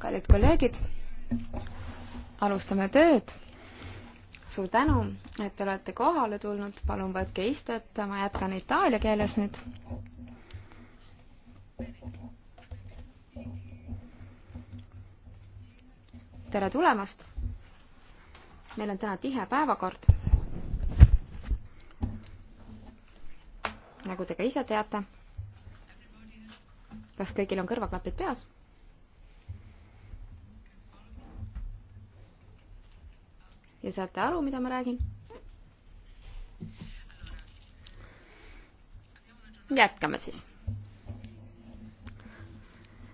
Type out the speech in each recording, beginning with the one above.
kallid kolleegid, alustame tööd. suur tänu, et te olete kohale tulnud, palun võtke istet, ma jätkan itaalia keeles nüüd. tere tulemast. meil on täna tihe päevakord nagu te ka ise teate kas kõigil on kõrvaklapid peas? ja saate aru, mida ma räägin? jätkame siis.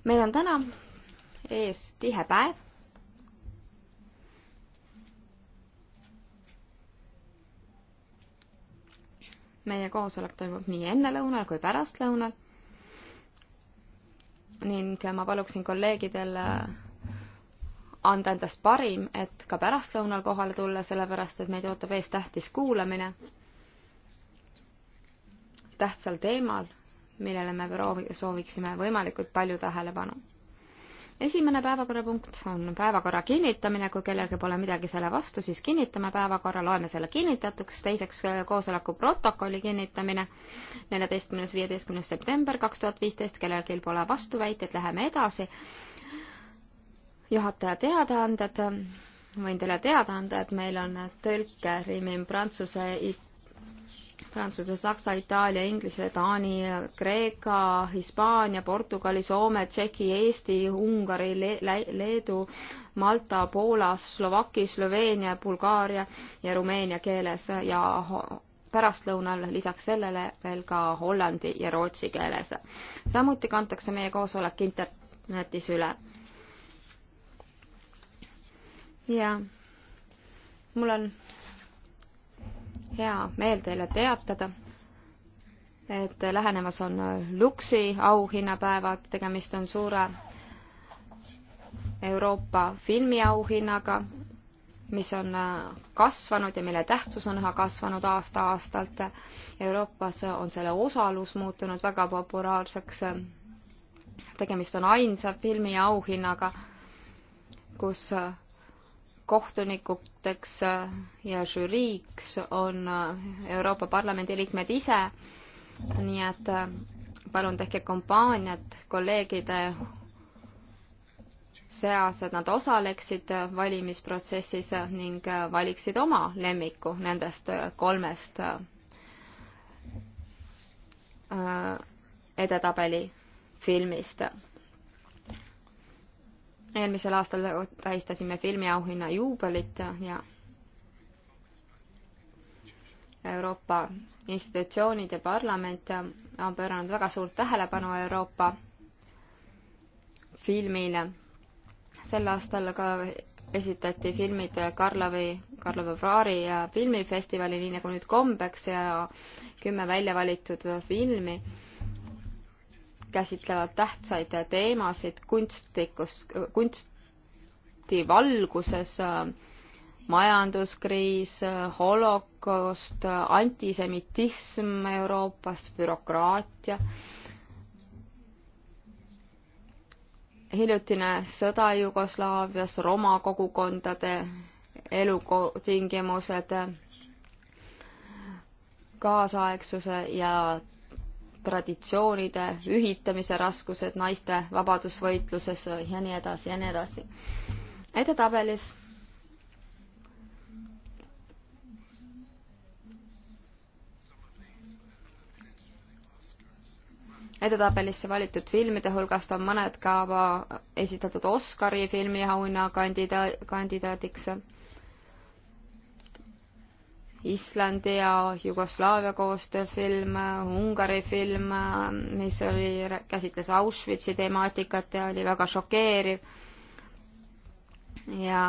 meil on täna ees tihe päev. meie koosolek toimub nii ennelõunal kui pärastlõunal ning ma paluksin kolleegidel äh, anda endast parim, et ka pärastlõunal kohale tulla, sellepärast et meid ootab ees tähtis kuulamine tähtsal teemal, millele me sooviksime võimalikult palju tähelepanu esimene päevakorrapunkt on päevakorra kinnitamine, kui kellelgi pole midagi selle vastu, siis kinnitame päevakorra, loeme selle kinnitatuks, teiseks koosoleku protokolli kinnitamine, neljateistkümnes, viieteistkümnes september kaks tuhat viisteist, kellelgi pole vastuväiteid, läheme edasi. juhataja teadaanded, võin teile teada anda, et meil on tõlke Rimin prantsuse it-, Prantsuse, Saksa, Itaalia, Inglise, Taani, Kreeka, Hispaania, Portugali, Soome, Tšehhi, Eesti, Ungari Le, Leedu, Malta, Poola, Slovakki, Sloveenia, Bulgaaria ja Rumeenia keeles ja pärastlõunal lisaks sellele veel ka hollandi ja rootsi keeles. samuti kantakse meie koosolek internetis üle. ja mul on hea meel teile teatada, et lähenemas on Luksi auhinnapäevad, tegemist on suure Euroopa filmiauhinnaga, mis on kasvanud ja mille tähtsus on üha kasvanud aasta-aastalt. Euroopas on selle osalus muutunud väga populaarseks. tegemist on ainsa filmiauhinnaga, kus kohtunikuteks ja žüriiks on Euroopa Parlamendi liikmed ise, nii et äh, palun tehke kampaaniat kolleegide seas, et nad osaleksid valimisprotsessis ning äh, valiksid oma lemmiku nendest äh, kolmest edetabeli filmist eelmisel aastal tähistasime filmiauhinna juubelit ja Euroopa institutsioonid ja parlament on pööranud väga suurt tähelepanu Euroopa filmile. sel aastal ka esitati filmid Karlovi, Karlova Vaari ja filmifestivali, nii nagu nüüd kombeks ja kümme välja valitud filmi käsitlevad tähtsaid teemasid kunstlikus, kunsti valguses, majanduskriis, holokaust, antisemitism Euroopas, bürokraatia. hiljutine sõda Jugoslaavias, roma kogukondade elutingimused, kaasaegsuse ja traditsioonide ühitamise raskused naiste vabadusvõitluses ja nii edasi ja nii edasi. edetabelis edetabelisse valitud filmide hulgast on mõned ka esitatud Oscari filmiauhinna kandidaa-, kandidaadiks Islandi ja Jugoslaavia koostööfilm, Ungari film, mis oli, käsitles Auschwitzi temaatikat ja oli väga šokeeriv. ja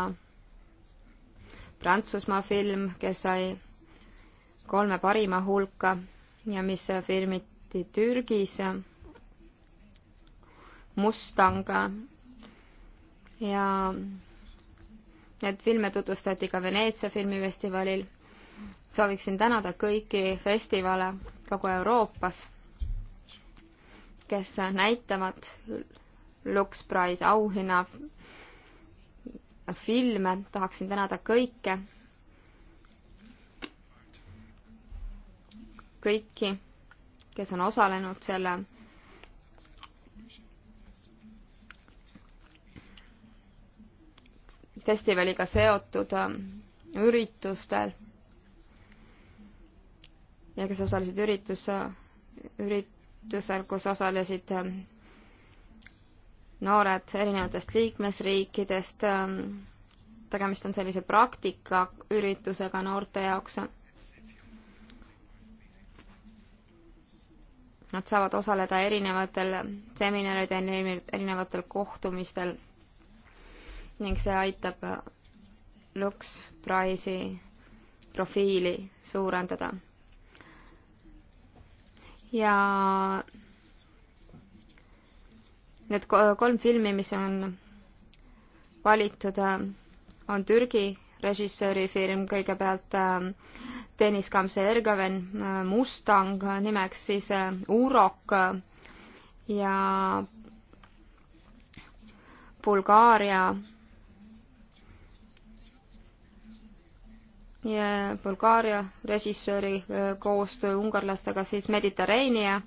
Prantsusmaa film, kes sai kolme parima hulka ja mis filmiti Türgis, Mustang ja need filme tutvustati ka Veneetsia filmifestivalil sooviksin tänada kõiki festivale kogu Euroopas, kes näitavad Lux Prize auhinna filme, tahaksin tänada kõike, kõiki, kes on osalenud selle festivaliga seotud üritustel ja kes osalesid üritus, üritusel, kus osalesid ähm, noored erinevatest liikmesriikidest. Ähm, tegemist on sellise praktikaüritusega noorte jaoks. Nad saavad osaleda erinevatel seminaridel, erinevatel kohtumistel ning see aitab Lux Prize'i profiili suurendada ja need kolm filmi, mis on valitud, äh, on Türgi režissööri film kõigepealt äh, Deniss Kamse Ergoven, äh, Mustang nimeks siis Urok ja Bulgaaria ja Bulgaaria režissööri äh, koostöö ungarlastega, siis Mediterranean.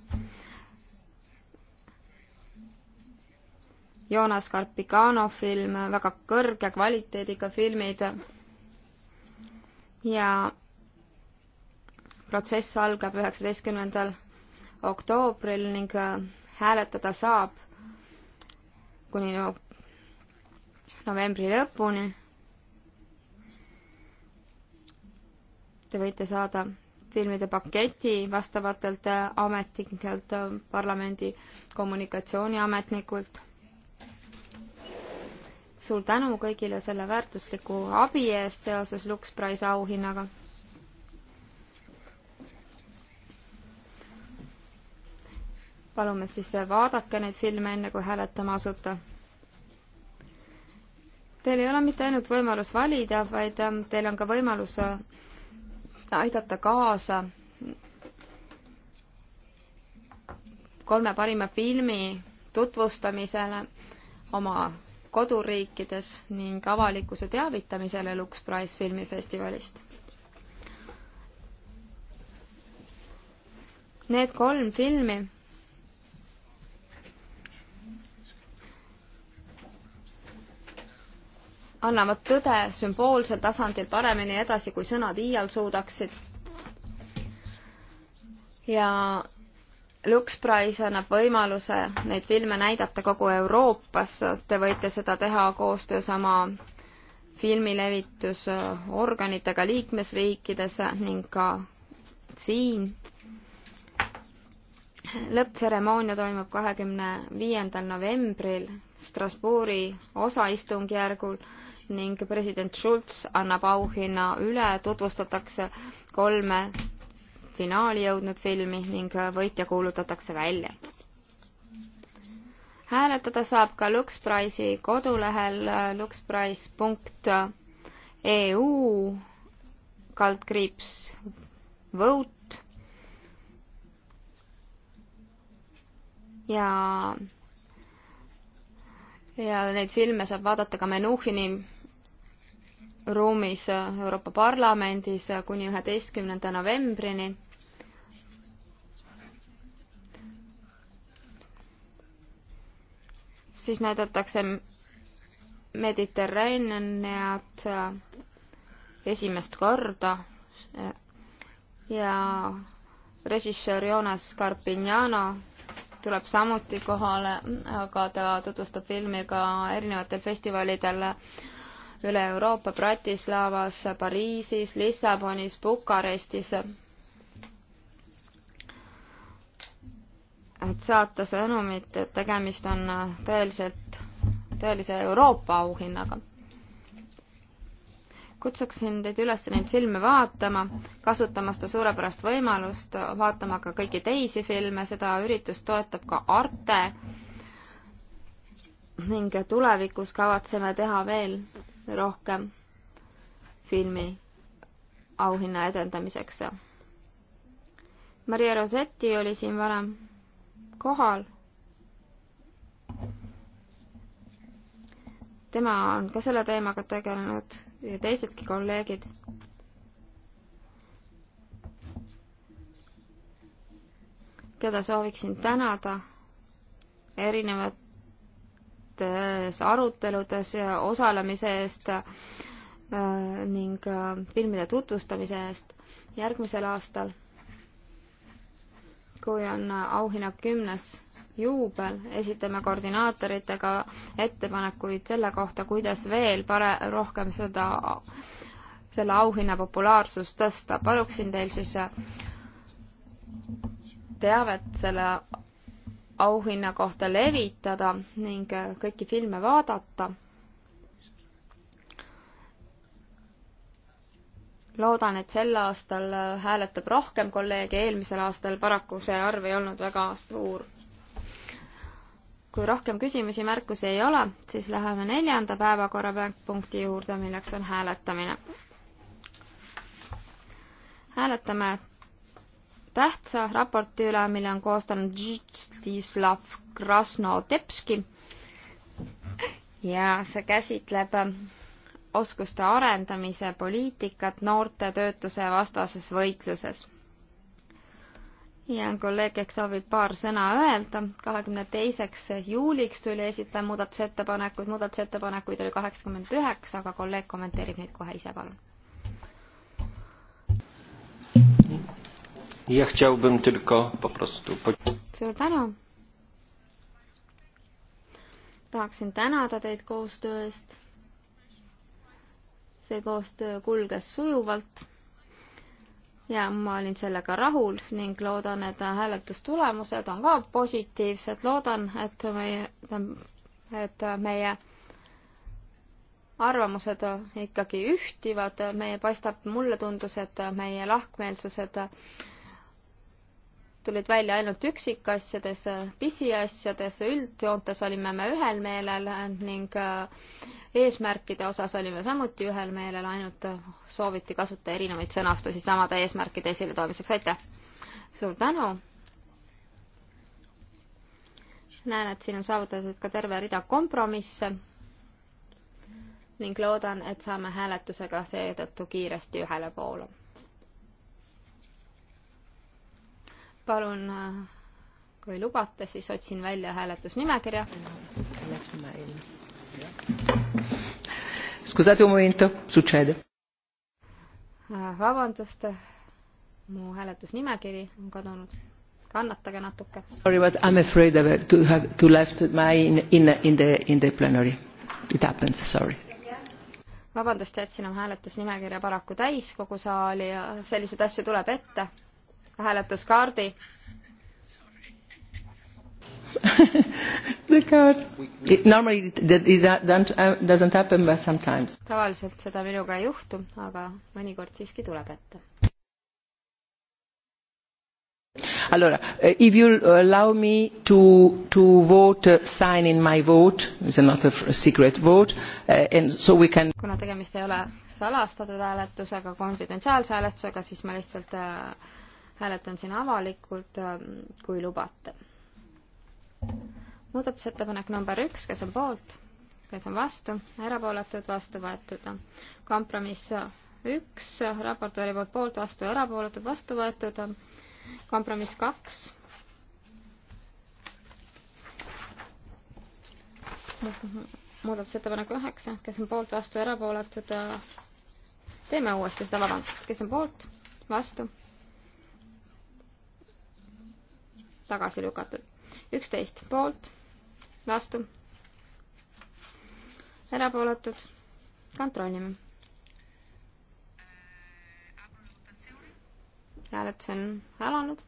Jonas Karpikano film, äh, väga kõrge kvaliteediga filmid. ja protsess algab üheksateistkümnendal oktoobril ning äh, hääletada saab kuni novembri lõpuni Te võite saada filmide paketi vastavatelt äh, ametnikelt, äh, parlamendi kommunikatsiooniametnikult. suur tänu kõigile selle väärtusliku abi eest seoses Lux Prize auhinnaga. palume siis vaadake neid filme enne, kui hääletama asute. Teil ei ole mitte ainult võimalus valida, vaid ähm, teil on ka võimalus äh, aidata kaasa kolme parima filmi tutvustamisele oma koduriikides ning avalikkuse teavitamisele Lux Prize filmifestivalist. Need kolm filmi annavad tõde sümboolsel tasandil paremini edasi, kui sõnad iial suudaksid. ja Lux Prize annab võimaluse neid filme näidata kogu Euroopas, te võite seda teha koostöös oma filmilevitusorganitega liikmesriikides ning ka siin. lõpptseremoonia toimub kahekümne viiendal novembril Strasbourgi osaistungjärgul ning president Schulz annab auhinna üle, tutvustatakse kolme finaali jõudnud filmi ning võitja kuulutatakse välja. hääletada saab ka Lux Prize'i kodulehel luxprize.eu kaldkriips vote ja ja neid filme saab vaadata ka Menuhini ruumis Euroopa Parlamendis kuni üheteistkümnenda novembrini. siis näidatakse Mediterraneaniat esimest korda ja režissöör Jonas Carpignano tuleb samuti kohale, aga ta tutvustab filmi ka erinevatel festivalidel äh, üle Euroopa Bratislavas, Pariisis, Lissabonis, Bukarestis. et saata sõnumit, et tegemist on tõeliselt, tõelise Euroopa auhinnaga kutsuksin teid üles neid filme vaatama, kasutama seda suurepärast võimalust, vaatama ka kõiki teisi filme, seda üritust toetab ka Arte. ning tulevikus kavatseme teha veel rohkem filmi auhinna edendamiseks. Maria Rosetti oli siin varem kohal. tema on ka selle teemaga tegelenud ja teisedki kolleegid. keda sooviksin tänada erinevat nendes aruteludes osalemise eest äh, ning äh, filmide tutvustamise eest järgmisel aastal, kui on auhinna kümnes juubel, esitame koordinaatoritega ettepanekuid selle kohta, kuidas veel pare-, rohkem seda, selle auhinna populaarsust tõsta. paluksin teil siis äh, teavet selle auhinna kohta levitada ning äh, kõiki filme vaadata. loodan, et sel aastal äh, hääletab rohkem kolleege, eelmisel aastal paraku see arv ei olnud väga suur. kui rohkem küsimusi, märkusi ei ole, siis läheme neljanda päevakorrapunkti juurde, milleks on hääletamine. hääletame tähtsa raporti üle, mille on koostanud Zdislav Krasnodebski. ja see käsitleb oskuste arendamise poliitikat noorte töötuse vastases võitluses. ja kolleeg, kes soovib paar sõna öelda, kahekümne teiseks juuliks tuli esitada muudatusettepanekuid, muudatusettepanekuid oli kaheksakümmend üheksa, aga kolleeg kommenteerib neid kohe ise, palun Ja chciałbym tylko po prostu... Suur tänu! Tahaksin tänada teid koostöö eest. See koostöö kulges sujuvalt ja ma olin sellega rahul ning loodan, et hääletustulemused on ka positiivsed. loodan, et meie, et meie arvamused ikkagi ühtivad. meie paistab, mulle tundus, et meie lahkmeelsused tulid välja ainult üksikasjades, pisiasjades, üldjoontes olime me ühel meelel ning äh, eesmärkide osas olime samuti ühel meelel, ainult äh, sooviti kasutada erinevaid sõnastusi samade eesmärkide esiletoomiseks, aitäh! suur tänu! näen, et siin on saavutatud ka terve rida kompromisse ning loodan, et saame hääletusega seetõttu kiiresti ühele poole palun, äh, kui lubate, siis otsin välja hääletusnimekirja. Scusate un momento, succede. Äh, vabandust, mu hääletusnimekiri on kadunud. kannatage natuke. Sorry, but I am afraid to have to left my in, in, in the, in the plenary. It happens, sorry vabandust, jätsin oma hääletusnimekirja paraku täiskogu saali ja selliseid asju tuleb ette hääletuskaardi. The card. It normally that uh, doesn't happen but sometimes. tavaliselt seda minuga ei juhtu, aga mõnikord siiski tuleb ette. Allora, eh, if you uh, allow me to, to vote, uh, sign in my vote, it's not a secret vote, uh, and so we can kuna tegemist ei ole salastatud hääletusega, konfidentsiaalse hääletusega, siis ma lihtsalt uh, hääletan siin avalikult, ähm, kui lubate. muudatusettepanek number üks, kes on poolt, kes on vastu, erapooletud, vastu võetud. kompromiss üks, raportööri poolt poolt, vastu, erapooletud, vastu võetud. kompromiss kaks muudatusettepanek üheksa, kes on poolt, vastu, erapooletud. teeme uuesti seda, vabandust, kes on poolt, vastu, tagasi lükatud. üksteist poolt, vastu, erapooletud, kontrollime. hääletus on alanud.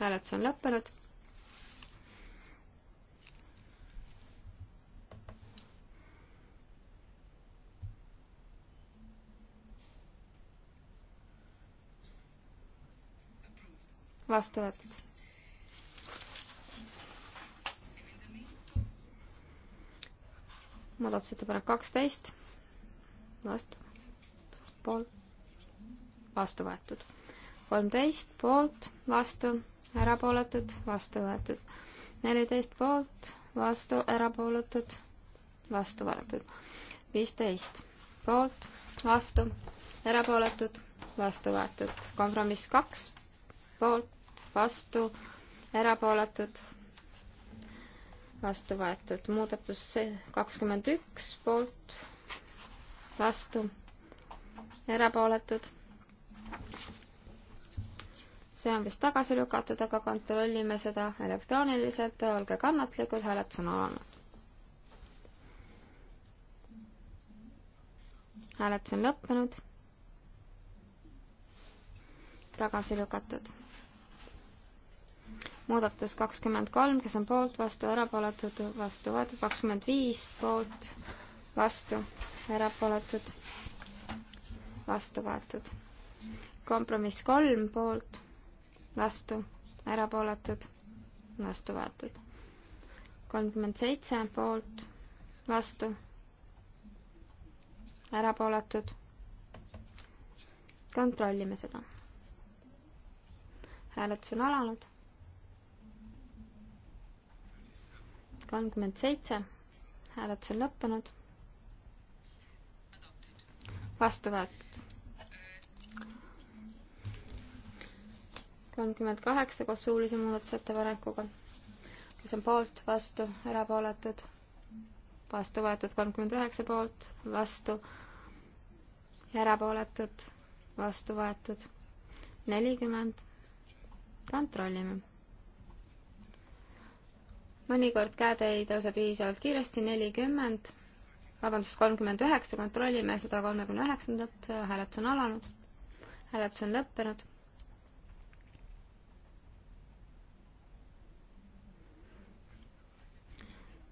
hääletus on lõppenud vastu võetud. muudatusettepanek kaksteist, vastu, poolt, vastu võetud. kolmteist poolt, vastu, erapooletud, vastu võetud. neliteist poolt, vastu, erapooletud, vastu võetud. viisteist poolt, vastu, erapooletud, vastu võetud. kompromiss kaks poolt, vastu, erapooletud, vastu võetud. muudatus kakskümmend üks, poolt, vastu, erapooletud. see on vist tagasi lükatud, aga kontrollime seda elektrooniliselt, olge kannatlikud, hääletus on alanud. hääletus on lõppenud tagasi lükatud muudatus kakskümmend kolm, kes on poolt, vastu, erapooletud, vastu võetud, kakskümmend viis poolt, vastu, erapooletud, vastu võetud. kompromiss kolm poolt, vastu, erapooletud, vastu võetud. kolmkümmend seitse poolt, vastu, erapooletud. kontrollime seda. hääletus on alanud kolmkümmend seitse, hääletus on lõppenud. vastu võetud. kolmkümmend kaheksa koos suulise muudatusettepanekuga, kes on poolt, vastu, erapooletud, vastu võetud kolmkümmend üheksa poolt, vastu, erapooletud, vastu võetud nelikümmend, kontrollime mõnikord käed ei tõuse piisavalt kiiresti, nelikümmend, vabandust, kolmkümmend üheksa, kontrollime seda kolmekümne üheksandat, hääletus on alanud, hääletus on lõppenud.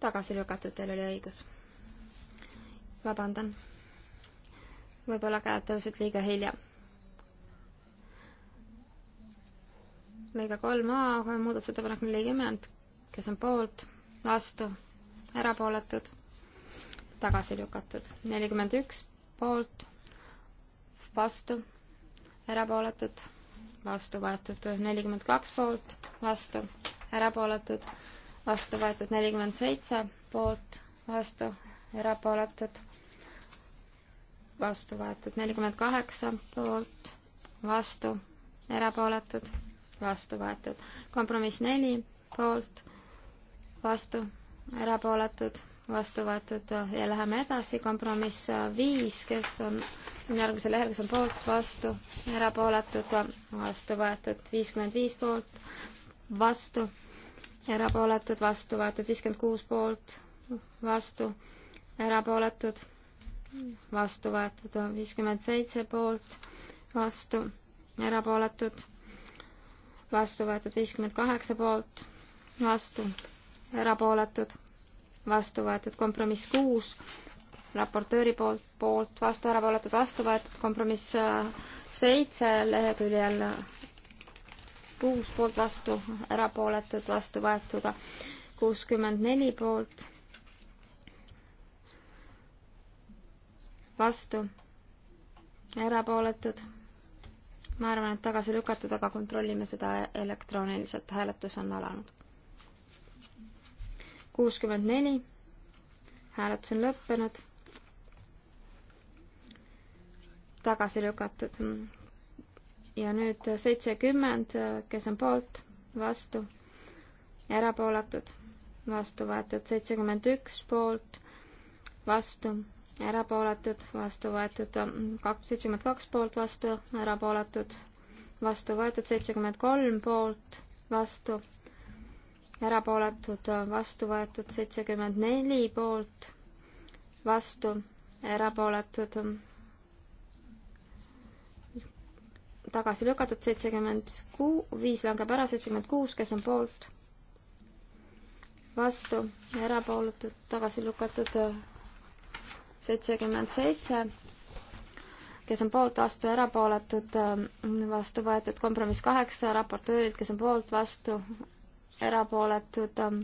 tagasi lükatud, teil oli õigus. vabandan. võib-olla käed tõusid liiga hilja lõige kolm A, muudatusettepanek nelikümmend, kes on poolt, vastu, erapooletud, tagasi lükatud. nelikümmend üks poolt, vastu, erapooletud, vastu võetud. nelikümmend kaks poolt, vastu, erapooletud, vastu võetud. nelikümmend seitse poolt, vastu, erapooletud, vastu võetud. nelikümmend kaheksa poolt, vastu, erapooletud, vastu võetud. kompromiss neli poolt vastu, erapooletud, vastu võetud ja läheme edasi, kompromiss viis, kes on siin järgmisel lehel, kes on poolt, vastu, erapooletud, vastu võetud, viiskümmend viis poolt, vastu, erapooletud, vastu võetud, viiskümmend kuus poolt, vastu, erapooletud, vastu võetud, viiskümmend seitse poolt, vastu, erapooletud, vastu võetud, viiskümmend kaheksa poolt, vastu erapooletud, vastu võetud kompromiss kuus, raportööri poolt, poolt vastu, erapooletud, vastu võetud kompromiss äh, seitse leheküljel kuus poolt vastu, erapooletud, vastu võetud kuuskümmend neli poolt, vastu, erapooletud ma arvan, et tagasi lükatud, aga kontrollime seda elektrooniliselt, hääletus on alanud kuuskümmend neli. hääletus on lõppenud. tagasi lükatud. ja nüüd seitsekümmend, kes on poolt, vastu, erapooletud, vastu võetud seitsekümmend üks poolt, vastu erapooletud, vastu võetud kaks, seitsekümmend kaks poolt vastu, erapooletud, vastu võetud seitsekümmend kolm poolt vastu, erapooletud, vastu võetud seitsekümmend neli poolt, vastu, erapooletud, tagasi lükatud seitsekümmend kuu-, viis langeb ära, seitsekümmend kuus, kes on poolt, vastu, erapooletud, tagasi lükatud seitsekümmend seitse, kes on poolt, vastu, erapooletud, vastu võetud kompromiss kaheksa, raportöörid, kes on poolt, vastu, erapooletud, ähm,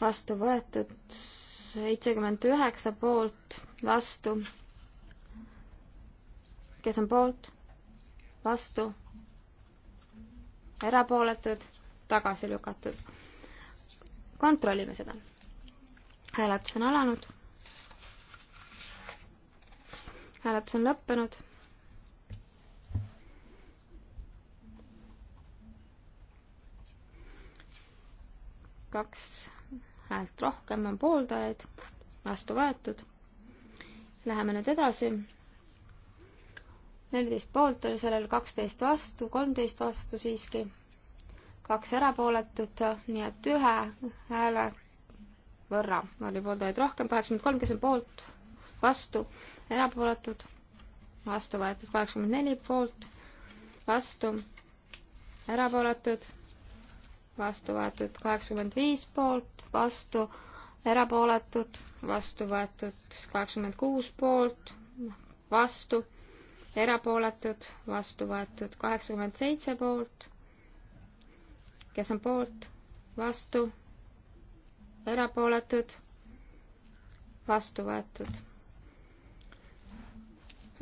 vastu võetud seitsekümmend üheksa poolt, vastu. kes on poolt? vastu. erapooletud, tagasi lükatud. kontrollime seda. hääletus on alanud. hääletus on lõppenud kaks häält rohkem on pooldajaid, vastu võetud. Läheme nüüd edasi. neliteist poolt oli sellel, kaksteist vastu, kolmteist vastu siiski, kaks erapooletut, nii et ühe hääle võrra oli pooldajaid rohkem, kaheksakümmend kolm, kes on poolt, vastu, erapooletud, vastu võetud kaheksakümmend neli poolt, vastu, erapooletud vastu võetud kaheksakümmend viis poolt, vastu erapooletud, vastu võetud kaheksakümmend kuus poolt, vastu erapooletud, vastu võetud kaheksakümmend seitse poolt, kes on poolt, vastu, erapooletud, vastu võetud.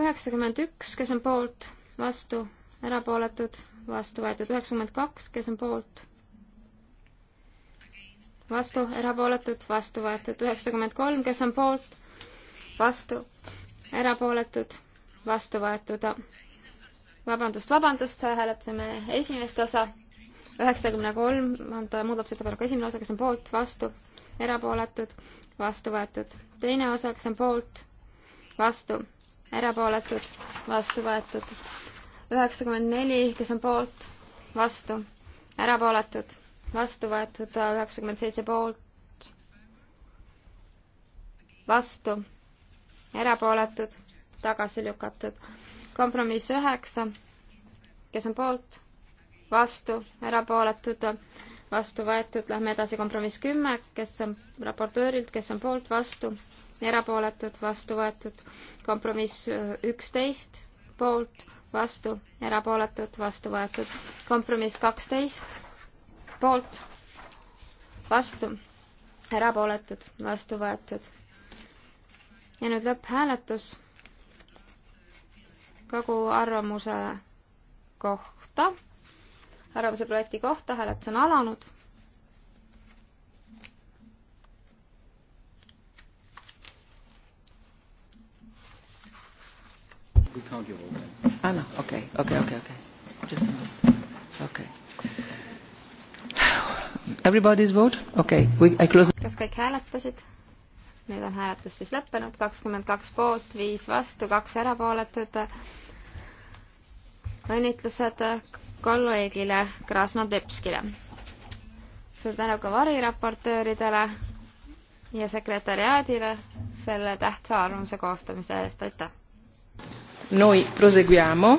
üheksakümmend üks, kes on poolt, vastu, erapooletud, vastu võetud üheksakümmend kaks, kes on poolt vastu, erapooletud, vastu võetud üheksakümmend kolm, kes on poolt, vastu, erapooletud, vastu võetud. vabandust, vabandust, hääletasime esimest osa, üheksakümne kolmanda muudatusettepaneku esimene osa, kes on poolt, vastu, erapooletud, vastu võetud. teine osa, kes on poolt, vastu, erapooletud, vastu võetud. üheksakümmend neli, kes on poolt, vastu, erapooletud vastu võetud üheksakümmend seitse poolt, vastu, erapooletud, tagasi lükatud. kompromiss üheksa, kes on poolt, vastu, erapooletud, vastu võetud, lähme edasi kompromiss kümme, kes on raportöörilt, kes on poolt, vastu, erapooletud, vastu võetud. kompromiss üksteist, poolt, vastu, erapooletud, vastu võetud. kompromiss kaksteist poolt, vastu, erapooletud, vastu võetud. ja nüüd lõpphääletus kogu arvamuse kohta, arvamuse projekti kohta, hääletus on alanud we can't give all that. Ah, no. Okay, okay, okay, okay. Just a minute. Okay. Everybody's vote? okei okay., I close. kas kõik hääletasid? nüüd on hääletus siis lõppenud, kakskümmend kaks poolt, viis vastu, kaks erapooletut. õnnitlused kolleegile Krasnodebskile. suur tänu ka variraportööridele ja sekretäriaadile selle tähtsa arvamuse koostamise eest, aitäh! Noi proseguiamo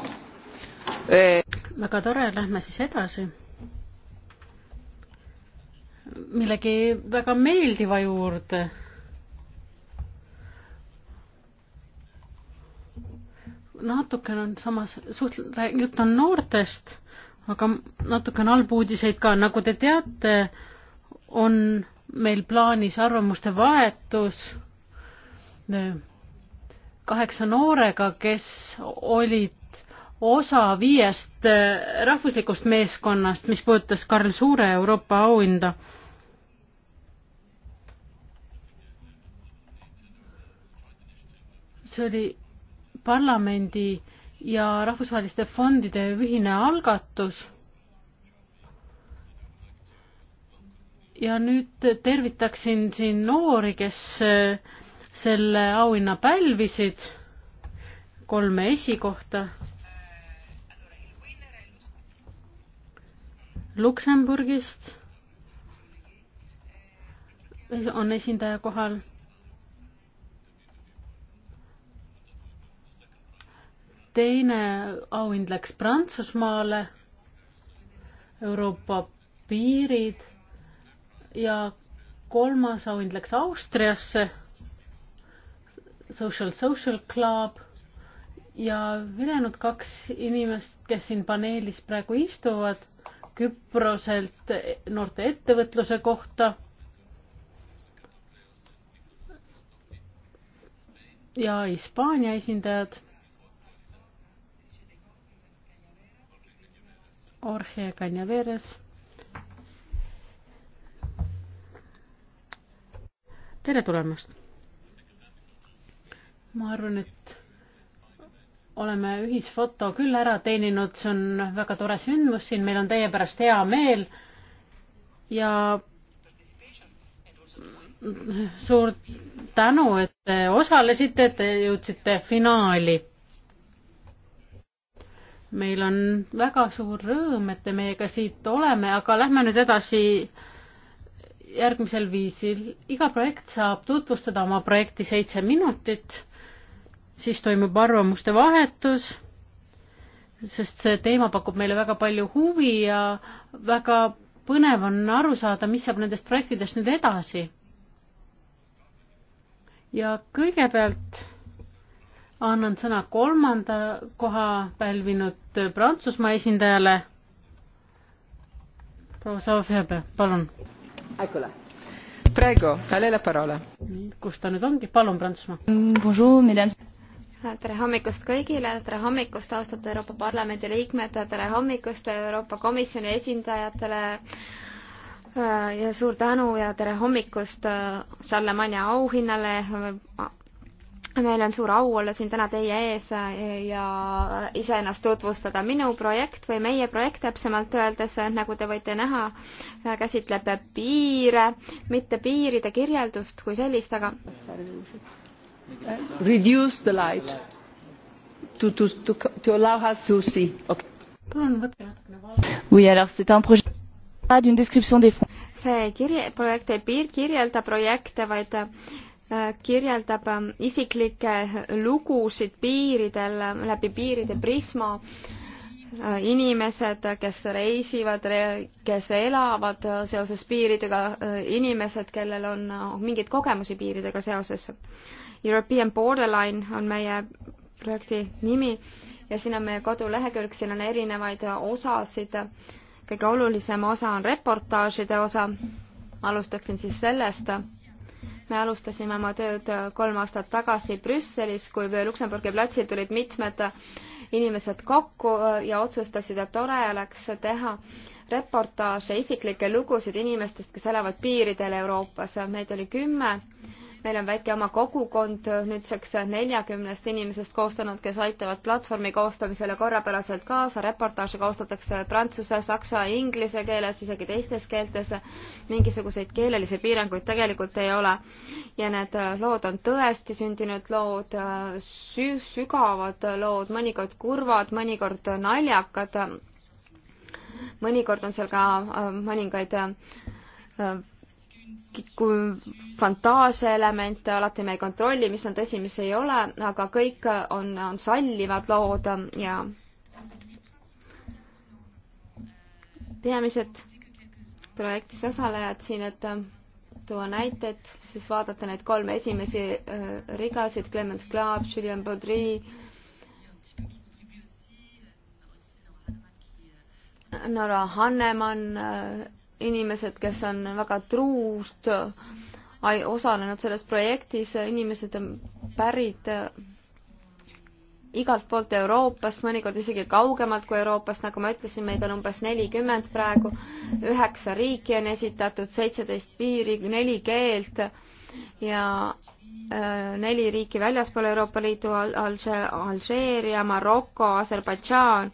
e.... väga tore, lähme siis edasi millegi väga meeldiva juurde. natukene on samas, suht-, jutt on noortest, aga natukene halbu uudiseid ka, nagu te teate, on meil plaanis arvamuste vahetus kaheksa noorega, kes olid osa viiest eh, rahvuslikust meeskonnast, mis puudutas Karl Suure Euroopa auhinda see oli parlamendi ja rahvusvaheliste fondide ühine algatus. ja nüüd tervitaksin siin noori, kes äh, selle auhinna pälvisid, kolme esikohta. Luksemburgist on esindaja kohal teine auhind läks Prantsusmaale, Euroopa piirid ja kolmas auhind läks Austriasse, Social Social Club ja ülejäänud kaks inimest, kes siin paneelis praegu istuvad, Küproselt noorte ettevõtluse kohta ja Hispaania esindajad Orge Cañaveres. tere tulemast! ma arvan, et oleme ühisfoto küll ära teeninud, see on väga tore sündmus siin, meil on teie pärast hea meel ja suur tänu, et te osalesite, et te jõudsite finaali meil on väga suur rõõm, et te meiega siit oleme, aga lähme nüüd edasi järgmisel viisil. iga projekt saab tutvustada oma projekti seitse minutit, siis toimub arvamuste vahetus, sest see teema pakub meile väga palju huvi ja väga põnev on aru saada, mis saab nendest projektidest nüüd edasi. ja kõigepealt annan sõna kolmanda koha pälvinud Prantsusmaa esindajale. proua Sofiab, palun. praegu, Alela Parola. kus ta nüüd ongi, palun, Prantsusmaa. Bonjour, mesdames tere hommikust kõigile, tere hommikust, austatud Euroopa Parlamendi liikmed, tere hommikust Euroopa Komisjoni esindajatele äh, ja suur tänu ja tere hommikust Charlemagne äh, auhinnale, meil on suur au olla siin täna teie ees äh, ja iseennast tutvustada. minu projekt või meie projekt täpsemalt öeldes, nagu te võite näha, äh, käsitleb piire, mitte piiride kirjeldust kui sellist, aga uh, Reduce the light to, to, to, to allow us to see okay.. palun võtke natukene valgust. Oui, alors c'est un projet d'une description des fonds. see kirje, projekt ei piir, kirjelda projekte, vaid äh, Äh, kirjeldab ähm, isiklikke lugusid piiridel, äh, läbi piiride prisma. Äh, inimesed, kes reisivad, kes elavad seoses piiridega, inimesed, kellel on mingeid kogemusi piiridega seoses. European Borderline on meie projekti nimi ja siin on meie kodulehekülg, siin on erinevaid osasid. kõige olulisem osa on reportaažide osa. alustaksin siis sellest me alustasime oma tööd äh, kolm aastat tagasi Brüsselis, kui Luksemburgi platsil tulid mitmed äh, inimesed kokku äh, ja otsustasid, et tore oleks teha reportaaže, isiklikke lugusid inimestest, kes elavad piiridel Euroopas. meid oli kümme meil on väike oma kogukond nüüdseks neljakümnest inimesest koostanud, kes aitavad platvormi koostamisele korrapäraselt kaasa, reportaaže koostatakse prantsuse, saksa, inglise keeles, isegi teistes keeltes. mingisuguseid keelelisi piiranguid tegelikult ei ole. ja need lood on tõesti sündinud lood, sügavad lood, mõnikord kurvad, mõnikord naljakad. mõnikord on seal ka äh, mõningaid äh, fantaasiaelemente, alati me ei kontrolli, mis on tõsi, mis ei ole, aga kõik on, on sallivad lood ja peamised projektis osalejad siin, et tuua näiteid, siis vaadata neid kolme esimesi äh, rigasid, Clemens Klaab, Julien Baudry, Nora Hannemann äh,, inimesed, kes on väga truult osalenud selles projektis, inimesed on pärit äh, igalt poolt Euroopast, mõnikord isegi kaugemalt kui Euroopast, nagu ma ütlesin, meid on umbes nelikümmend praegu, üheksa riiki on esitatud, seitseteist piiri, neli keelt ja äh, neli riiki väljaspool Euroopa Liidu Al, Alžeeria, Maroko, Aserbaidžaan.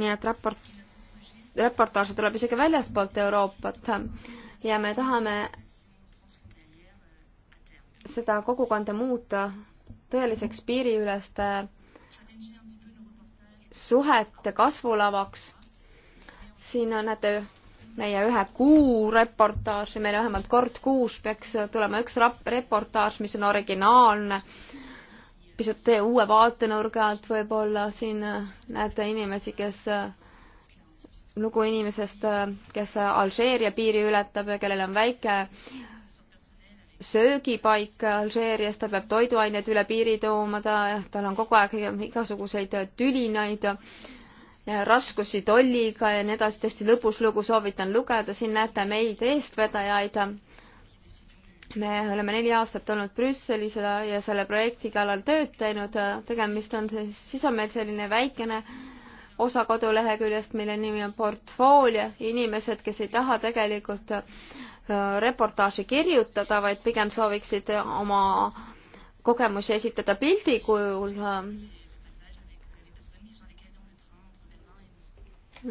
nii et raport reportaaže tuleb isegi väljaspoolt Euroopat ja me tahame seda kogukonda muuta tõeliseks piiriüleste suhete kasvulavaks. siin näete meie ühe kuu reportaaži, meil vähemalt kord kuus peaks tulema üks rap-, reportaaž, mis on originaalne, pisut uue vaatenurga alt võib-olla, siin näete inimesi, kes lugu inimesest, kes Alžeeria piiri ületab ja kellel on väike söögipaik Alžeerias, ta peab toiduained üle piiri tooma, ta, tal on kogu aeg igasuguseid tülinaid, raskusi tolliga ja nii edasi, tõesti lõbus lugu, soovitan lugeda, siin näete meid eestvedajaid. me oleme neli aastat olnud Brüsselis ja selle projekti kallal tööd teinud, tegemist on siis, siis on meil selline väikene äh, osa koduleheküljest, mille nimi on portfoolio, inimesed, kes ei taha tegelikult äh, reportaaži kirjutada, vaid pigem sooviksid oma kogemusi esitada pildi kujul.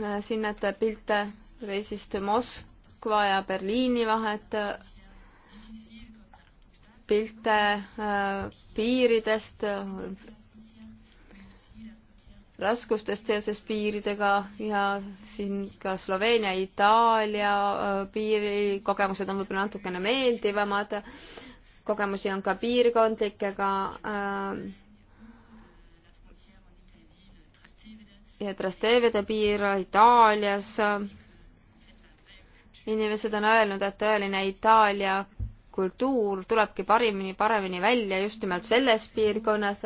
Äh, siin näete pilte reisist Moskva ja Berliini vahet, äh, pilte piiridest, raskustest seoses piiridega ja siin ka Sloveenia, Itaalia äh, piirikogemused on võib-olla natukene meeldivamad. kogemusi on ka piirkondlikega äh, ja Trastevede piir Itaalias. inimesed on öelnud, et tõeline Itaalia kultuur tulebki parimini, paremini välja just nimelt selles piirkonnas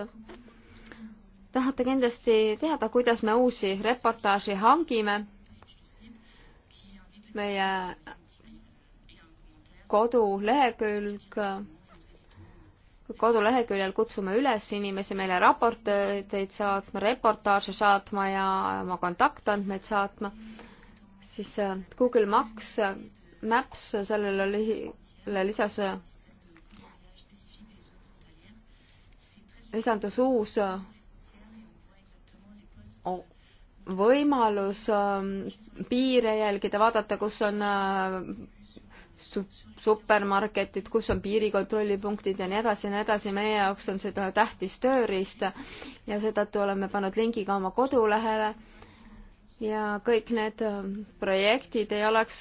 tahate kindlasti teada, kuidas me uusi reportaaži hangime. meie kodulehekülg, koduleheküljel kutsume üles inimesi meile raporteid saatma, reportaaže saatma ja oma kontaktandmeid saatma, siis äh, Google Max, Maps, äh, äh, sellele li-, lisas lisandus uus võimalus ähm, piire jälgida, vaadata, kus on äh, supermarketid, kus on piirikontrollipunktid ja nii edasi ja nii edasi, meie jaoks on seda tähtis tööriist ja seetõttu oleme pannud lingi ka oma kodulehele. ja kõik need ähm, projektid ei oleks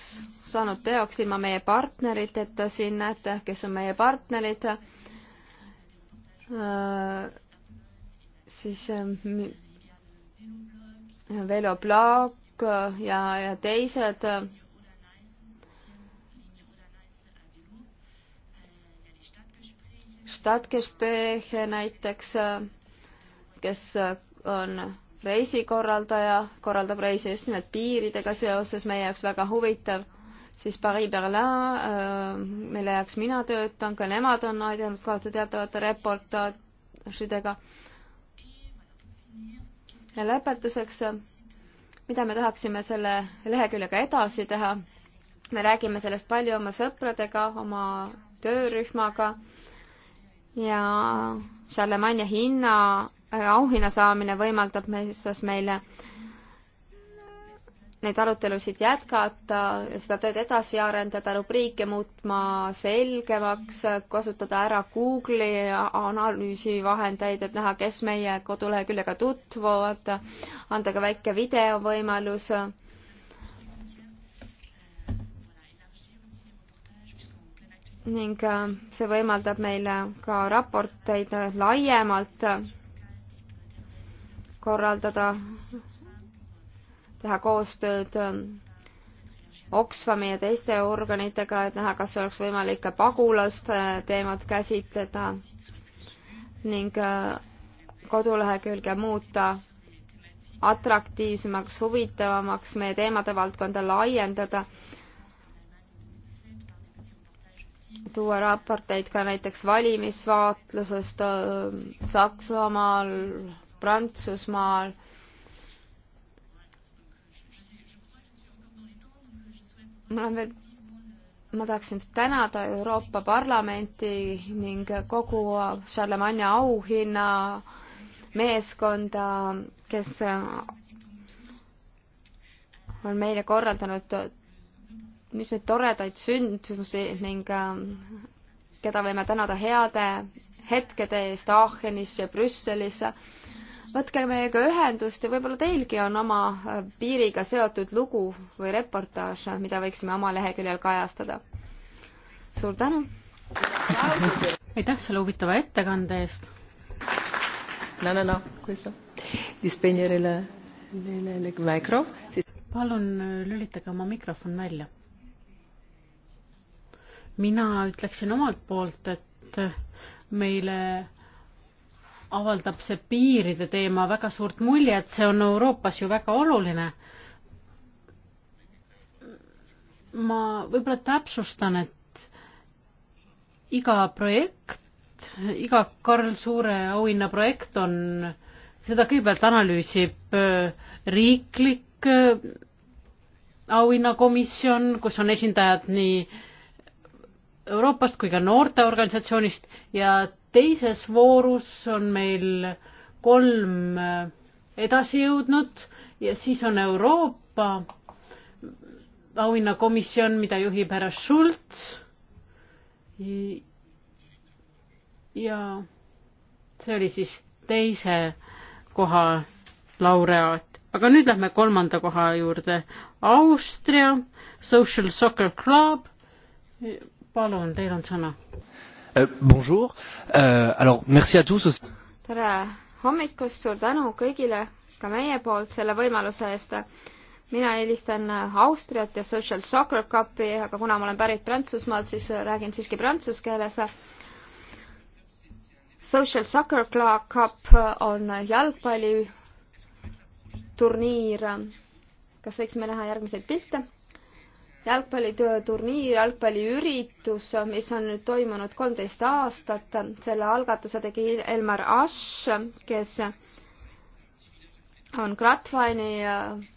saanud teoks ilma meie partneriteta, siin näete, kes on meie partnerid äh, siis ähm, Velo Blaak äh, ja, ja teised Stadtgespräche näiteks, äh, kes äh, on reisikorraldaja, korraldab reise just nimelt piiridega seoses, meie jaoks väga huvitav, siis Paris-Berlin, mille jaoks mina töötan, ka nemad on aidanud kaasa teatavate reportaažidega ja lõpetuseks, mida me tahaksime selle leheküljega edasi teha. me räägime sellest palju oma sõpradega, oma töörühmaga ja Charlemagne hinna, auhinna saamine võimaldab meis, meile neid arutelusid jätkata, seda tööd edasi arendada, rubriike muutma selgemaks, kasutada ära Google'i analüüsivahendeid, et näha, kes meie koduleheküljega tutvuvad, anda ka väike videovõimalus. ning äh, see võimaldab meile ka raporteid laiemalt korraldada teha koostööd ähm, Oxfami ja teiste organitega, et näha, kas oleks võimalik ka pagulaste teemat käsitleda ning äh, kodulehekülge muuta atraktiivsemaks, huvitavamaks, meie teemade valdkonda laiendada, tuua raporteid ka näiteks valimisvaatlusest äh, Saksamaal, Prantsusmaal mul on veel, ma tahaksin tänada Euroopa Parlamenti ning kogu Charlemagne'i auhinna meeskonda, kes on meile korraldanud mitmeid toredaid sündmusi ning äh, keda võime tänada heade hetkede eest Aachenis ja Brüsselis võtke meiega ühendust ja võib-olla teilgi on oma äh, piiriga seotud lugu või reportaaž, äh, mida võiksime oma leheküljel kajastada. suur tänu! aitäh selle huvitava ettekande eest! no no no, kuidas noh? palun äh, lülitage oma mikrofon välja. mina ütleksin omalt poolt, et meile avaldab see piiride teema väga suurt muljet, see on Euroopas ju väga oluline. ma võib-olla täpsustan, et iga projekt, iga Karl Suure auhinna projekt on, seda kõigepealt analüüsib äh, riiklik äh, auhinnakomisjon, kus on esindajad nii Euroopast kui ka noorteorganisatsioonist ja teises voorus on meil kolm äh, edasijõudnud ja siis on Euroopa auhinnakomisjon, mida juhib härra Schultz. ja see oli siis teise koha laureaat, aga nüüd lähme kolmanda koha juurde. Austria Social Soccer Club. palun, teil on sõna Euh, bonjour. Euh, alors, merci à tous. tere hommikust, suur tänu kõigile ka meie poolt selle võimaluse eest. mina eelistan äh, Austriat ja Social Soccer Cupi, aga kuna ma olen pärit Prantsusmaalt, siis äh, räägin siiski prantsuse keeles. Social Soccer Club Cup on jalgpalliturniir. kas võiksime näha järgmiseid pilte? jalgpalliturniir, jalgpalliüritus, mis on nüüd toimunud kolmteist aastat. selle algatuse tegi Elmar Asch, kes on Kratvaini äh,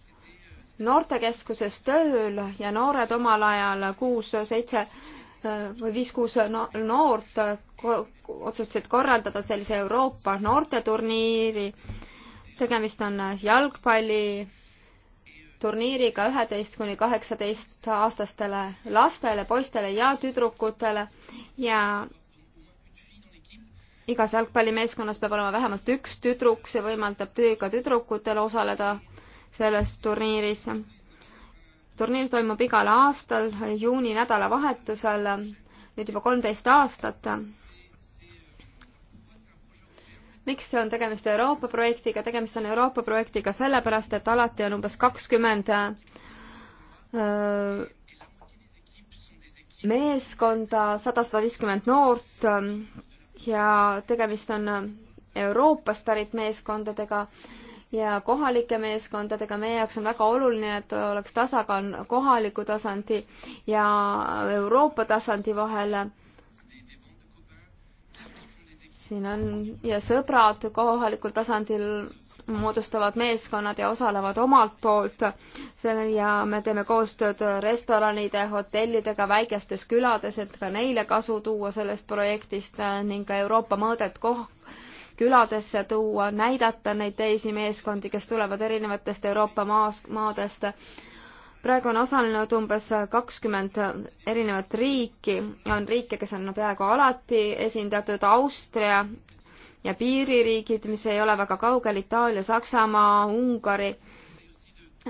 noortekeskuses tööl ja noored omal ajal kuus-seitse äh, või viis-kuus noort otsustasid korraldada sellise Euroopa noorteturniiri. tegemist on jalgpalli turniiriga üheteist kuni kaheksateist aastastele lastele, poistele ja tüdrukutele ja igas jalgpallimeeskonnas peab olema vähemalt üks tüdruk, see võimaldab ka tüdrukutel osaleda selles turniiris. turniir toimub igal aastal juuni nädalavahetusel, nüüd juba kolmteist aastat miks on tegemist Euroopa projektiga, tegemist on Euroopa projektiga sellepärast, et alati on umbes kakskümmend äh, meeskonda, sada, sada viiskümmend noort ähm, ja tegemist on äh, Euroopast pärit meeskondadega ja kohalike meeskondadega. meie jaoks on väga oluline, et oleks tasakaal kohaliku tasandi ja Euroopa tasandi vahel siin on ja sõbrad kohalikul tasandil moodustavad meeskonnad ja osalevad omalt poolt ja me teeme koostööd restoranide, hotellidega väikestes külades, et ka neile kasu tuua sellest projektist ning ka Euroopa mõõdet koh-, küladesse tuua, näidata neid teisi meeskondi, kes tulevad erinevatest Euroopa maas, maadest praegu on osalenud umbes kakskümmend erinevat riiki, on riike, kes on peaaegu alati esindatud, Austria ja piiririigid, mis ei ole väga kaugel, Itaalia, Saksamaa, Ungari,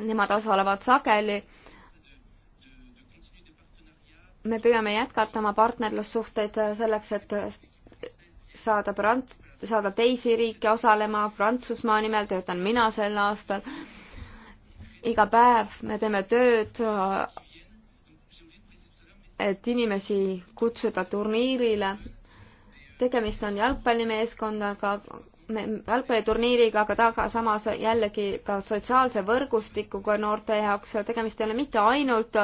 nemad osalevad sageli. me püüame jätkata oma partnerlussuhteid selleks, et saada Prant-, saada teisi riike osalema, Prantsusmaa nimel töötan mina sel aastal iga päev me teeme tööd, et inimesi kutsuda turniirile. tegemist on jalgpallimeeskondaga, jalgpalliturniiriga, aga taga samas jällegi ka sotsiaalse võrgustikuga noorte jaoks, tegemist ei ole mitte ainult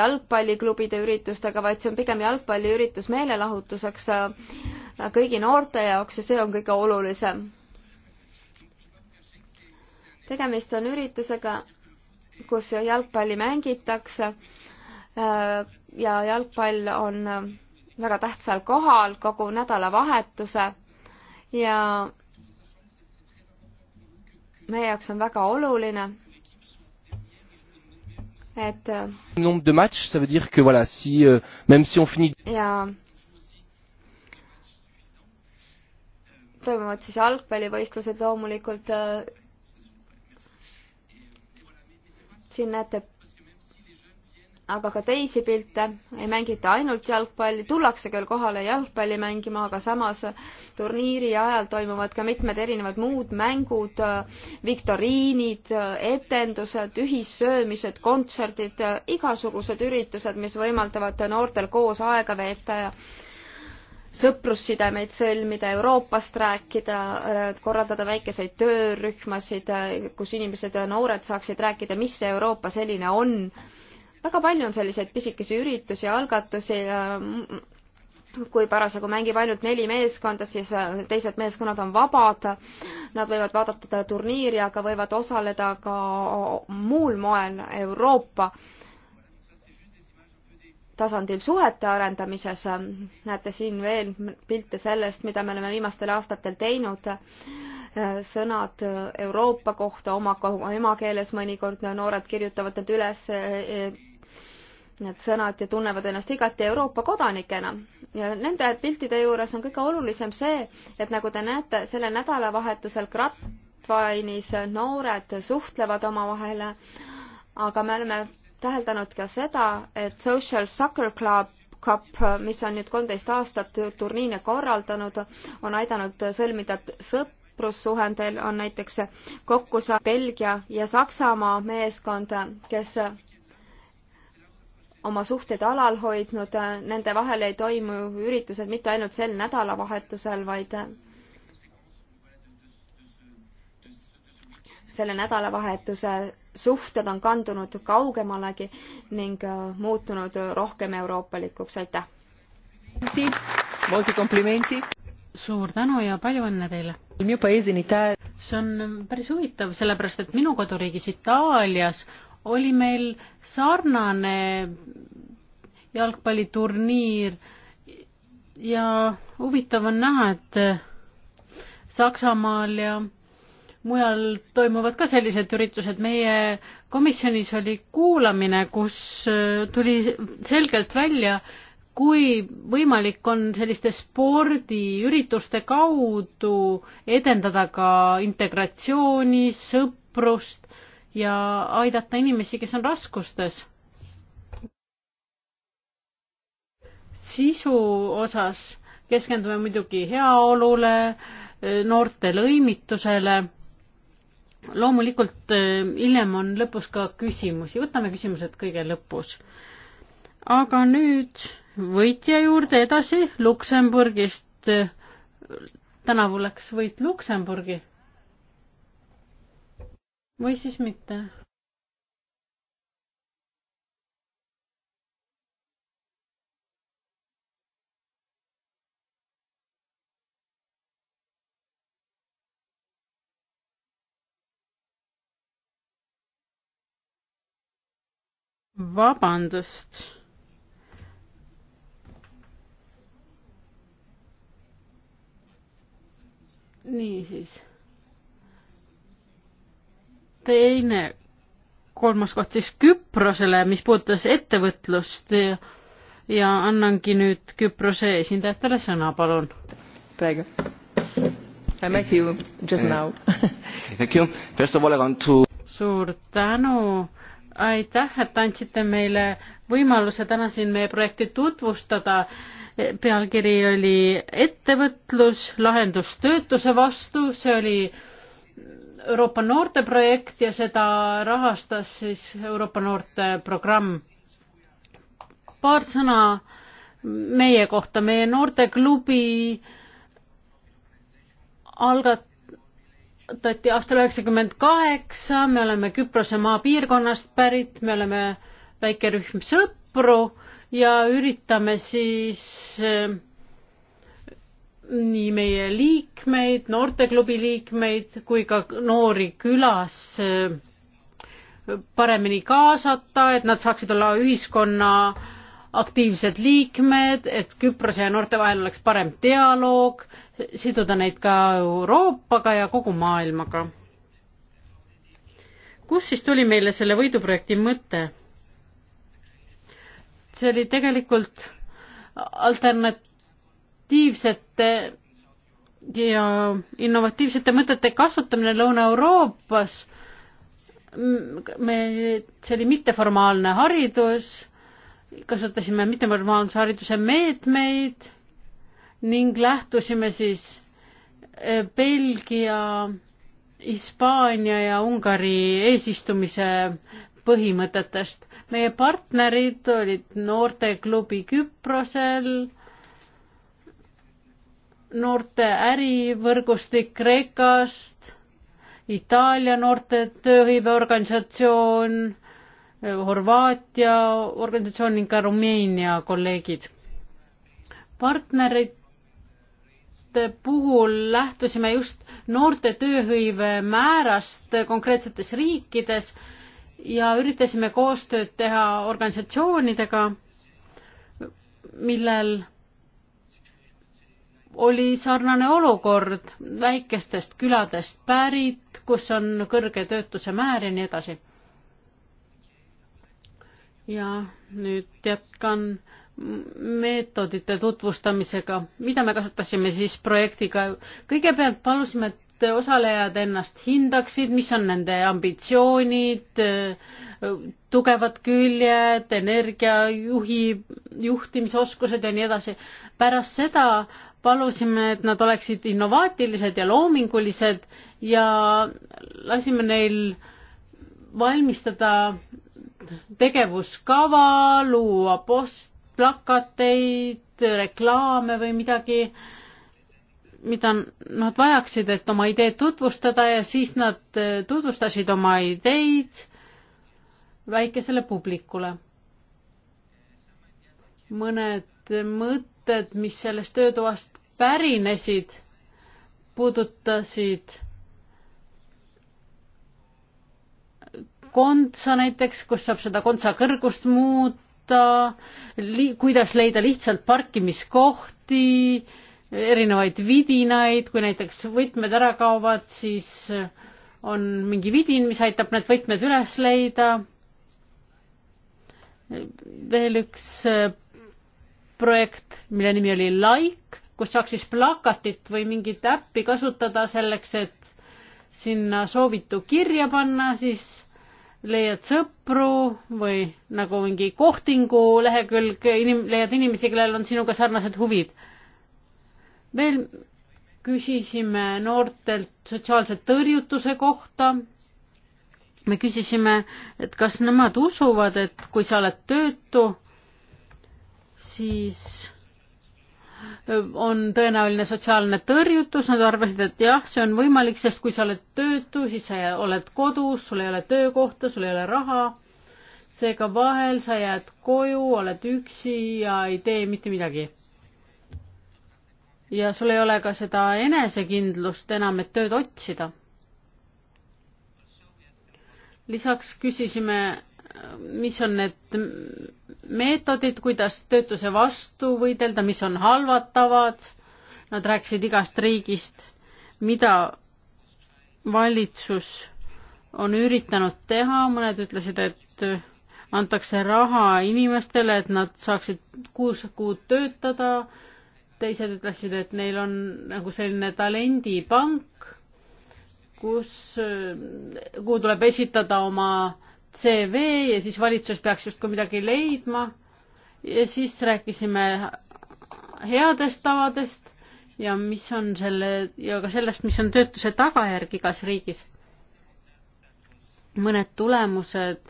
jalgpalliklubide üritustega, vaid see on pigem jalgpalliüritus meelelahutuseks kõigi noorte jaoks ja see on kõige olulisem tegemist on üritusega, kus jalgpalli mängitakse äh, ja jalgpall on äh, väga tähtsal kohal kogu nädalavahetuse ja meie jaoks on väga oluline, et äh, nombre de matchs, ça veut dire que voilà, si euh, même si on finit ja toimuvad siis jalgpallivõistlused loomulikult äh, siin näete aga ka teisi pilte, ei mängita ainult jalgpalli, tullakse küll kohale jalgpalli mängima, aga samas turniiri ajal toimuvad ka mitmed erinevad muud mängud, viktoriinid, etendused, ühissöömised, kontserdid, igasugused üritused, mis võimaldavad noortel koos aega veeta ja sõprussidemeid sõlmida, Euroopast rääkida, äh, korraldada väikeseid töörühmasid, äh, kus inimesed, noored saaksid rääkida, mis see Euroopa selline on. väga palju on selliseid pisikesi üritusi, algatusi, äh, kui parasjagu mängib ainult neli meeskonda, siis teised meeskonnad on vabad. Nad võivad vaadata turniiri, aga võivad osaleda ka muul moel Euroopa äh, tasandil suhete arendamises. näete siin veel pilte sellest, mida me oleme viimastel aastatel teinud. sõnad Euroopa kohta oma emakeeles, mõnikord noored kirjutavad need üles, need sõnad ja tunnevad ennast igati Euroopa kodanikena. ja nende piltide juures on kõige olulisem see, et nagu te näete, sellel nädalavahetusel Kratvainis noored suhtlevad omavahel, aga me oleme täheldanud ka seda, et Social Soccer Club Cup, mis on nüüd kolmteist aastat turniine korraldanud, on aidanud sõlmida sõprussuhendel, on näiteks kokku saa- Belgia ja Saksamaa meeskond, kes oma suhted alal hoidnud, nende vahel ei toimu üritused mitte ainult sel nädalavahetusel, vaid selle nädalavahetuse suhted on kandunud kaugemalegi ning äh, muutunud rohkem euroopalikuks, aitäh! suur tänu ja palju õnne teile! see on ähm, päris huvitav, sellepärast et minu koduriigis Itaalias oli meil sarnane jalgpalliturniir ja huvitav on näha, et äh, Saksamaal ja mujal toimuvad ka sellised üritused. meie komisjonis oli kuulamine, kus äh, tuli selgelt välja, kui võimalik on selliste spordiürituste kaudu edendada ka integratsiooni, sõprust ja aidata inimesi, kes on raskustes. sisu osas keskendume muidugi heaolule, äh, noorte lõimitusele loomulikult eh, hiljem on lõpus ka küsimusi, võtame küsimused kõige lõpus. aga nüüd võitja juurde edasi Luksemburgist. tänavu läks võit Luksemburgi. või siis mitte vabandust. niisiis. teine, kolmas koht siis Küprosele, mis puudutas ettevõtlust ja, ja annangi nüüd Küprose esindajatele sõna, palun. praegu. I like you just now Thank you. First of all I want to suur tänu aitäh, et andsite meile võimaluse täna siin meie projekti tutvustada. pealkiri oli ettevõtlus, lahendus töötuse vastu, see oli Euroopa noorteprojekt ja seda rahastas siis Euroopa noorteprogramm. paar sõna meie kohta, meie noorteklubi algat-, asutati aastal üheksakümmend kaheksa, me oleme Küprose maapiirkonnast pärit, me oleme väike rühm sõpru ja üritame siis eh, nii meie liikmeid, noorteklubi liikmeid kui ka noori külas eh, paremini kaasata, et nad saaksid olla ühiskonna aktiivsed liikmed, et Küprose ja noorte vahel oleks parem dialoog, siduda neid ka Euroopaga ja kogu maailmaga. kust siis tuli meile selle võiduprojekti mõte? see oli tegelikult alternatiivsete ja innovatiivsete mõtete kasutamine Lõuna-Euroopas. me, see oli mitteformaalne haridus kasutasime mitteformaalse hariduse meetmeid ning lähtusime siis eh, Belgia, Hispaania ja Ungari eesistumise põhimõtetest. meie partnerid olid noorteklubi Küprosel, noorte ärivõrgustik Kreekast, Itaalia noorte tööhõiveorganisatsioon Horvaatia organisatsioon ning ka Rumeenia kolleegid. partnerite puhul lähtusime just noorte tööhõive määrast konkreetsetes riikides ja üritasime koostööd teha organisatsioonidega, millel oli sarnane olukord väikestest küladest pärit, kus on kõrge töötuse määr ja nii edasi ja nüüd jätkan meetodite tutvustamisega, mida me kasutasime siis projektiga. kõigepealt palusime, et osalejad ennast hindaksid, mis on nende ambitsioonid, tugevad küljed, energiajuhi, juhtimisoskused ja nii edasi. pärast seda palusime, et nad oleksid innovaatilised ja loomingulised ja lasime neil valmistada tegevuskava, luua postplakateid, reklaame või midagi, mida nad vajaksid, et oma ideed tutvustada ja siis nad eh, tutvustasid oma ideid väikesele publikule. mõned mõtted, mis sellest töötoast pärinesid, puudutasid kontsa näiteks, kus saab seda kontsa kõrgust muuta, kuidas leida lihtsalt parkimiskohti, erinevaid vidinaid, kui näiteks võtmed ära kaovad, siis on mingi vidin, mis aitab need võtmed üles leida. veel üks äh, projekt, mille nimi oli Like, kus saaks siis plakatit või mingit äppi kasutada selleks, et sinna soovitu kirja panna, siis leiad sõpru või nagu mingi kohtingu lehekülg, inim-, leiad inimesi, kellel on sinuga sarnased huvid. veel küsisime noortelt sotsiaalse tõrjutuse kohta. me küsisime, et kas nemad usuvad, et kui sa oled töötu, siis on tõenäoline sotsiaalne tõrjutus, nad arvasid, et jah, see on võimalik, sest kui sa oled töötu, siis sa oled kodus, sul ei ole töökohta, sul ei ole raha. seega vahel sa jääd koju, oled üksi ja ei tee mitte midagi. ja sul ei ole ka seda enesekindlust enam, et tööd otsida. lisaks küsisime mis on need meetodid, kuidas töötuse vastu võidelda, mis on halvad tavad. Nad rääkisid igast riigist, mida valitsus on üritanud teha, mõned ütlesid, et antakse raha inimestele, et nad saaksid kuus kuud töötada, teised ütlesid, et neil on nagu selline talendipank, kus, kuhu tuleb esitada oma CV ja siis valitsus peaks justkui midagi leidma. ja siis rääkisime headest tavadest ja mis on selle ja ka sellest, mis on töötuse tagajärg igas riigis. mõned tulemused,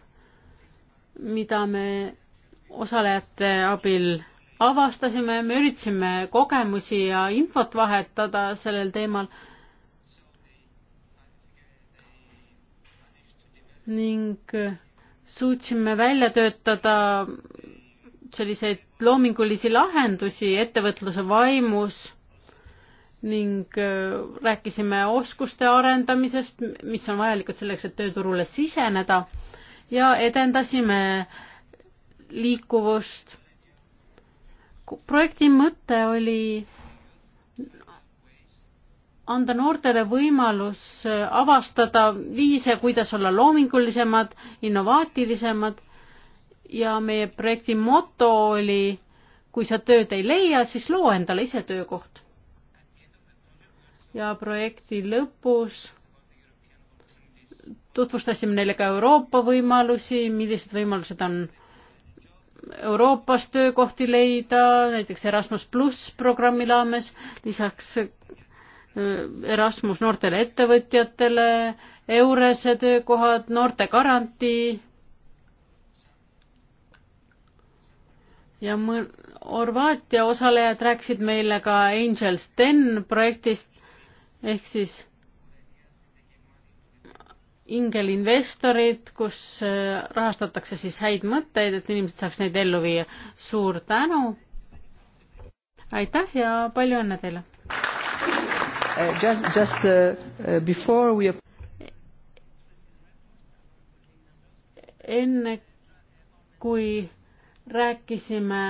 mida me osalejate abil avastasime, me üritasime kogemusi ja infot vahetada sellel teemal ning äh, suutsime välja töötada selliseid loomingulisi lahendusi ettevõtluse vaimus ning äh, rääkisime oskuste arendamisest, mis on vajalikud selleks, et tööturule siseneda ja edendasime liikuvust. projekti mõte oli anda noortele võimalus äh, avastada viise, kuidas olla loomingulisemad, innovaatilisemad ja meie projekti moto oli, kui sa tööd ei leia, siis loo endale ise töökoht. ja projekti lõpus tutvustasime neile ka Euroopa võimalusi, millised võimalused on Euroopas töökohti leida, näiteks Erasmus pluss programmi raames, lisaks Erasmus noortele ettevõtjatele, Eurese töökohad, noortegarantii ja mõ-, Horvaatia osalejad rääkisid meile ka Angels Den projektist ehk siis ingelinvestorid, kus äh, rahastatakse siis häid mõtteid, et inimesed saaks neid ellu viia. suur tänu! aitäh ja palju õnne teile! Uh, just just uh, uh, before we enne kui rääkisime,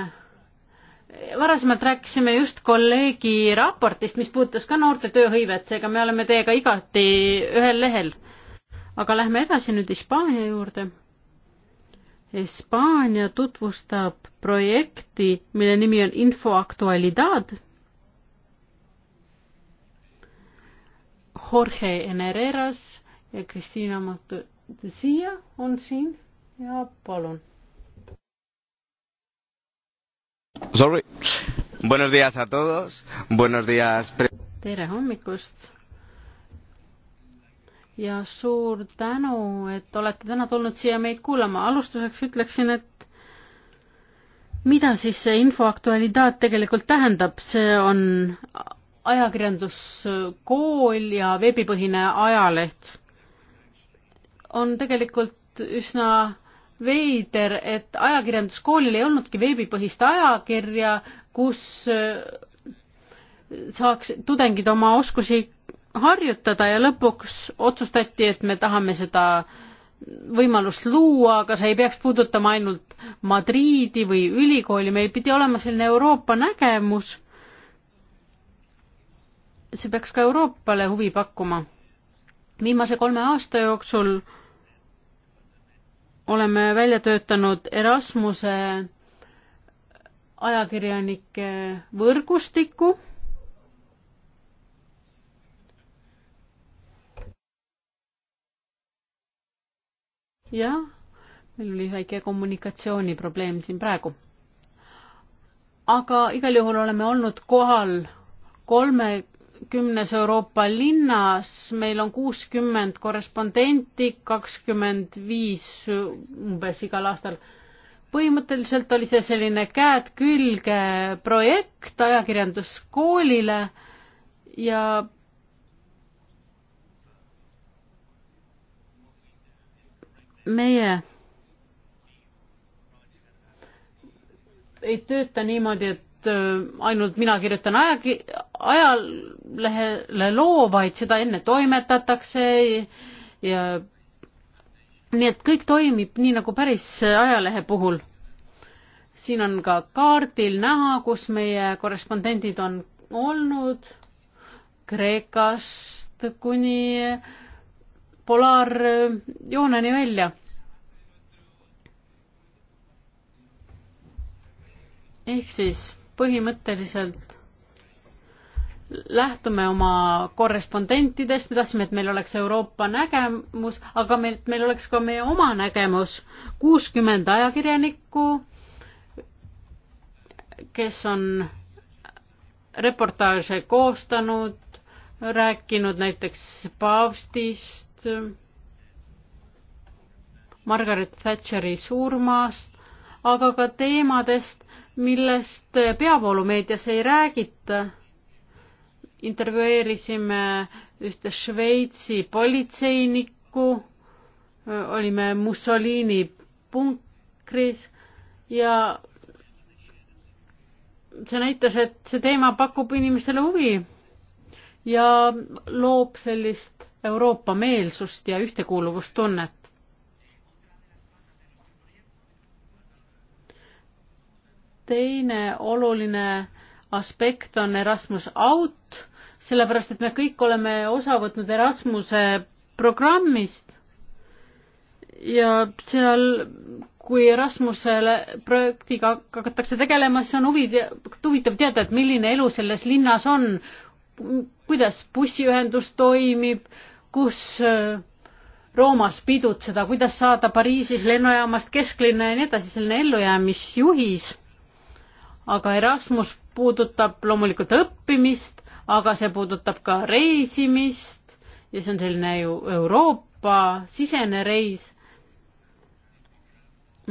varasemalt rääkisime just kolleegi raportist, mis puudutas ka noorte tööhõivet, seega me oleme teiega igati ühel lehel. aga lähme edasi nüüd Hispaania juurde. Hispaania tutvustab projekti, mille nimi on Info Actualidad Jorge Enereras ja Kristiina Matõsija on siin ja palun. Sorry, buenos dias a todos, buenos dias. tere hommikust ja suur tänu, et olete täna tulnud siia meid kuulama. alustuseks ütleksin, et mida siis see info aktualidaat tegelikult tähendab, see on ajakirjanduskool ja veebipõhine ajaleht. on tegelikult üsna veider, et ajakirjanduskoolil ei olnudki veebipõhist ajakirja, kus äh, saaks tudengid oma oskusi harjutada ja lõpuks otsustati, et me tahame seda võimalust luua, aga see ei peaks puudutama ainult Madriidi või ülikooli, meil pidi olema selline Euroopa nägemus see peaks ka Euroopale huvi pakkuma. viimase kolme aasta jooksul oleme välja töötanud Erasmuse ajakirjanike võrgustiku. jah, meil oli väike kommunikatsiooniprobleem siin praegu. aga igal juhul oleme olnud kohal kolme kümnes Euroopa linnas, meil on kuuskümmend korrespondenti, kakskümmend viis umbes igal aastal. põhimõtteliselt oli see selline käed külge projekt ajakirjanduskoolile ja meie ei tööta niimoodi, et et äh, ainult mina kirjutan ajakir-, ajalehele loo, vaid seda enne toimetatakse ja nii et kõik toimib nii nagu päris ajalehe puhul. siin on ka kaardil näha, kus meie korrespondendid on olnud Kreekast kuni polaarjooneni välja ehk siis põhimõtteliselt lähtume oma korrespondentidest, me tahtsime, et meil oleks Euroopa nägemus, aga meil, meil oleks ka meie oma nägemus. kuuskümmend ajakirjanikku, kes on reportaaže koostanud, rääkinud näiteks paavstist, Margaret Thatcheri surmast, aga ka teemadest, millest peavoolumeedias ei räägita. intervjueerisime ühte Šveitsi politseinikku, olime Mussolini punkris ja see näitas, et see teema pakub inimestele huvi ja loob sellist Euroopa meelsust ja ühtekuuluvustunnet. teine oluline aspekt on Erasmus out, sellepärast et me kõik oleme osa võtnud Erasmuse programmist ja seal, kui Erasmusele projektiga hakatakse tegelema, siis on huvi, huvitav teada, et milline elu selles linnas on, kuidas bussiühendus toimib, kus äh, Roomas pidutseda, kuidas saada Pariisis lennujaamast kesklinna ja nii edasi, selline ellujäämisjuhis aga Erasmus puudutab loomulikult õppimist, aga see puudutab ka reisimist ja see on selline ju Euroopa sisene reis.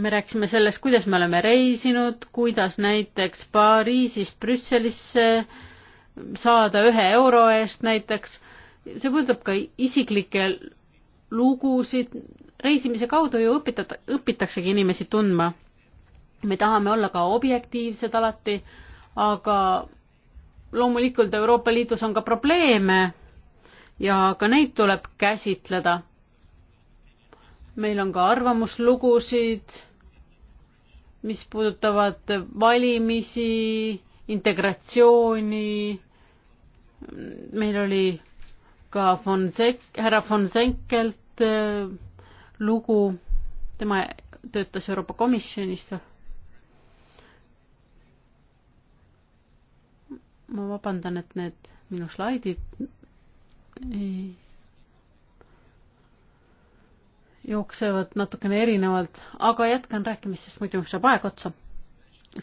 me rääkisime sellest, kuidas me oleme reisinud, kuidas näiteks Pariisist Brüsselisse saada ühe euro eest näiteks. see puudutab ka isiklikke lugusid, reisimise kaudu ju õpitada, õpitaksegi inimesi tundma me tahame olla ka objektiivsed alati, aga loomulikult Euroopa Liidus on ka probleeme ja ka neid tuleb käsitleda. meil on ka arvamuslugusid, mis puudutavad valimisi, integratsiooni. meil oli ka Fonsek-, härra Fonsenkelt äh, lugu, tema töötas Euroopa Komisjonis ma vabandan, et need minu slaidid ei jooksevad natukene erinevalt, aga jätkan rääkimist, sest muidu saab aeg otsa.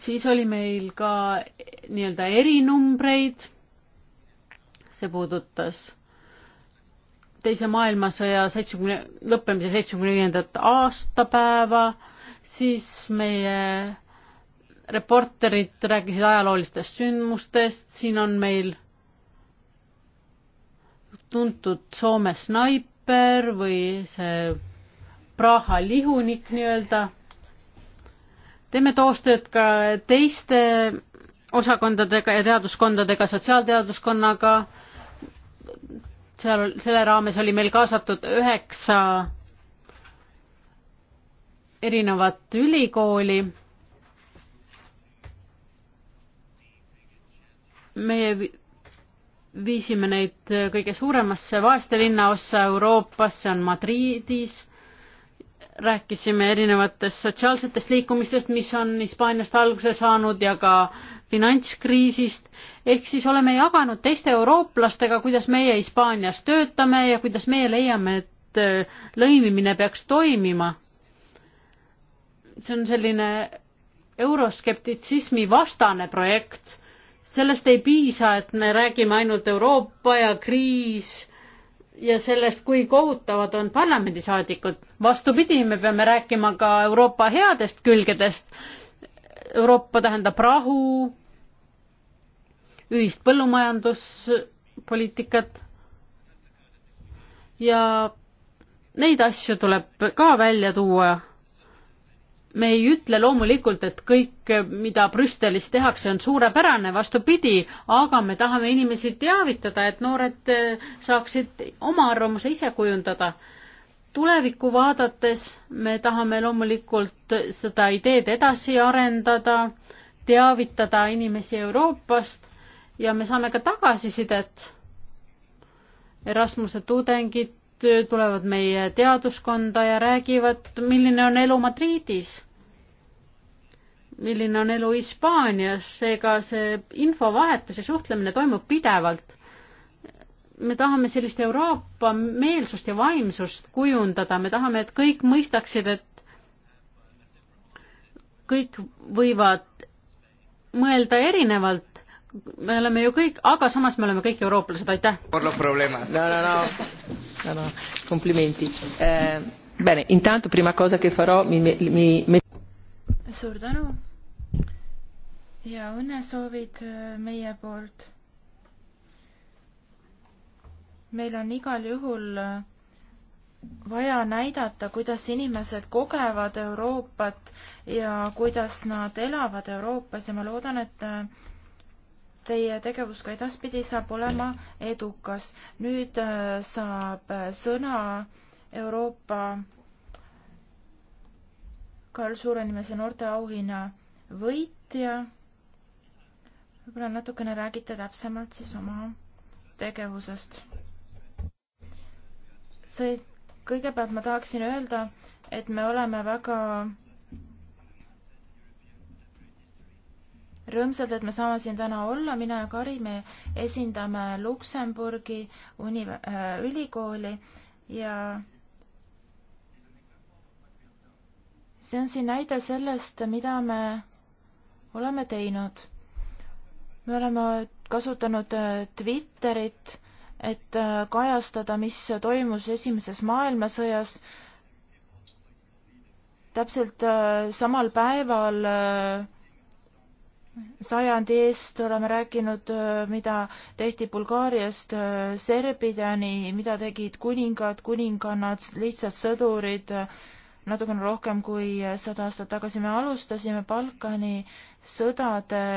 siis oli meil ka nii-öelda erinumbreid. see puudutas teise maailmasõja seitsmekümne, lõppemise seitsmekümne viiendat aastapäeva, siis meie reporterid rääkisid ajaloolistest sündmustest, siin on meil tuntud Soome snaiper või see Praha lihunik nii-öelda. teeme koostööd ka teiste osakondadega ja teaduskondadega, sotsiaalteaduskonnaga. seal, selle raames oli meil kaasatud üheksa erinevat ülikooli meie viisime neid kõige suuremasse vaeste linnaossa Euroopas, see on Madridis. rääkisime erinevatest sotsiaalsetest liikumistest, mis on Hispaaniast alguse saanud ja ka finantskriisist. ehk siis oleme jaganud teiste eurooplastega, kuidas meie Hispaanias töötame ja kuidas meie leiame, et äh, lõimimine peaks toimima. see on selline euroskeptitsismi vastane projekt sellest ei piisa, et me räägime ainult Euroopa ja kriis ja sellest, kui kohutavad on parlamendisaadikud. vastupidi, me peame rääkima ka Euroopa headest külgedest. Euroopa tähendab rahu, ühist põllumajanduspoliitikat ja neid asju tuleb ka välja tuua me ei ütle loomulikult, et kõik, mida Brüsselis tehakse, on suurepärane, vastupidi, aga me tahame inimesi teavitada, et noored eh, saaksid oma arvamuse ise kujundada. tulevikku vaadates me tahame loomulikult seda ideed edasi arendada, teavitada inimesi Euroopast ja me saame ka tagasisidet. Erasmuse tudengid tulevad meie teaduskonda ja räägivad, milline on elu Madridis, milline on elu Hispaanias, seega see infovahetus ja suhtlemine toimub pidevalt. me tahame sellist Euroopa meelsust ja vaimsust kujundada, me tahame, et kõik mõistaksid, et kõik võivad mõelda erinevalt, me oleme ju kõik, aga samas me oleme kõik eurooplased, aitäh. no, no, no, no, no, komplimenti eh,. Bene, intanto prima cosa che farò mi, mi, mi... suur tänu ja õnnesoovid eh, meie poolt. meil on igal juhul eh, vaja näidata, kuidas inimesed kogevad Euroopat ja kuidas nad elavad Euroopas ja ma loodan, et eh, teie tegevus ka edaspidi saab olema edukas. nüüd äh, saab äh, sõna Euroopa Karl Suure nimese noorteauhinna võitja. võib-olla natukene räägite täpsemalt siis oma tegevusest. see, kõigepealt ma tahaksin öelda, et me oleme väga rõõmsad, et me saame siin täna olla, mina ja Kari, me esindame Luksemburgi uni-, äh, ülikooli ja see on siin näide sellest, mida me oleme teinud. me oleme kasutanud äh, Twitterit, et äh, kajastada, mis toimus Esimeses maailmasõjas. täpselt äh, samal päeval äh, sajandi eest oleme rääkinud, äh, mida tehti Bulgaariast äh, Serbideni, mida tegid kuningad, kuningannad, lihtsad sõdurid, äh, natukene rohkem kui sada aastat tagasi me alustasime Balkani sõdade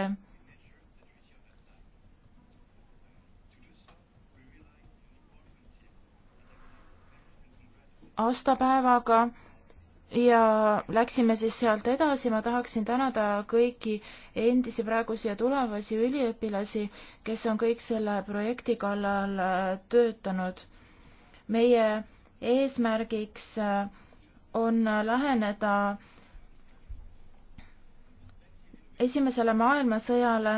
aastapäevaga ja läksime siis sealt edasi, ma tahaksin tänada kõiki endisi, praegusi ja tulevasi üliõpilasi, kes on kõik selle projekti kallal äh, töötanud. meie eesmärgiks äh, on läheneda esimesele maailmasõjale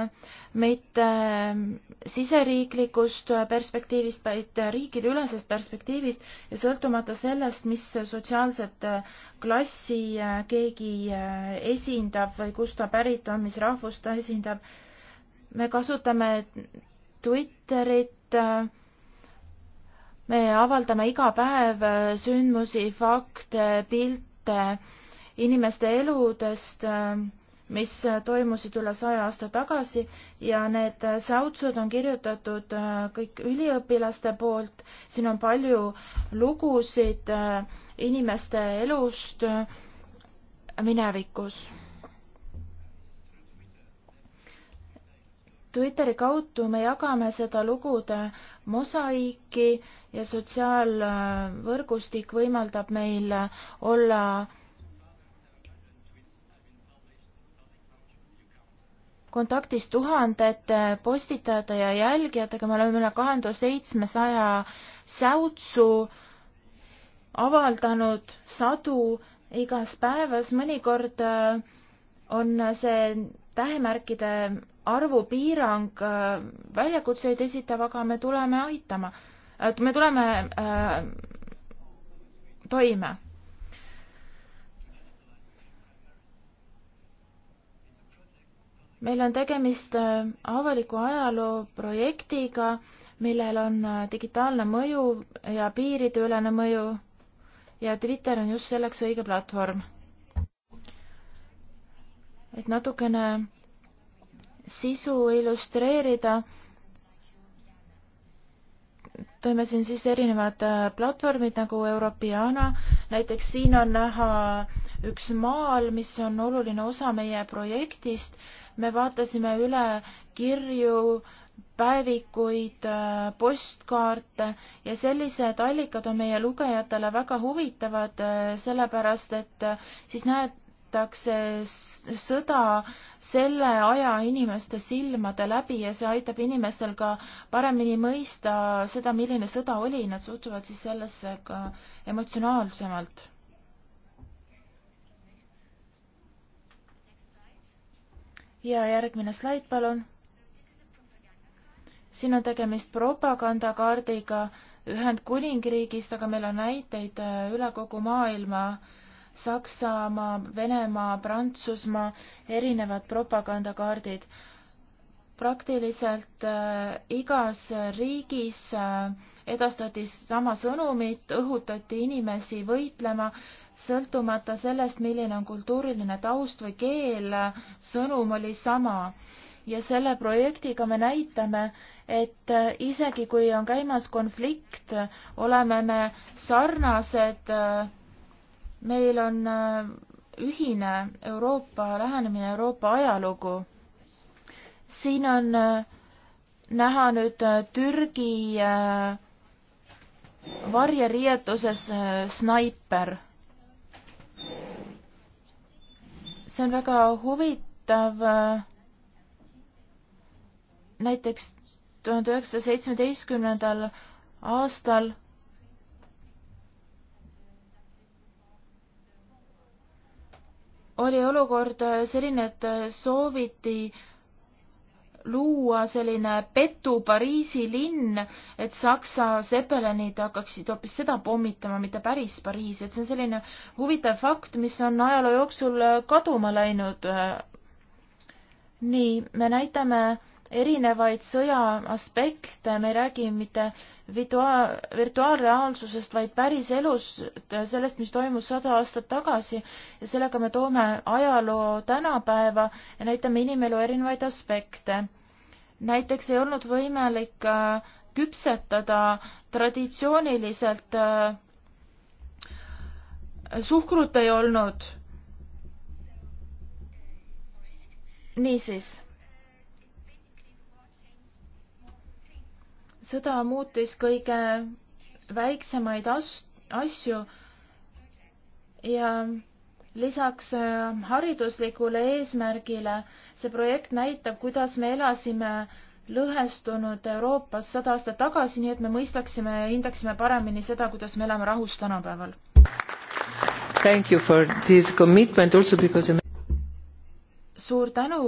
mitte siseriiklikust perspektiivist, vaid riikideülesest perspektiivist ja sõltumata sellest, mis sotsiaalset klassi keegi esindab või kust ta pärit on, mis rahvust ta esindab. me kasutame Twitterit, me avaldame iga päev sündmusi, fakte, pilte inimeste eludest mis äh, toimusid üle saja aasta tagasi ja need äh, säutsud on kirjutatud äh, kõik üliõpilaste poolt. siin on palju lugusid inimeste elust minevikus. Twitteri kaudu me jagame seda lugude mosaiiki ja sotsiaalvõrgustik võimaldab meil olla kontaktis tuhandete äh, postitajate ja jälgijatega, me oleme üle kahe tuhande seitsmesaja säutsu avaldanud sadu igas päevas, mõnikord äh, on see tähemärkide arvu piirang äh, väljakutseid esitav, aga me tuleme aitama, et me tuleme äh, toime meil on tegemist äh, avaliku ajaloo projektiga, millel on äh, digitaalne mõju ja piirideülene mõju ja Twitter on just selleks õige platvorm. et natukene sisu illustreerida, tõime siin siis erinevad äh, platvormid nagu Europeana, näiteks siin on näha üks maal, mis on oluline osa meie projektist me vaatasime üle kirju, päevikuid, postkaarte ja sellised allikad on meie lugejatele väga huvitavad, sellepärast et siis näetakse sõda selle aja inimeste silmade läbi ja see aitab inimestel ka paremini mõista seda, milline sõda oli, nad suhtuvad siis sellesse ka emotsionaalsemalt ja järgmine slaid, palun. siin on tegemist propagandakaardiga Ühendkuningriigist, aga meil on näiteid äh, üle kogu maailma. Saksamaa, Venemaa, Prantsusmaa, erinevad propagandakaardid. praktiliselt äh, igas riigis äh, edastati sama sõnumit, õhutati inimesi võitlema sõltumata sellest, milline on kultuuriline taust või keel, sõnum oli sama. ja selle projektiga me näitame, et isegi kui on käimas konflikt, oleme me sarnased, meil on ühine Euroopa lähenemine, Euroopa ajalugu. siin on näha nüüd Türgi varjeriietuses snaiper see on väga huvitav. näiteks tuhande üheksasaja seitsmeteistkümnendal aastal oli olukord selline, et sooviti luua selline petu Pariisi linn, et Saksa Zeppelinid hakkaksid hoopis seda pommitama, mitte päris Pariisi, et see on selline huvitav fakt, mis on ajaloo jooksul kaduma läinud. nii, me näitame erinevaid sõja aspekte, me ei räägi mitte virtua-, virtuaalreaalsusest, vaid päriselust, sellest, mis toimus sada aastat tagasi ja sellega me toome ajaloo tänapäeva ja näitame inimelu erinevaid aspekte. näiteks ei olnud võimalik äh, küpsetada traditsiooniliselt, äh, suhkrut ei olnud. niisiis sõda muutis kõige väiksemaid as-, asju ja lisaks äh, hariduslikule eesmärgile see projekt näitab, kuidas me elasime lõhestunud Euroopas sada aastat tagasi, nii et me mõistaksime ja hindaksime paremini seda, kuidas me elame rahus tänapäeval. suur tänu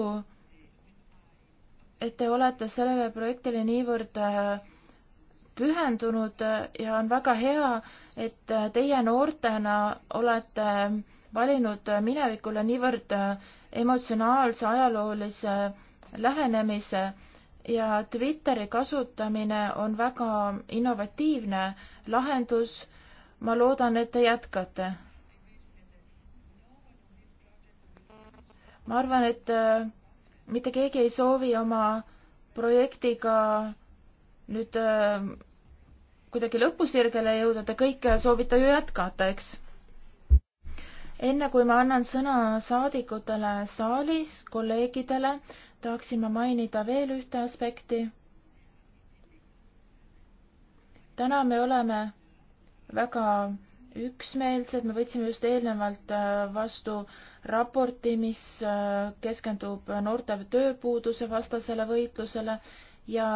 et te olete sellele projektile niivõrd äh, pühendunud äh, ja on väga hea, et äh, teie noortena olete valinud minevikule niivõrd emotsionaalse ajaloolise lähenemise ja Twitteri kasutamine on väga innovatiivne lahendus. ma loodan, et te jätkate. ma arvan, et mitte keegi ei soovi oma projektiga nüüd äh, kuidagi lõpusirgele jõuda, te kõik soovite ju jätkata, eks? enne kui ma annan sõna saadikutele saalis, kolleegidele, tahaksin ma mainida veel ühte aspekti. täna me oleme väga üksmeelsed, me võtsime just eelnevalt äh, vastu äh, raporti, mis äh, keskendub noorte tööpuuduse vastasele võitlusele ja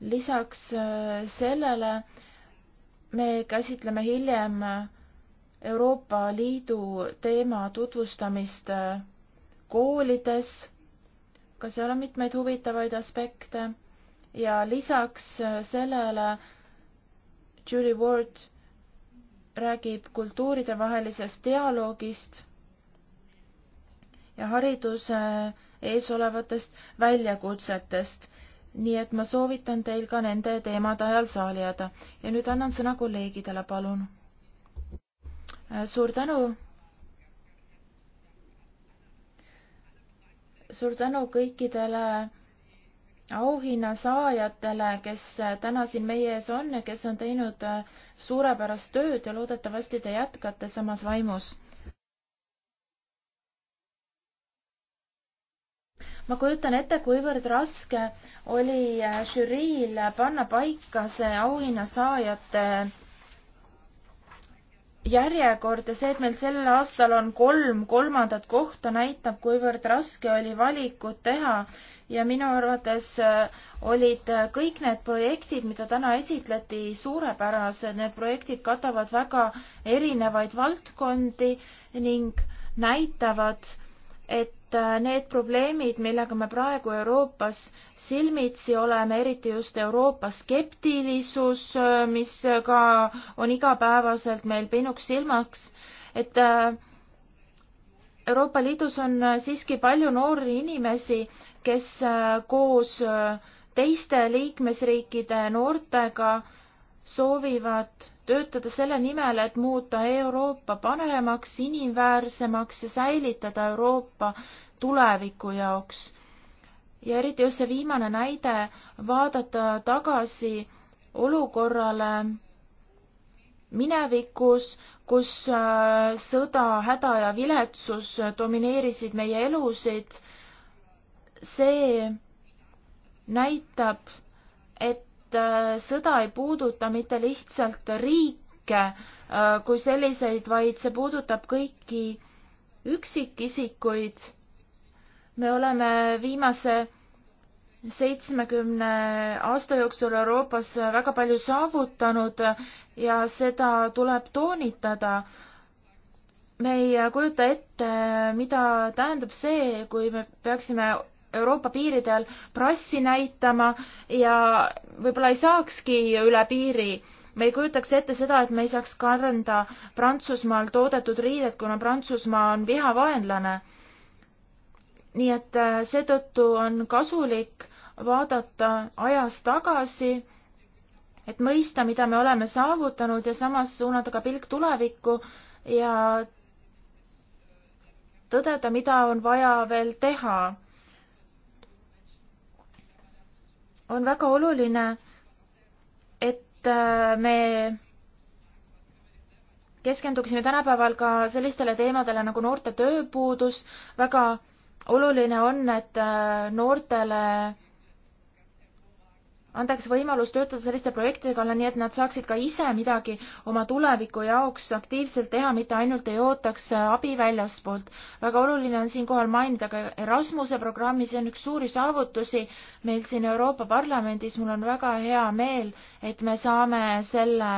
lisaks äh, sellele me käsitleme hiljem Euroopa Liidu teema tutvustamist äh, koolides, ka seal on mitmeid huvitavaid aspekte ja lisaks sellele Julie Ward räägib kultuuridevahelisest dialoogist ja hariduse ees olevatest väljakutsetest. nii et ma soovitan teil ka nende teemade ajal saali jääda ja nüüd annan sõna kolleegidele, palun. Äh, suur tänu. suur tänu kõikidele auhinna saajatele, kes täna siin meie ees on ja kes on teinud äh, suurepärast tööd ja loodetavasti te jätkate samas vaimus ma kujutan ette, kuivõrd raske oli äh, žüriil panna paika see auhinnasaajate järjekord ja see, et meil sel aastal on kolm kolmandat kohta, näitab, kuivõrd raske oli valikut teha ja minu arvates äh, olid äh, kõik need projektid, mida täna esitleti, suurepärased. Need projektid katavad väga erinevaid valdkondi ning näitavad, et äh, need probleemid, millega me praegu Euroopas silmitsi oleme, eriti just Euroopa skeptilisus, äh, mis ka on igapäevaselt meil pinuks silmaks, et äh, Euroopa Liidus on siiski palju noori inimesi, kes koos teiste liikmesriikide noortega soovivad töötada selle nimel, et muuta Euroopa paremaks, inimväärsemaks ja säilitada Euroopa tuleviku jaoks. ja eriti just see viimane näide, vaadata tagasi olukorrale minevikus, kus äh, sõda, häda ja viletsus domineerisid meie elusid, see näitab, et Äh, sõda ei puuduta mitte lihtsalt riike äh, kui selliseid, vaid see puudutab kõiki üksikisikuid. me oleme viimase seitsmekümne aasta jooksul Euroopas väga palju saavutanud ja seda tuleb toonitada me ei kujuta ette, mida tähendab see, kui me peaksime Euroopa piiridel prassi näitama ja võib-olla ei saakski üle piiri. me ei kujutaks ette seda, et me ei saaks kanda Prantsusmaal toodetud riided, kuna Prantsusmaa on vihavaenlane. nii et äh, seetõttu on kasulik vaadata ajas tagasi, et mõista, mida me oleme saavutanud ja samas suunada ka pilk tulevikku ja tõdeda, mida on vaja veel teha on väga oluline, et äh, me keskenduksime tänapäeval ka sellistele teemadele nagu noorte tööpuudus, väga oluline on, et äh, noortele antaks võimalus töötada selliste projektide kallal, nii et nad saaksid ka ise midagi oma tuleviku jaoks aktiivselt teha, mitte ainult ei ootaks abi väljaspoolt. väga oluline on siinkohal mainida ka Erasmuse programmi, see on üks suuri saavutusi meil siin Euroopa Parlamendis, mul on väga hea meel, et me saame selle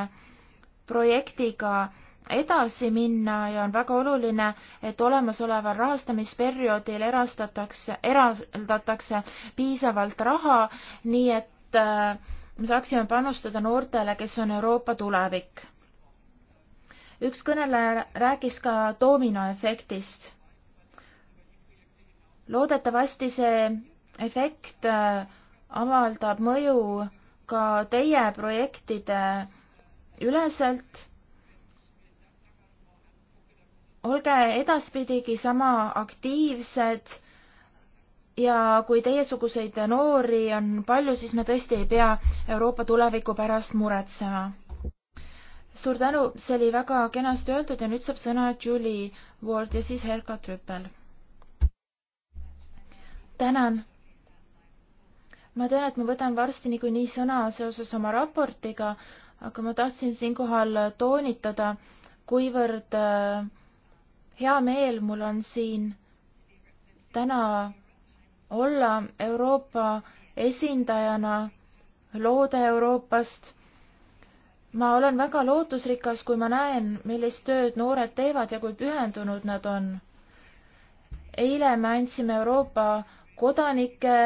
projektiga edasi minna ja on väga oluline, et olemasoleval rahastamisperioodil erastatakse, eraldatakse piisavalt raha, nii et et äh, me saaksime panustada noortele, kes on Euroopa tulevik. üks kõneleja rääkis ka dominoefektist. loodetavasti see efekt äh, avaldab mõju ka teie projektide üleselt. olge edaspidigi sama aktiivsed ja kui teiesuguseid noori on palju, siis me tõesti ei pea Euroopa tuleviku pärast muretsema. suur tänu, see oli väga kenasti öeldud ja nüüd saab sõna Julie Ward ja siis Helga Trüppel. tänan. ma tean, et ma võtan varsti niikuinii sõna seoses oma raportiga, aga ma tahtsin siinkohal toonitada, kuivõrd äh, hea meel mul on siin täna olla Euroopa esindajana loode Euroopast. ma olen väga lootusrikas, kui ma näen, millist tööd noored teevad ja kui pühendunud nad on. eile me andsime Euroopa kodanike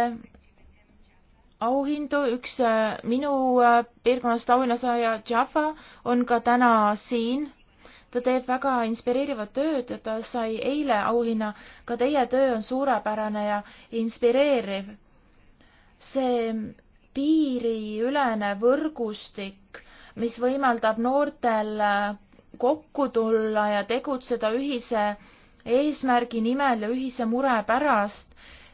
auhindu, üks äh, minu äh, piirkonnast auhinna saaja Jaffa on ka täna siin ta teeb väga inspireerivat tööd ja ta sai eile auhinna. ka teie töö on suurepärane ja inspireeriv. see piiriülene võrgustik, mis võimaldab noortel kokku tulla ja tegutseda ühise eesmärgi nimel ja ühise mure pärast,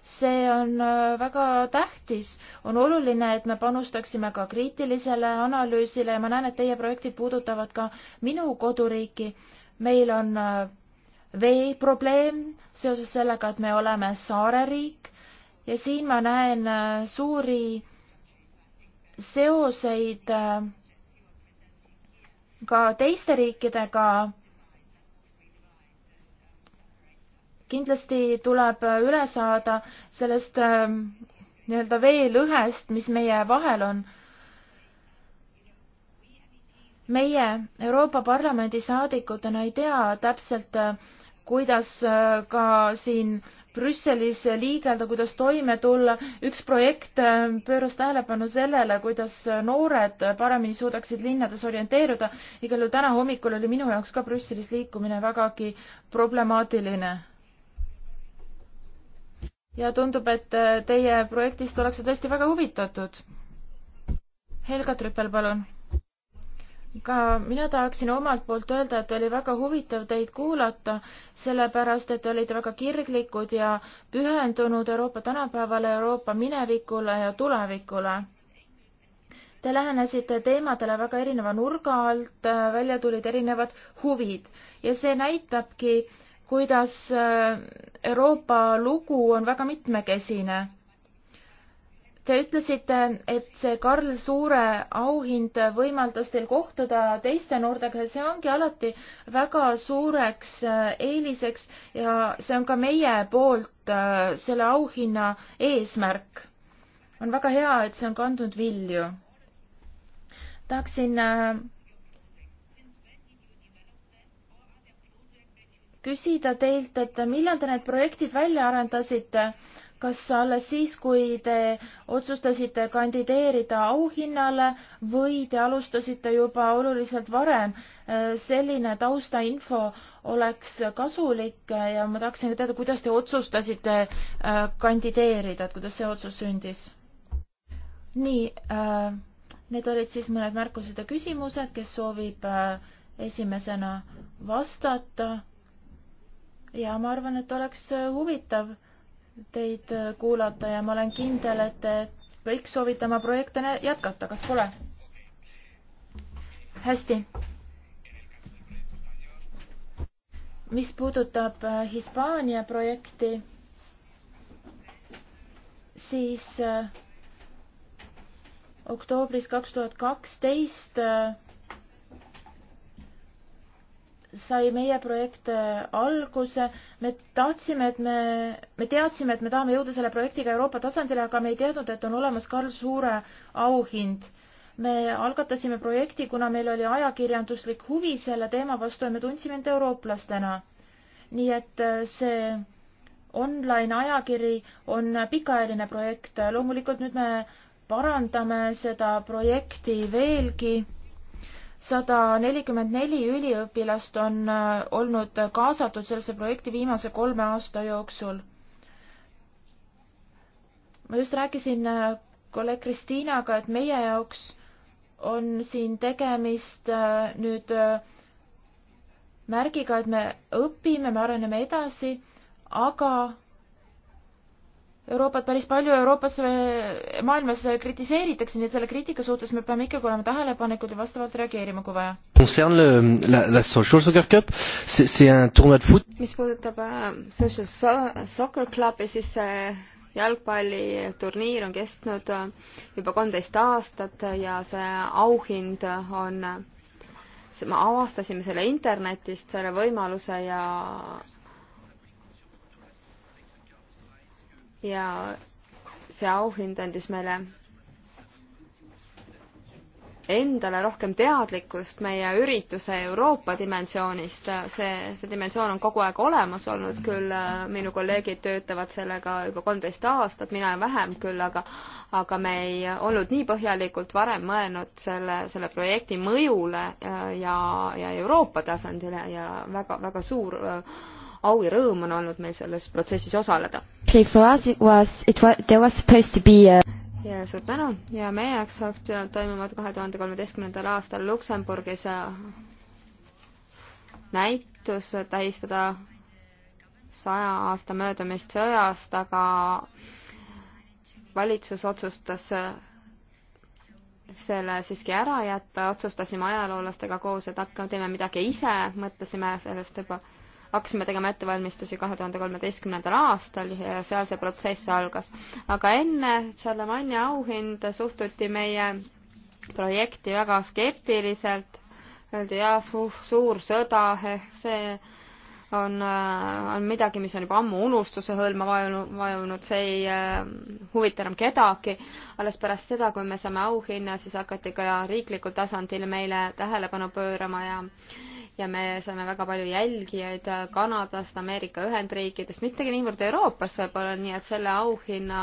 see on äh, väga tähtis. on oluline, et me panustaksime ka kriitilisele analüüsile ja ma näen, et teie projektid puudutavad ka minu koduriiki. meil on äh, veeprobleem seoses sellega, et me oleme saareriik ja siin ma näen äh, suuri seoseid ka teiste riikidega kindlasti tuleb üle saada sellest ähm, nii-öelda veelõhest, mis meie vahel on. meie Euroopa Parlamendi saadikutena ei tea täpselt, äh, kuidas äh, ka siin Brüsselis liigelda, kuidas toime tulla. üks projekt äh, pööras tähelepanu sellele, kuidas noored paremini suudaksid linnades orienteeruda. igal juhul täna hommikul oli minu jaoks ka Brüsselis liikumine vägagi problemaatiline ja tundub, et äh, teie projektist ollakse tõesti väga huvitatud. Helga Trüppel, palun. ka mina tahaksin omalt poolt öelda, et oli väga huvitav teid kuulata, sellepärast et te olite väga kirglikud ja pühendunud Euroopa tänapäevale, Euroopa minevikule ja tulevikule. Te lähenesite teemadele väga erineva nurga alt, äh, välja tulid erinevad huvid ja see näitabki, kuidas äh, Euroopa lugu on väga mitmekesine. Te ütlesite, et see Karl Suure auhind võimaldas teil kohtuda teiste noortega ja see ongi alati väga suureks äh, eeliseks ja see on ka meie poolt äh, selle auhinna eesmärk. on väga hea, et see on kandnud vilju. tahaksin küsida teilt, et millal te need projektid välja arendasite, kas alles siis, kui te otsustasite kandideerida auhinnale või te alustasite juba oluliselt varem? selline taustainfo oleks kasulik ja ma tahaksin teada, kuidas te otsustasite äh, kandideerida, et kuidas see otsus sündis? nii, äh, need olid siis mõned märkused ja küsimused, kes soovib äh, esimesena vastata ja ma arvan, et oleks äh, huvitav teid äh, kuulata ja ma olen kindel, et te kõik soovite oma projekte jätkata, kas pole? hästi. mis puudutab äh, Hispaania projekti, siis oktoobris kaks tuhat kaksteist sai meie projekt äh, alguse. me tahtsime, et me, me teadsime, et me tahame jõuda selle projektiga Euroopa tasandile, aga me ei teadnud, et on olemas Karl Suure auhind. me algatasime projekti, kuna meil oli ajakirjanduslik huvi selle teema vastu ja me tundsime end eurooplastena. nii et äh, see online ajakiri on pikaajaline projekt. loomulikult nüüd me parandame seda projekti veelgi sada nelikümmend neli üliõpilast on äh, olnud kaasatud sellesse projekti viimase kolme aasta jooksul. ma just rääkisin äh, kolleeg Kristiinaga, et meie jaoks on siin tegemist äh, nüüd märgiga, et me õpime, me areneme edasi, aga Euroopat päris palju Euroopas, äh, maailmas äh, kritiseeritakse, nii et selle kriitika suhtes me peame ikkagi olema tähelepanelikud ja vastavalt reageerima, kui vaja. mis puudutab äh, Social Soccer Clubi, siis see jalgpalliturniir on kestnud juba kolmteist aastat ja see auhind on, me avastasime selle internetist, selle võimaluse ja ja see auhind andis meile endale rohkem teadlikkust meie ürituse Euroopa dimensioonist, see, see dimensioon on kogu aeg olemas olnud küll, minu kolleegid töötavad sellega juba kolmteist aastat, mina vähem küll, aga aga me ei olnud nii põhjalikult varem mõelnud selle, selle projekti mõjule ja, ja Euroopa tasandile ja väga, väga suur äh, au ja rõõm on olnud meil selles protsessis osaleda. ja suur tänu ja meie jaoks oleks pidanud toimuma kahe tuhande kolmeteistkümnendal aastal Luksemburgis äh, näitus tähistada saja aasta möödumist sõjast, aga valitsus otsustas äh, selle siiski ära jätta, otsustasime ajaloolastega koos, et hakkame, teeme midagi ise, mõtlesime sellest juba hakkasime tegema ettevalmistusi kahe tuhande kolmeteistkümnendal aastal ja seal see protsess algas. aga enne Charlemagne'i auhinda suhtuti meie projekti väga skeptiliselt, öeldi jah, suur sõda, eh, see on, äh, on midagi, mis on juba ammu unustuse hõlma vajunud, vajunud, see ei äh, huvita enam kedagi. alles pärast seda, kui me saame auhinna, siis hakati ka riiklikul tasandil meile tähelepanu pöörama ja äh, ja me saime väga palju jälgijaid Kanadast, Ameerika Ühendriikidest, mitte niivõrd Euroopas võib-olla, nii et selle auhinna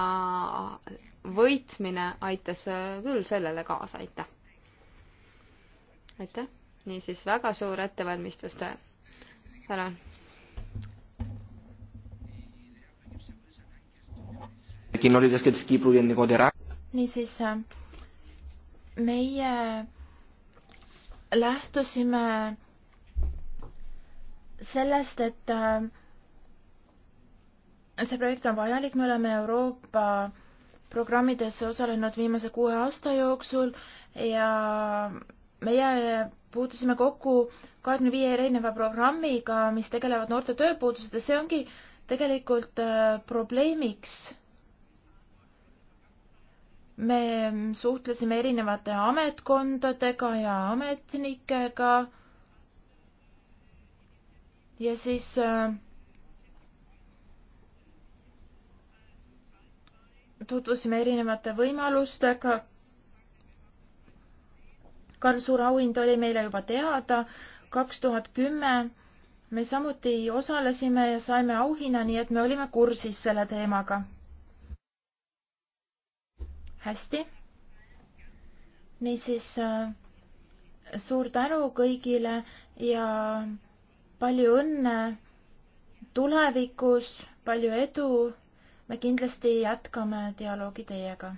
võitmine aitas küll sellele kaasa, aitäh. aitäh, niisiis väga suur ettevalmistustöö. tänan. niisiis, meie lähtusime sellest, et äh, see projekt on vajalik, me oleme Euroopa programmides osalenud viimase kuue aasta jooksul ja meie puutusime kokku kahekümne viie erineva programmiga, mis tegelevad noorte tööpuudused ja see ongi tegelikult äh, probleemiks. me suhtlesime erinevate ametkondadega ja ametnikega ja siis äh, tutvusime erinevate võimalustega. Karl Suur auhind oli meile juba teada, kaks tuhat kümme me samuti osalesime ja saime auhinna, nii et me olime kursis selle teemaga. hästi. niisiis äh, suur tänu kõigile ja palju õnne tulevikus, palju edu. me kindlasti jätkame dialoogi teiega.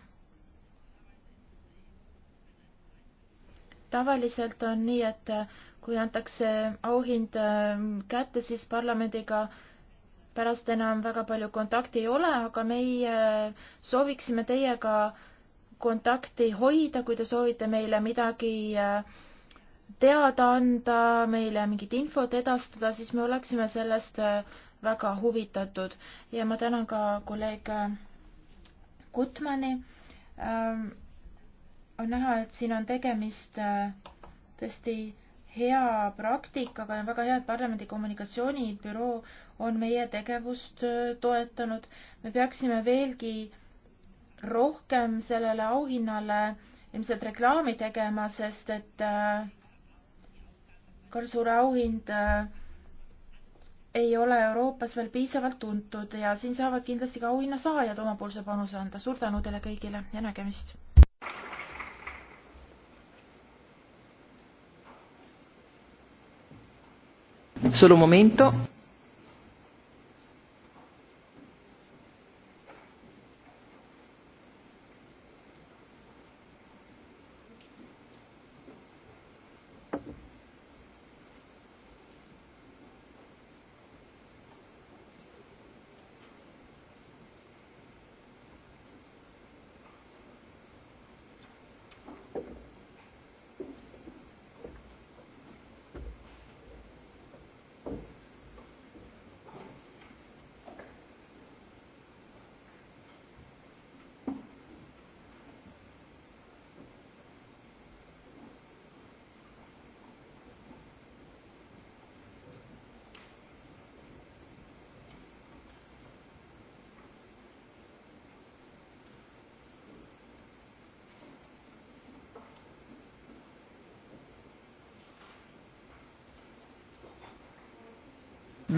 tavaliselt on nii, et kui antakse auhind ähm, kätte, siis parlamendiga pärast enam väga palju kontakti ei ole, aga meie äh, sooviksime teiega kontakti hoida, kui te soovite meile midagi äh, teada anda, meile mingit infot edastada, siis me oleksime sellest äh, väga huvitatud ja ma tänan ka kolleeg Gutmani. Äh, ähm, on näha, et siin on tegemist äh, tõesti hea praktikaga ja väga hea, et parlamendi kommunikatsioonibüroo on meie tegevust toetanud. me peaksime veelgi rohkem sellele auhinnale ilmselt reklaami tegema, sest et äh, Karlsruhe auhind äh, ei ole Euroopas veel piisavalt tuntud ja siin saavad kindlasti ka auhinna saajad omapoolse panuse anda. suur tänu teile kõigile ja nägemist! Solo momento.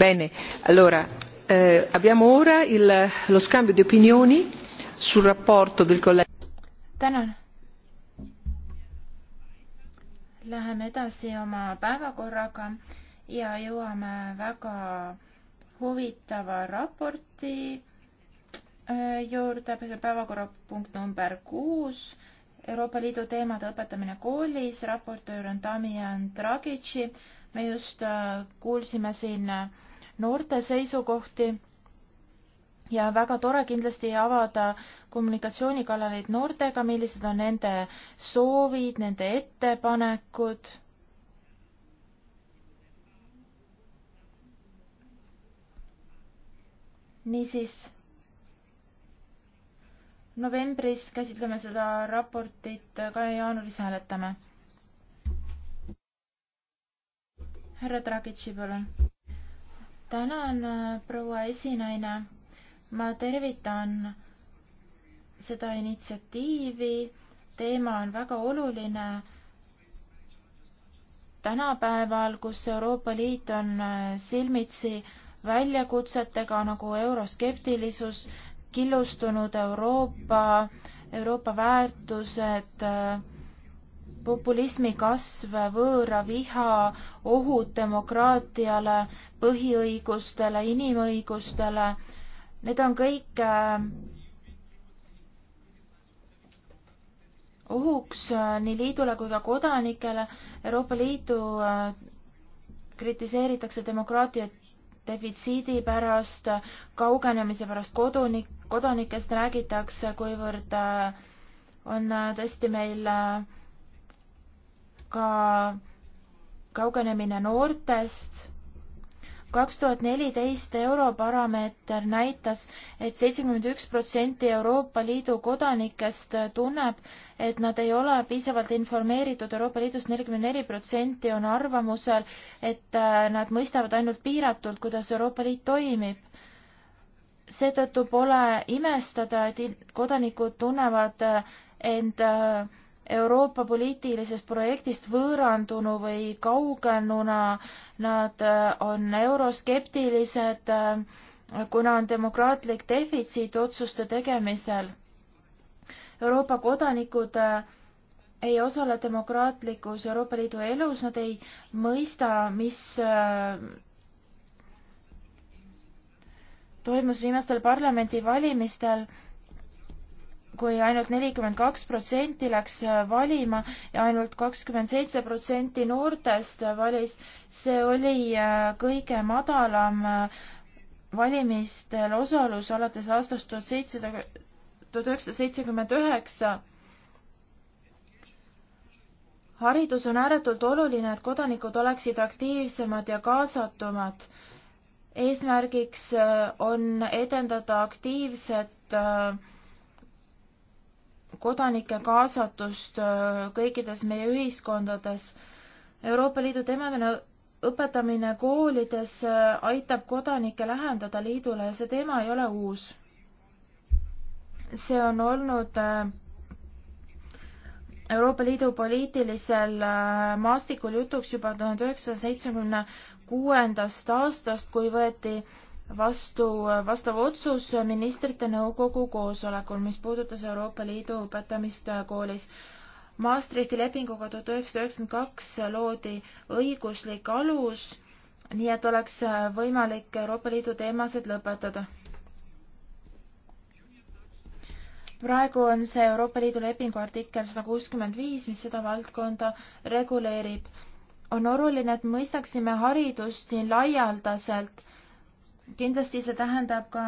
Bene, allora eh, abbiamo ora il, lo scambio di opinioni sul rapporto del collega. Tänan. Läheme edasi oma päevakorraga ja jõuame väga huvitava raporti äh, juurde, päevakorrapunkt number kuus Euroopa Liidu teemade õpetamine koolis, raportöör on Damian Dragici. me just äh, kuulsime siin äh, noorte seisukohti ja väga tore kindlasti avada kommunikatsioonikanaleid noortega, millised on nende soovid, nende ettepanekud. niisiis, novembris käsitleme seda raportit, ka jaanuaris hääletame. härra Dragitši, palun tänan, äh, proua esinaine. ma tervitan seda initsiatiivi. teema on väga oluline tänapäeval, kus Euroopa Liit on äh, silmitsi väljakutsetega nagu euroskeptilisus, killustunud Euroopa, Euroopa väärtused äh, populismi kasv, võõra viha, ohud demokraatiale, põhiõigustele, inimõigustele, need on kõik äh, ohuks äh, nii liidule kui ka kodanikele. Euroopa Liidu äh, kritiseeritakse demokraatia defitsiidi pärast, kaugenemise pärast kodunik, kodanikest räägitakse, kuivõrd on tõesti meil ka kaugenemine noortest. kaks tuhat neliteist Europarameeter näitas et, et seitsekümmend üks protsenti Euroopa Liidu kodanikest tunneb, et nad ei ole piisavalt informeeritud Euroopa Liidust, nelikümmend neli protsenti on arvamusel, et äh, nad mõistavad ainult piiratult, kuidas Euroopa Liit toimib seetõttu pole imestada, et kodanikud tunnevad äh, end äh, Euroopa poliitilisest projektist võõrandunu või kaugenuna, nad äh, on euroskeptilised, äh, kuna on demokraatlik defitsiit otsuste tegemisel. Euroopa kodanikud äh, ei osale demokraatlikus Euroopa Liidu elus, nad ei mõista, mis toimus viimastel parlamendivalimistel kui ainult nelikümmend kaks protsenti läks äh, valima ja ainult kakskümmend seitse protsenti noortest äh, valis, see oli äh, kõige madalam valimistel osalus alates aastast tuhat seitsesada, tuhat üheksasada seitsekümmend üheksa. haridus on ääretult oluline, et kodanikud oleksid aktiivsemad ja kaasatumad. eesmärgiks on edendada aktiivset äh, kodanike kaasatust äh, kõikides meie ühiskondades. Euroopa Liidu teemadena õpetamine koolides äh, aitab kodanikke lähendada liidule ja see teema ei ole uus. see on olnud äh, Euroopa Liidu poliitilisel maastikul jutuks juba tuhande üheksasaja seitsmekümne kuuendast aastast, kui võeti vastu vastav otsus ministrite nõukogu koosolekul, mis puudutas Euroopa Liidu õpetamist koolis. Maastrichti lepinguga tuhat üheksasada üheksakümmend kaks loodi õiguslik alus, nii et oleks võimalik Euroopa Liidu teemasid lõpetada. praegu on see Euroopa Liidu lepingu artikkel sada kuuskümmend viis, mis seda valdkonda reguleerib on oluline, et mõistaksime haridust siin laialdaselt kindlasti see tähendab ka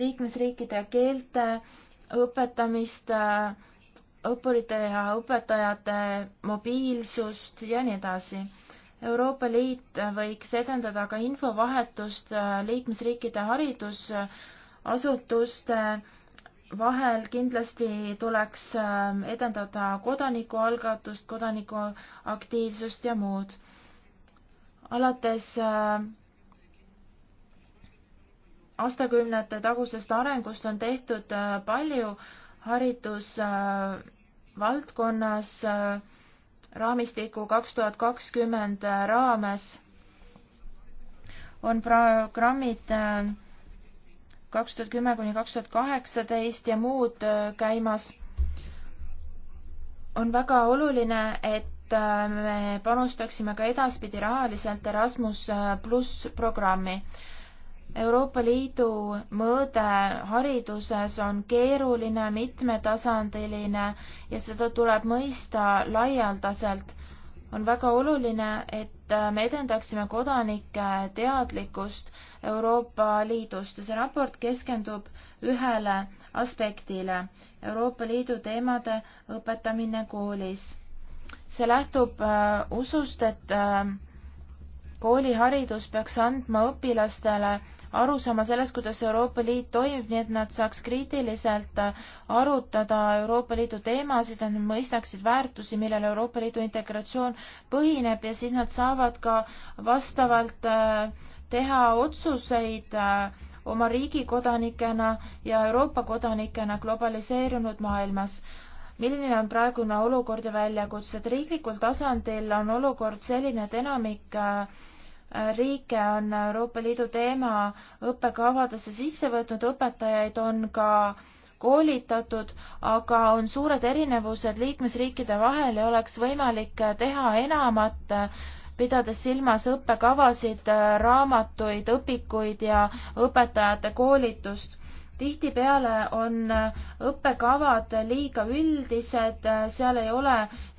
liikmesriikide keelte õpetamist, õppurite ja õpetajate mobiilsust ja nii edasi. Euroopa Liit võiks edendada ka infovahetust liikmesriikide haridusasutuste vahel kindlasti tuleks edendada kodanikualgatust, kodanikuaktiivsust ja muud. alates äh, aastakümnete tagusest arengust on tehtud äh, palju haridusvaldkonnas äh, äh, raamistiku kaks tuhat kakskümmend raames on programmid kaks tuhat kümme kuni kaks tuhat kaheksateist ja muud käimas. on väga oluline, et me panustaksime ka edaspidi rahaliselt Erasmus pluss programmi Euroopa Liidu mõõde hariduses on keeruline, mitmetasandiline ja seda tuleb mõista laialdaselt. on väga oluline, et me edendaksime kodanike teadlikkust Euroopa Liidust ja see raport keskendub ühele aspektile, Euroopa Liidu teemade õpetamine koolis. see lähtub äh, usust, et äh, kooliharidus peaks andma õpilastele aru saama sellest, kuidas Euroopa Liit toimib, nii et nad saaks kriitiliselt äh, arutada Euroopa Liidu teemasid, et nad mõistaksid väärtusi, millel Euroopa Liidu integratsioon põhineb ja siis nad saavad ka vastavalt äh, teha otsuseid äh, oma riigi kodanikena ja Euroopa kodanikena globaliseerunud maailmas milline on praegune olukord ja väljakutsed. riiklikul tasandil on olukord selline, et enamik äh, riike on Euroopa Liidu teema õppekavadesse sisse võtnud, õpetajaid on ka koolitatud, aga on suured erinevused liikmesriikide vahel ja oleks võimalik teha enamat, pidades silmas õppekavasid, raamatuid, õpikuid ja õpetajate koolitust tihtipeale on õppekavad liiga üldised, seal ei ole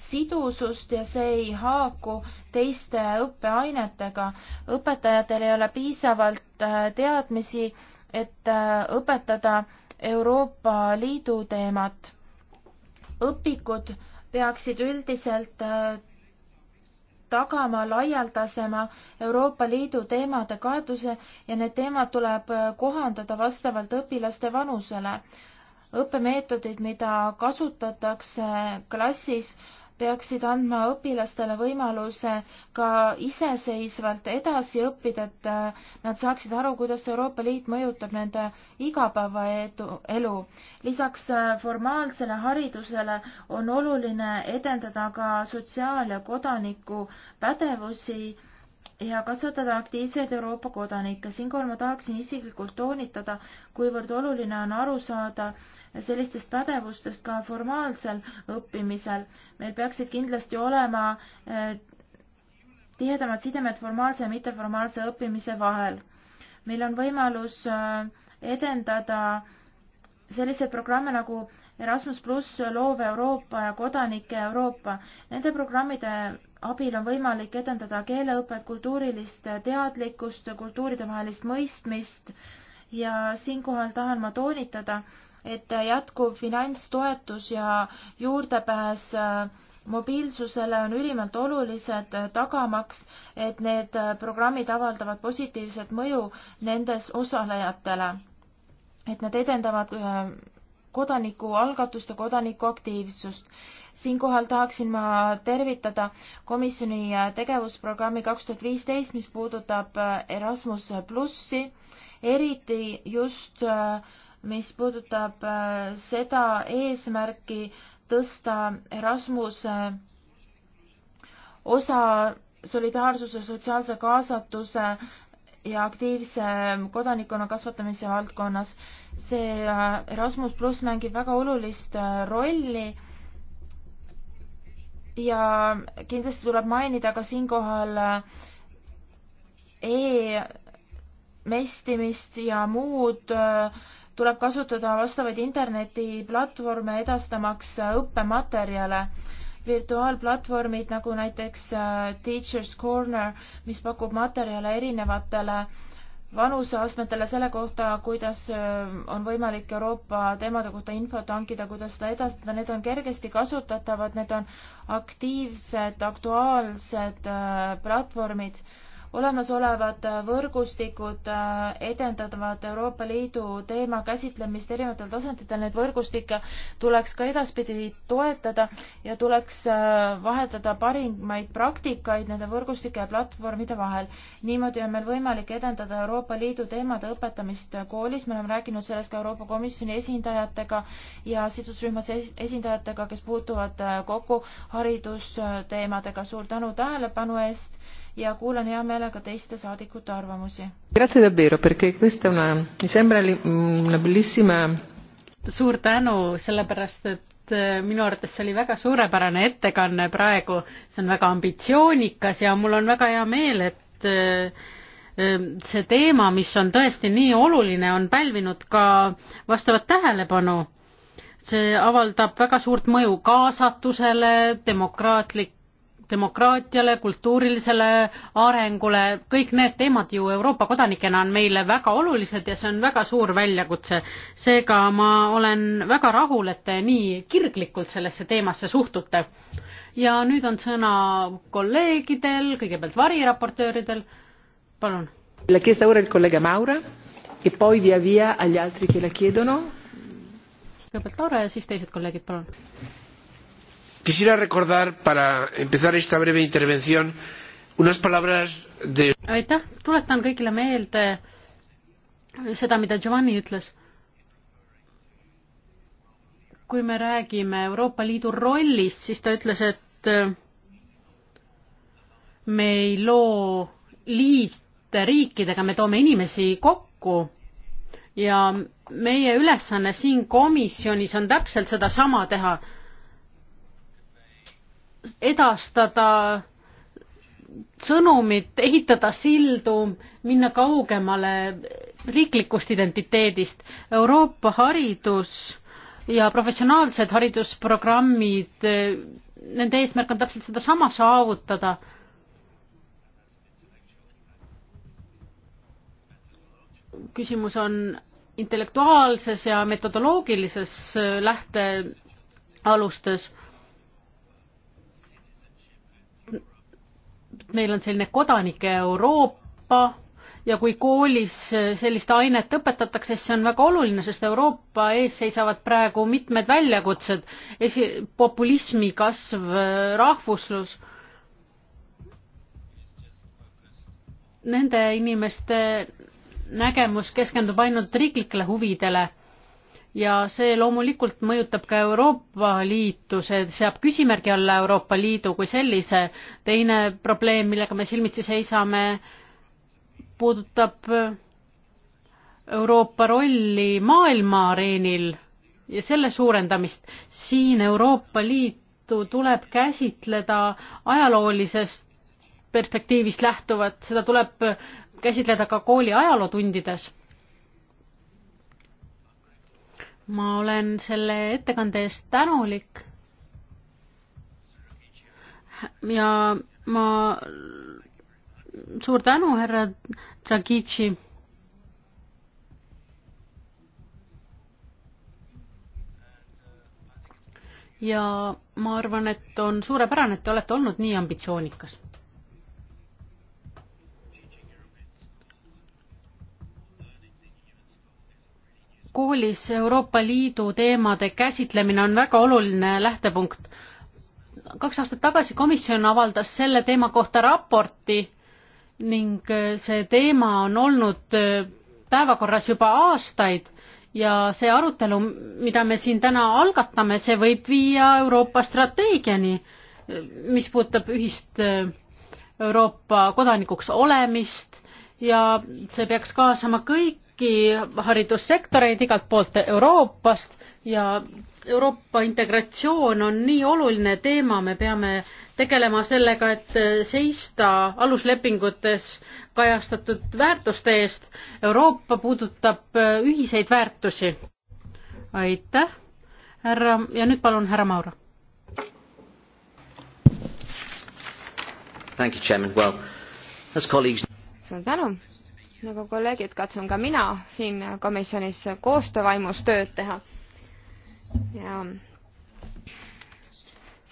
sidusust ja see ei haaku teiste õppeainetega. õpetajatel ei ole piisavalt äh, teadmisi, et äh, õpetada Euroopa Liidu teemat. õpikud peaksid üldiselt äh, tagama laialdasema Euroopa Liidu teemade kaetuse ja need teemad tuleb kohandada vastavalt õpilaste vanusele. õppemeetodid, mida kasutatakse klassis, peaksid andma õpilastele võimaluse ka iseseisvalt edasi õppida, et äh, nad saaksid aru, kuidas Euroopa Liit mõjutab nende igapäevaelu. lisaks äh, formaalsele haridusele on oluline edendada ka sotsiaal- ja kodanikupädevusi ja kasvatada aktiivseid Euroopa kodanikke. siinkohal ma tahaksin isiklikult toonitada, kuivõrd oluline on aru saada sellistest pädevustest ka formaalsel õppimisel. meil peaksid kindlasti olema eh, tihedamad sidemed formaalse ja mitteformaalse õppimise vahel. meil on võimalus eh, edendada selliseid programme nagu Erasmus pluss, loov Euroopa ja kodanike Euroopa. Nende programmide abil on võimalik edendada keeleõpet, kultuurilist teadlikkust, kultuuridevahelist mõistmist ja siinkohal tahan ma toonitada, et jätkuv finantstoetus ja juurdepääs äh, mobiilsusele on ülimalt olulised äh, tagamaks, et need äh, programmid avaldavad positiivset mõju nendes osalejatele. et nad edendavad kodanikualgatuste, kodanikuaktiivsust. siinkohal tahaksin ma tervitada komisjoni tegevusprogrammi kaks tuhat viisteist, mis puudutab äh, Erasmus plussi, eriti just äh, mis puudutab äh, seda eesmärki tõsta Erasmuse osa solidaarsuse, sotsiaalse kaasatuse ja aktiivse kodanikkonna kasvatamise valdkonnas. see äh, Erasmus pluss mängib väga olulist äh, rolli ja kindlasti tuleb mainida ka siinkohal äh, e-mestimist ja muud tuleb kasutada vastavaid internetiplatvorme edastamaks õppematerjale virtuaalplatvormid nagu näiteks äh, Teachers Corner, mis pakub materjale erinevatele vanuseastmetele selle kohta, kuidas äh, on võimalik Euroopa teemade kohta infot hankida, kuidas seda edastada, need on kergesti kasutatavad, need on aktiivsed, aktuaalsed äh, platvormid olemasolevad võrgustikud äh, edendavad Euroopa Liidu teema käsitlemist erinevatel tasanditel, neid võrgustikke tuleks ka edaspidi toetada ja tuleks äh, vahetada parimaid praktikaid nende võrgustike ja platvormide vahel. niimoodi on meil võimalik edendada Euroopa Liidu teemade õpetamist koolis, me oleme rääkinud sellest ka Euroopa Komisjoni esindajatega ja sidusrühmas esindajatega, kes puutuvad äh, kokku haridusteemadega. suur tänu tähelepanu eest ja kuulan hea meelega teiste saadikute arvamusi. Mm, suur tänu, sellepärast et eh, minu arvates see oli väga suurepärane ettekanne praegu, see on väga ambitsioonikas ja mul on väga hea meel, et eh, eh, see teema, mis on tõesti nii oluline, on pälvinud ka vastavat tähelepanu. see avaldab väga suurt mõju kaasatusele, demokraatlik demokraatiale, kultuurilisele arengule, kõik need teemad ju Euroopa kodanikena on meile väga olulised ja see on väga suur väljakutse. seega ma olen väga rahul, et te nii kirglikult sellesse teemasse suhtute. ja nüüd on sõna kolleegidel, kõigepealt variraportööridel, palun. La chiesta ora il collega Maura e poi via via agli altri che la chiedono. kõigepealt Laura ja siis teised kolleegid, palun quisiera recordar para empezar esta breve intervención unas palabras de aitäh, tuletan kõigile meelde seda, mida Giovanni ütles. kui me räägime Euroopa Liidu rollist, siis ta ütles, et äh, me ei loo liite riikidega, me toome inimesi kokku ja meie ülesanne siin komisjonis on täpselt sedasama teha edastada sõnumit, ehitada sildu, minna kaugemale riiklikust identiteedist. Euroopa haridus ja professionaalsed haridusprogrammid, nende eesmärk on täpselt sedasama saavutada. küsimus on intellektuaalses ja metodoloogilises lähtealustes meil on selline kodanike Euroopa ja kui koolis sellist ainet õpetatakse, siis see on väga oluline, sest Euroopa ees seisavad praegu mitmed väljakutsed, esi-, populismi kasv, rahvuslus. Nende inimeste nägemus keskendub ainult riiklikele huvidele ja see loomulikult mõjutab ka Euroopa Liitu, see seab küsimärgi alla Euroopa Liidu kui sellise. teine probleem, millega me silmitsi seisame, puudutab Euroopa rolli maailma areenil ja selle suurendamist. siin Euroopa Liitu tuleb käsitleda ajaloolisest perspektiivist lähtuvat, seda tuleb käsitleda ka kooli ajalootundides ma olen selle ettekande eest tänulik. ja ma, suur tänu, härra Dragici ja ma arvan, et on suurepärane, et te olete olnud nii ambitsioonikas. koolis Euroopa Liidu teemade käsitlemine on väga oluline lähtepunkt. kaks aastat tagasi komisjon avaldas selle teema kohta raporti ning äh, see teema on olnud äh, päevakorras juba aastaid ja see arutelu, mida me siin täna algatame, see võib viia Euroopa strateegiani, mis puudutab ühist äh, Euroopa kodanikuks olemist ja see peaks kaasama kõik kõiki haridussektoreid igalt poolt Euroopast ja Euroopa integratsioon on nii oluline teema, me peame tegelema sellega, et seista aluslepingutes kajastatud väärtuste eest. Euroopa puudutab ühiseid väärtusi. aitäh, härra, ja nüüd palun härra Mauro. suur tänu nagu kolleegid, katsun ka mina siin komisjonis koostöövaimus tööd teha. ja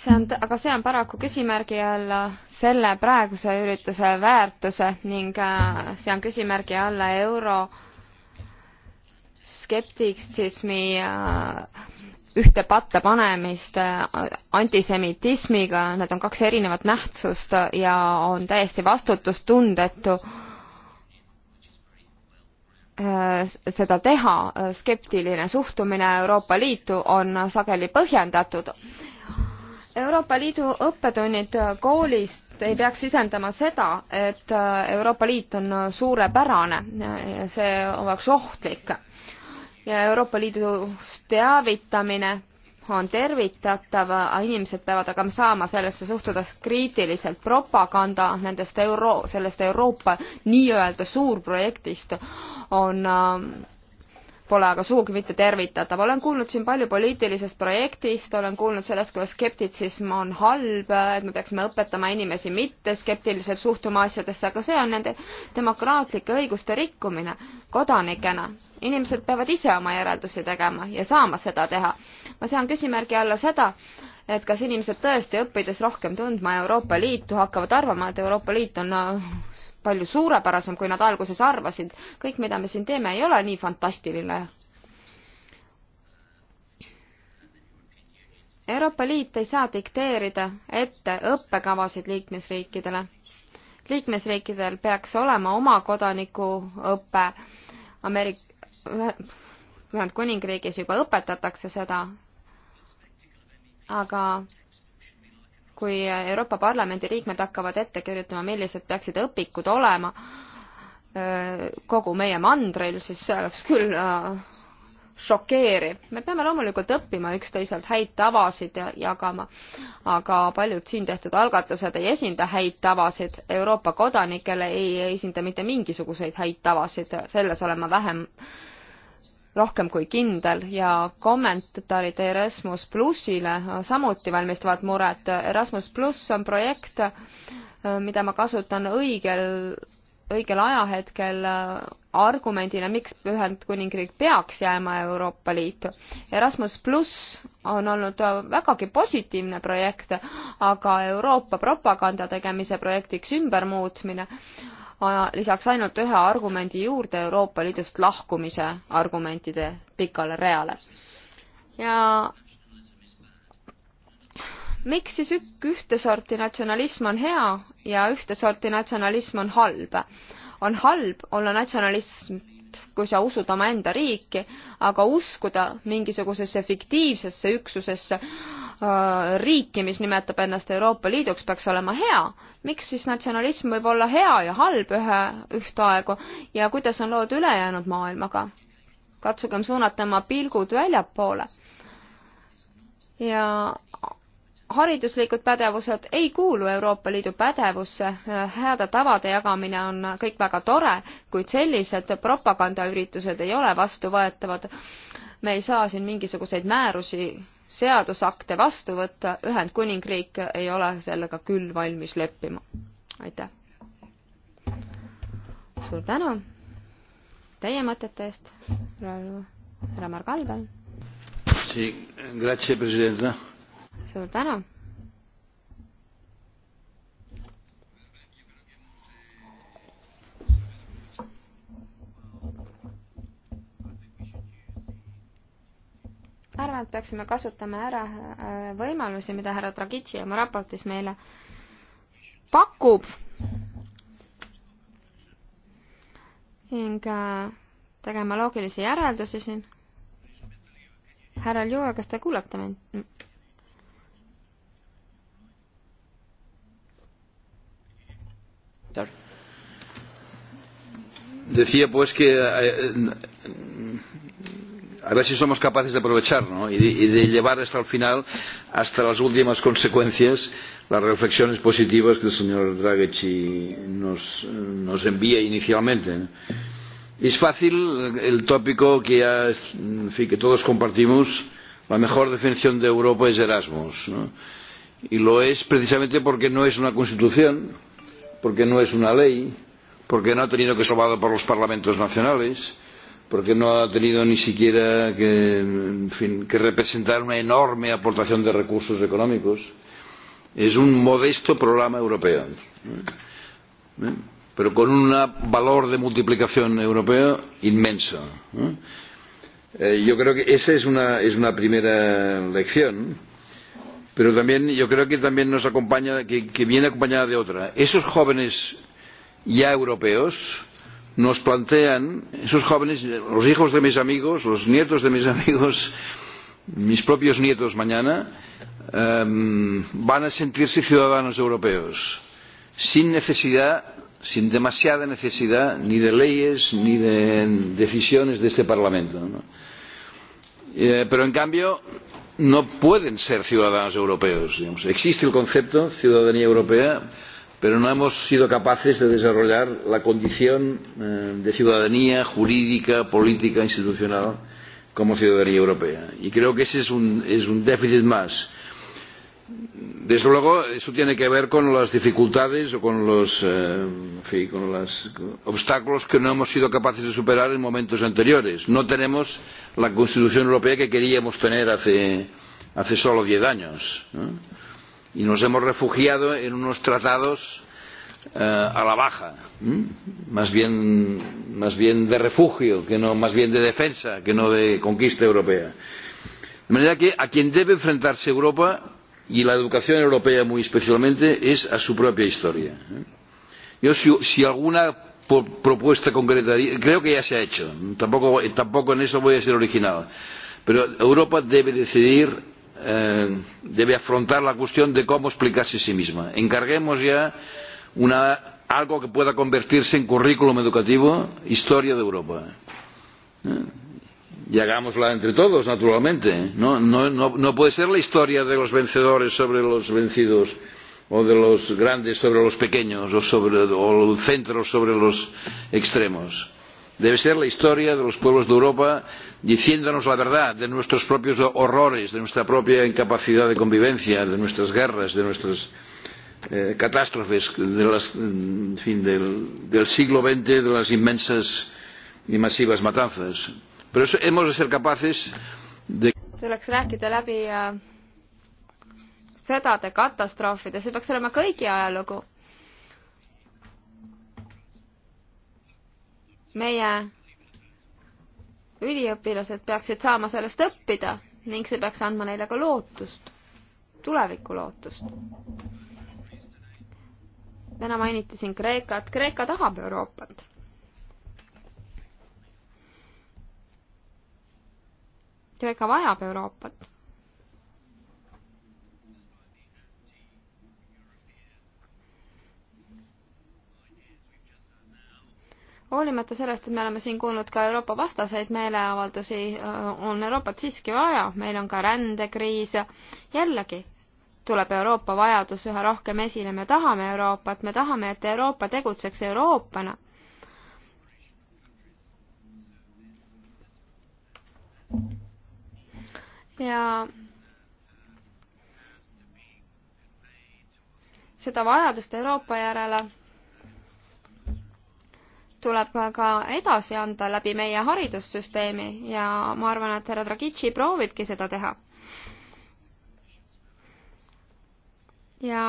see on, aga see on paraku küsimärgi alla selle praeguse ürituse väärtuse ning äh, see on küsimärgi alla euro skeptitsismi äh, ühte patta panemist äh, antisemitismiga, nad on kaks erinevat nähtsust ja on täiesti vastutustundetu äh, Äh, seda teha, äh, skeptiline suhtumine Euroopa Liitu on sageli põhjendatud. Euroopa Liidu õppetunnid koolist ei peaks sisendama seda, et äh, Euroopa Liit on suurepärane, see oleks ohtlik. ja Euroopa Liidust teavitamine on tervitatav, inimesed peavad aga saama sellesse suhtuda kriitiliselt, propaganda nendest euro, sellest Euroopa nii-öelda suurprojektist on äh, pole aga sugugi mitte tervitatav. olen kuulnud siin palju poliitilisest projektist, olen kuulnud sellest, kuidas skeptitsism on halb, et me peaksime õpetama inimesi mitte skeptiliselt suhtuma asjadesse, aga see on nende demokraatlike õiguste rikkumine kodanikena. inimesed peavad ise oma järeldusi tegema ja saama seda teha. ma sean küsimärgi alla seda, et kas inimesed tõesti, õppides rohkem tundma Euroopa Liitu, hakkavad arvama, et Euroopa Liit on palju suurepärasem, kui nad alguses arvasid. kõik, mida me siin teeme, ei ole nii fantastiline. Euroopa Liit ei saa dikteerida ette õppekavasid liikmesriikidele. liikmesriikidel peaks olema oma kodanikuõpe Ameerik-, Ühendkuningriigis juba õpetatakse seda, aga kui Euroopa Parlamendi liikmed hakkavad ette kirjutama, millised peaksid õpikud olema kogu meie mandril, siis see oleks küll äh, šokeeriv. me peame loomulikult õppima üksteiselt häid tavasid ja jagama, aga paljud siin tehtud algatused ei esinda häid tavasid. Euroopa kodanikele ei esinda mitte mingisuguseid häid tavasid, selles olen ma vähem äh, rohkem kui kindel ja kommentaarid Erasmus plussile samuti valmistavad muret. Erasmus pluss on projekt, mida ma kasutan õigel, õigel ajahetkel argumendina, miks Ühendkuningriik peaks jääma Euroopa Liitu. Erasmus pluss on olnud vägagi positiivne projekt, aga Euroopa propaganda tegemise projektiks ümbermuutmine äh, lisaks ainult ühe argumendi juurde Euroopa Liidust lahkumise argumentide pikale reale. ja miks siis ük-, ühte sorti natsionalism on hea ja ühte sorti natsionalism on halb? on halb olla natsionalism, kui sa usud omaenda riiki, aga uskuda mingisugusesse fiktiivsesse üksusesse äh, riiki, mis nimetab ennast Euroopa Liiduks, peaks olema hea. miks siis natsionalism võib olla hea ja halb ühe, ühtaegu ja kuidas on lood ülejäänud maailmaga? katsugem suunata oma pilgud väljapoole. ja hariduslikud pädevused ei kuulu Euroopa Liidu pädevusse, heade tavade jagamine on kõik väga tore, kuid sellised propagandaüritused ei ole vastuvõetavad. me ei saa siin mingisuguseid määrusi seadusakte vastu võtta, Ühendkuningriik ei ole sellega küll valmis leppima. aitäh! suur tänu teie mõtete eest, härra Margalbel! suur tänu! arvan, et peaksime kasutama ära äh, võimalusi, mida härra Dragici oma raportis meile pakub ning äh, tegema loogilisi järeldusi siin. härra Ljua, kas te kuulate mind? Decía pues que eh, a ver si somos capaces de aprovechar ¿no? y, de, y de llevar hasta el final, hasta las últimas consecuencias, las reflexiones positivas que el señor Draghi nos, nos envía inicialmente. Es fácil el tópico que, ya, en fin, que todos compartimos, la mejor definición de Europa es Erasmus. ¿no? Y lo es precisamente porque no es una constitución, porque no es una ley, porque no ha tenido que ser aprobado por los parlamentos nacionales, porque no ha tenido ni siquiera que, en fin, que representar una enorme aportación de recursos económicos. Es un modesto programa europeo, ¿eh? ¿eh? pero con un valor de multiplicación europeo inmenso. ¿eh? Eh, yo creo que esa es una, es una primera lección, pero también yo creo que también nos acompaña, que, que viene acompañada de otra. Esos jóvenes ya europeos, nos plantean esos jóvenes, los hijos de mis amigos, los nietos de mis amigos, mis propios nietos mañana, eh, van a sentirse ciudadanos europeos, sin necesidad, sin demasiada necesidad, ni de leyes, ni de decisiones de este Parlamento. ¿no? Eh, pero, en cambio, no pueden ser ciudadanos europeos. Digamos. Existe el concepto ciudadanía europea, pero no hemos sido capaces de desarrollar la condición eh, de ciudadanía jurídica, política, institucional como ciudadanía europea. Y creo que ese es un, es un déficit más. Desde luego, eso tiene que ver con las dificultades o con los, eh, en fin, con los obstáculos que no hemos sido capaces de superar en momentos anteriores. No tenemos la Constitución Europea que queríamos tener hace, hace solo diez años. ¿no? y nos hemos refugiado en unos tratados eh, a la baja, ¿eh? más, bien, más bien de refugio, que no, más bien de defensa, que no de conquista europea. De manera que a quien debe enfrentarse Europa, y la educación europea muy especialmente, es a su propia historia. ¿eh? Yo si, si alguna propuesta concreta, creo que ya se ha hecho, tampoco, tampoco en eso voy a ser original, pero Europa debe decidir eh, debe afrontar la cuestión de cómo explicarse a sí misma. Encarguemos ya una, algo que pueda convertirse en currículum educativo, historia de Europa. ¿Eh? Y hagámosla entre todos, naturalmente. No, no, no, no puede ser la historia de los vencedores sobre los vencidos o de los grandes sobre los pequeños o, sobre, o el centro sobre los extremos debe ser la historia de los pueblos de europa diciéndonos la verdad de nuestros propios horrores de nuestra propia incapacidad de convivencia de nuestras guerras de nuestras eh, catástrofes de las, en fin, del, del siglo XX de las inmensas y masivas matanzas. Pero eso, hemos de ser capaces de tuleks rääkida läbi äh, sõdade katastroofide, see peaks olema kõigi ajalugu meie üliõpilased peaksid saama sellest õppida ning see peaks andma neile ka lootust, tulevikulootust. täna mainiti siin Kreekat, Kreeka tahab Euroopat. Kreeka vajab Euroopat. hoolimata sellest, et me oleme siin kuulnud ka Euroopa vastaseid meeleavaldusi, äh, on Euroopat siiski vaja, meil on ka rändekriis. jällegi tuleb Euroopa vajadus üha rohkem esile, me tahame Euroopat, me tahame, et Euroopa tegutseks Euroopana. ja seda vajadust Euroopa järele tuleb ka edasi anda läbi meie haridussüsteemi ja ma arvan, et härra Dragici proovibki seda teha. ja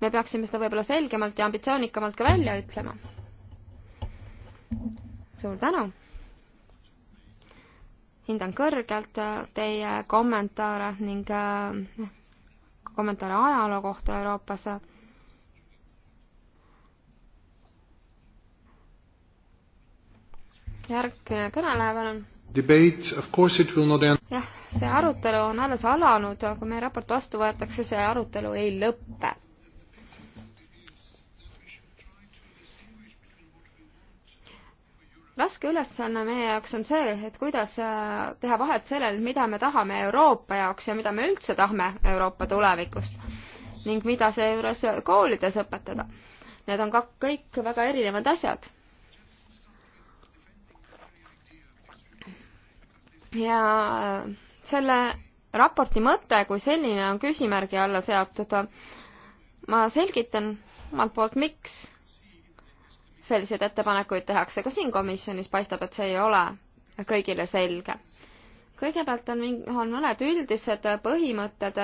me peaksime seda võib-olla selgemalt ja ambitsioonikamalt ka välja ütlema. suur tänu! hindan kõrgelt teie kommentaare ning äh, kommentaare ajaloo kohta Euroopas järgmine kõneleja, palun jah, see arutelu on alles alanud, kui meie raport vastu võetakse, see arutelu ei lõpe. raske ülesanne meie jaoks on see, et kuidas äh, teha vahet sellel, mida me tahame Euroopa jaoks ja mida me üldse tahame Euroopa tulevikust ning mida seejuures koolides õpetada. Need on ka kõik väga erinevad asjad ja äh, selle raporti mõte kui selline on küsimärgi alla seatud. ma selgitan omalt poolt, miks selliseid ettepanekuid tehakse, ka siin komisjonis paistab, et see ei ole kõigile selge. kõigepealt on, on mõned üldised põhimõtted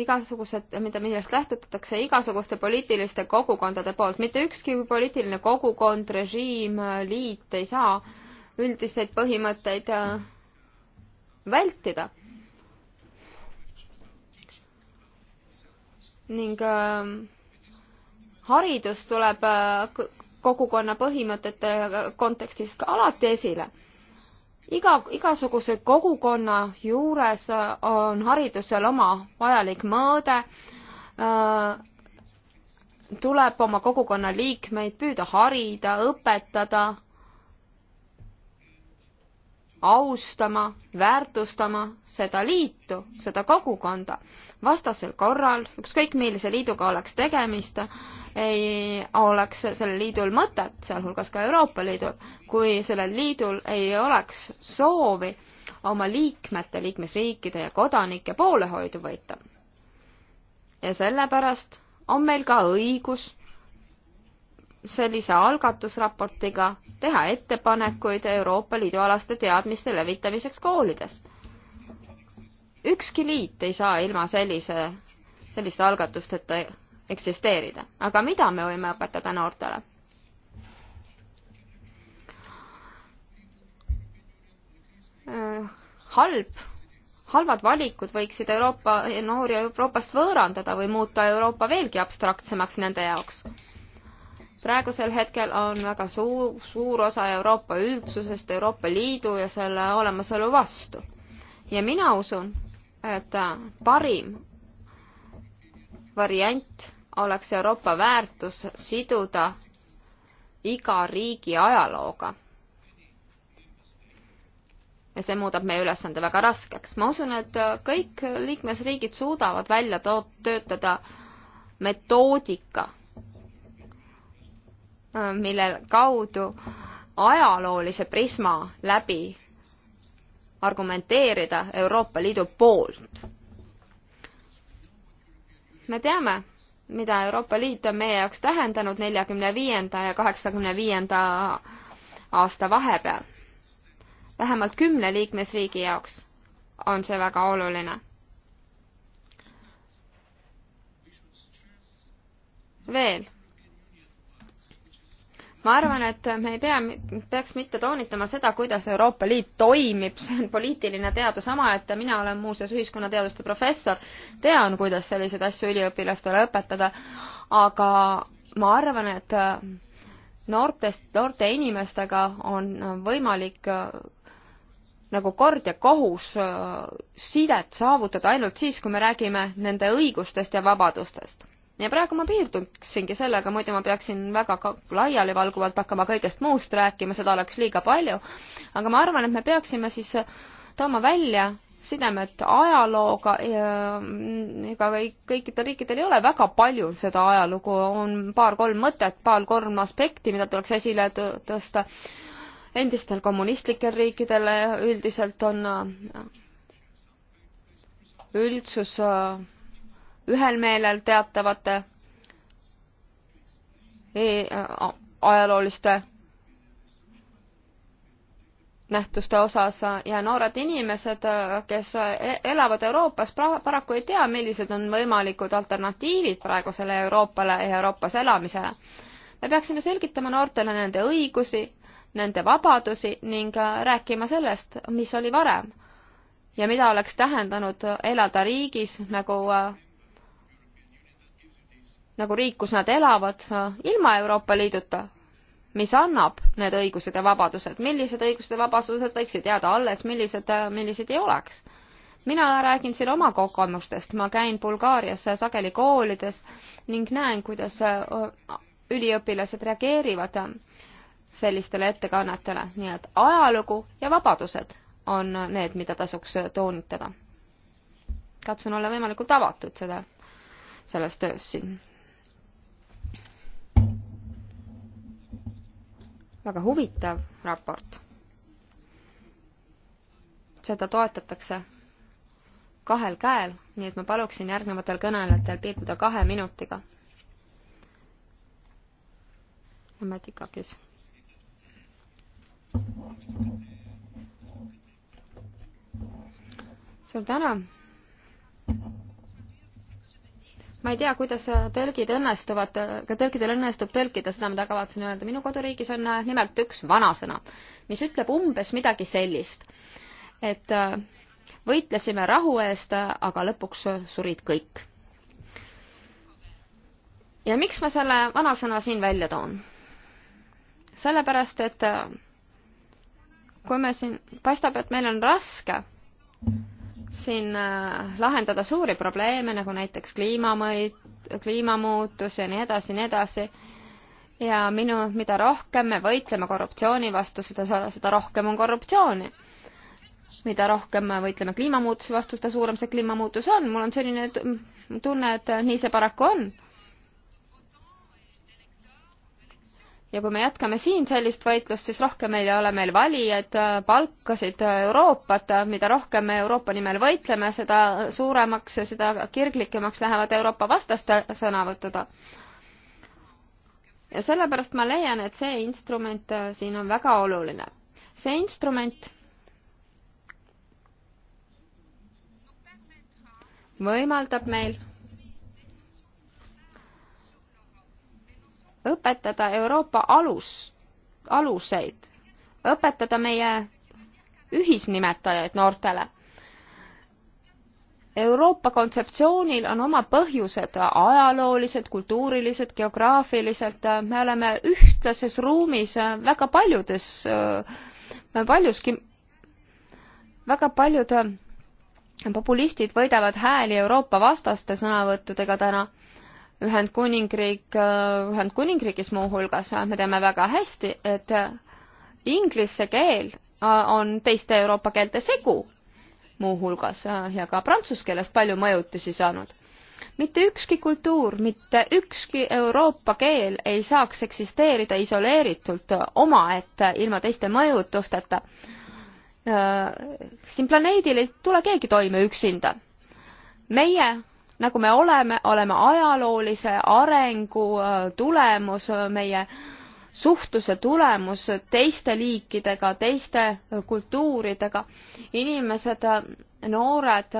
igasugused, mida, millest lähtutatakse igasuguste poliitiliste kogukondade poolt, mitte ükski poliitiline kogukond, režiim, liit ei saa üldiseid põhimõtteid äh, vältida. ning äh, haridus tuleb äh, kogukonna põhimõtete kontekstis ka alati esile iga, igasuguse kogukonna juures äh, on haridusel oma vajalik mõõde, äh, tuleb oma kogukonna liikmeid püüda harida, õpetada, austama, väärtustama seda liitu, seda kogukonda. vastasel korral, ükskõik millise liiduga oleks tegemist, ei oleks sellel liidul mõtet, sealhulgas ka Euroopa Liidul, kui sellel liidul ei oleks soovi oma liikmete, liikmesriikide ja kodanike poolehoidu võita. ja sellepärast on meil ka õigus sellise algatusraportiga teha ettepanekuid Euroopa Liidu alaste teadmiste levitamiseks koolides. ükski liit ei saa ilma sellise, selliste algatusteta eksisteerida. aga mida me võime õpetada noortele? halb, halvad valikud võiksid Euroopa, noori Euroopast võõrandada või muuta Euroopa veelgi abstraktsemaks nende jaoks praegusel hetkel on väga suur, suur osa Euroopa üldsusest Euroopa Liidu ja selle olemasolu vastu. ja mina usun, et parim variant oleks Euroopa väärtus siduda iga riigi ajalooga. ja see muudab meie ülesande väga raskeks. ma usun, et kõik liikmesriigid suudavad välja to-, töötada metoodika Äh, mille kaudu ajaloolise prisma läbi argumenteerida Euroopa Liidu poolt. me teame, mida Euroopa Liit on meie jaoks tähendanud neljakümne viienda ja kaheksakümne viienda aasta vahepeal. vähemalt kümne liikmesriigi jaoks on see väga oluline. veel ma arvan, et me ei pea, peaks mitte toonitama seda, kuidas Euroopa Liit toimib, see on poliitiline teadus omaette, mina olen muuseas ühiskonnateaduste professor, tean, kuidas selliseid asju üliõpilastele õpetada, aga ma arvan, et noortest, noorte inimestega on võimalik nagu kord ja kohus sidet saavutada ainult siis, kui me räägime nende õigustest ja vabadustest ja praegu ma piirduksingi sellega, muidu ma peaksin väga laialivalguvalt hakkama kõigest muust rääkima, seda oleks liiga palju. aga ma arvan, et me peaksime siis tooma välja sidemed ajalooga ja mm, ega kõikidel riikidel ei ole väga palju seda ajalugu, on paar-kolm mõtet, paar-kolm aspekti, mida tuleks esile tõsta. endistel kommunistlikel riikidel üldiselt on üldsus ühel meelel teatavate e-, ajalooliste nähtuste osas ja noored inimesed, kes e-, elavad Euroopas, paraku ei tea, millised on võimalikud alternatiivid praegusele Euroopale ja Euroopas elamisele. me peaksime selgitama noortele nende õigusi, nende vabadusi ning rääkima sellest, mis oli varem ja mida oleks tähendanud elada riigis nagu nagu riik, kus nad elavad, ilma Euroopa Liiduta, mis annab need õigused ja vabadused, millised õigused ja vabadused võiksid jääda alles, millised, millised ei oleks. mina räägin siin oma kogemustest, ma käin Bulgaarias sageli koolides ning näen, kuidas äh, üliõpilased reageerivad sellistele ettekannetele, nii et ajalugu ja vabadused on need, mida tasuks toonitada. katsun olla võimalikult avatud seda, selles töös siin väga huvitav raport. seda toetatakse kahel käel, nii et ma paluksin järgnevatel kõnelejatel piirduda kahe minutiga. Mätikakis. suur tänu ma ei tea, kuidas tõlgid õnnestuvad, ka tõlkidel õnnestub tõlkida seda, mida kavatsen öelda. minu koduriigis on äh, nimelt üks vanasõna, mis ütleb umbes midagi sellist, et äh, võitlesime rahu eest, aga lõpuks äh, surid kõik. ja miks ma selle vanasõna siin välja toon? sellepärast, et kui me siin, paistab, et meil on raske siin äh, lahendada suuri probleeme, nagu näiteks kliimamõõt, kliimamuutus ja nii edasi, nii edasi. ja minu, mida rohkem me võitleme korruptsiooni vastu, seda, seda rohkem on korruptsiooni. mida rohkem me võitleme kliimamuutuse vastu, seda suurem see kliimamuutus on. mul on selline tunne, et nii see paraku on ja kui me jätkame siin sellist võitlust, siis rohkem meil ei ole meil valijaid, palkasid Euroopat, mida rohkem me Euroopa nimel võitleme, seda suuremaks ja seda kirglikemaks lähevad Euroopa vastaste sõnavõtud. ja sellepärast ma leian, et see instrument äh, siin on väga oluline. see instrument võimaldab meil õpetada Euroopa alus, aluseid, õpetada meie ühisnimetajaid noortele. Euroopa kontseptsioonil on oma põhjused, ajaloolised, kultuurilised, geograafilised, me oleme ühtlases ruumis väga paljudes, paljuski, väga paljud populistid võidavad hääli Euroopa vastaste sõnavõttudega täna Ühendkuningriik, äh, Ühendkuningriigis muuhulgas äh, me teame väga hästi, et äh, inglise keel on teiste Euroopa keelte segu muuhulgas ja ka prantsuse keelest palju mõjutusi saanud. mitte ükski kultuur, mitte ükski Euroopa keel ei saaks eksisteerida isoleeritult omaette ilma teiste mõjutusteta. siin planeedil ei tule keegi toime üksinda. meie nagu me oleme, oleme ajaloolise arengu äh, tulemus, äh, meie suhtluse tulemus teiste liikidega, teiste äh, kultuuridega. inimesed, noored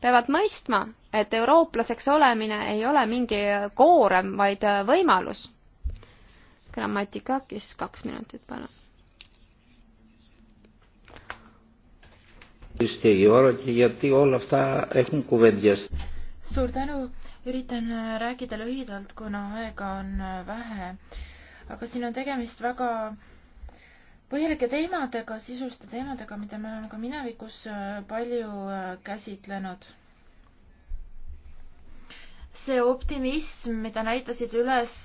peavad mõistma, et eurooplaseks olemine ei ole mingi koorem, vaid võimalus. grammatikakis kaks minutit, palun. suur tänu, üritan rääkida lühidalt, kuna aega on äh, vähe. aga siin on tegemist väga põhjalike teemadega, sisuliste teemadega, mida me oleme ka minevikus äh, palju äh, käsitlenud. see optimism, mida näitasid üles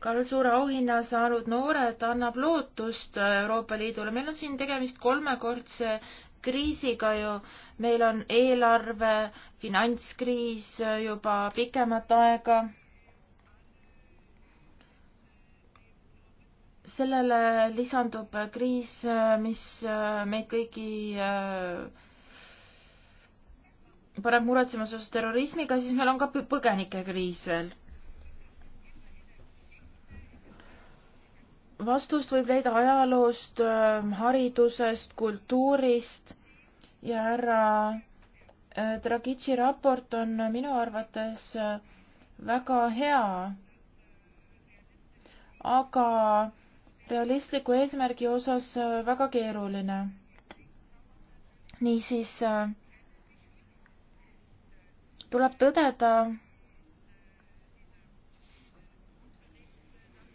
Karlsruhe auhinna saanud noored annab lootust Euroopa Liidule. meil on siin tegemist kolmekordse kriisiga ju, meil on eelarve, finantskriis juba pikemat aega. sellele lisandub kriis, mis meid kõigi äh, paneb muretsema seoses terrorismiga, siis meil on ka põgenikekriis veel vastust võib leida ajaloost, ähm, haridusest, kultuurist ja härra äh, Dragici raport on minu arvates äh, väga hea, aga realistliku eesmärgi osas äh, väga keeruline. niisiis tuleb tõdeda,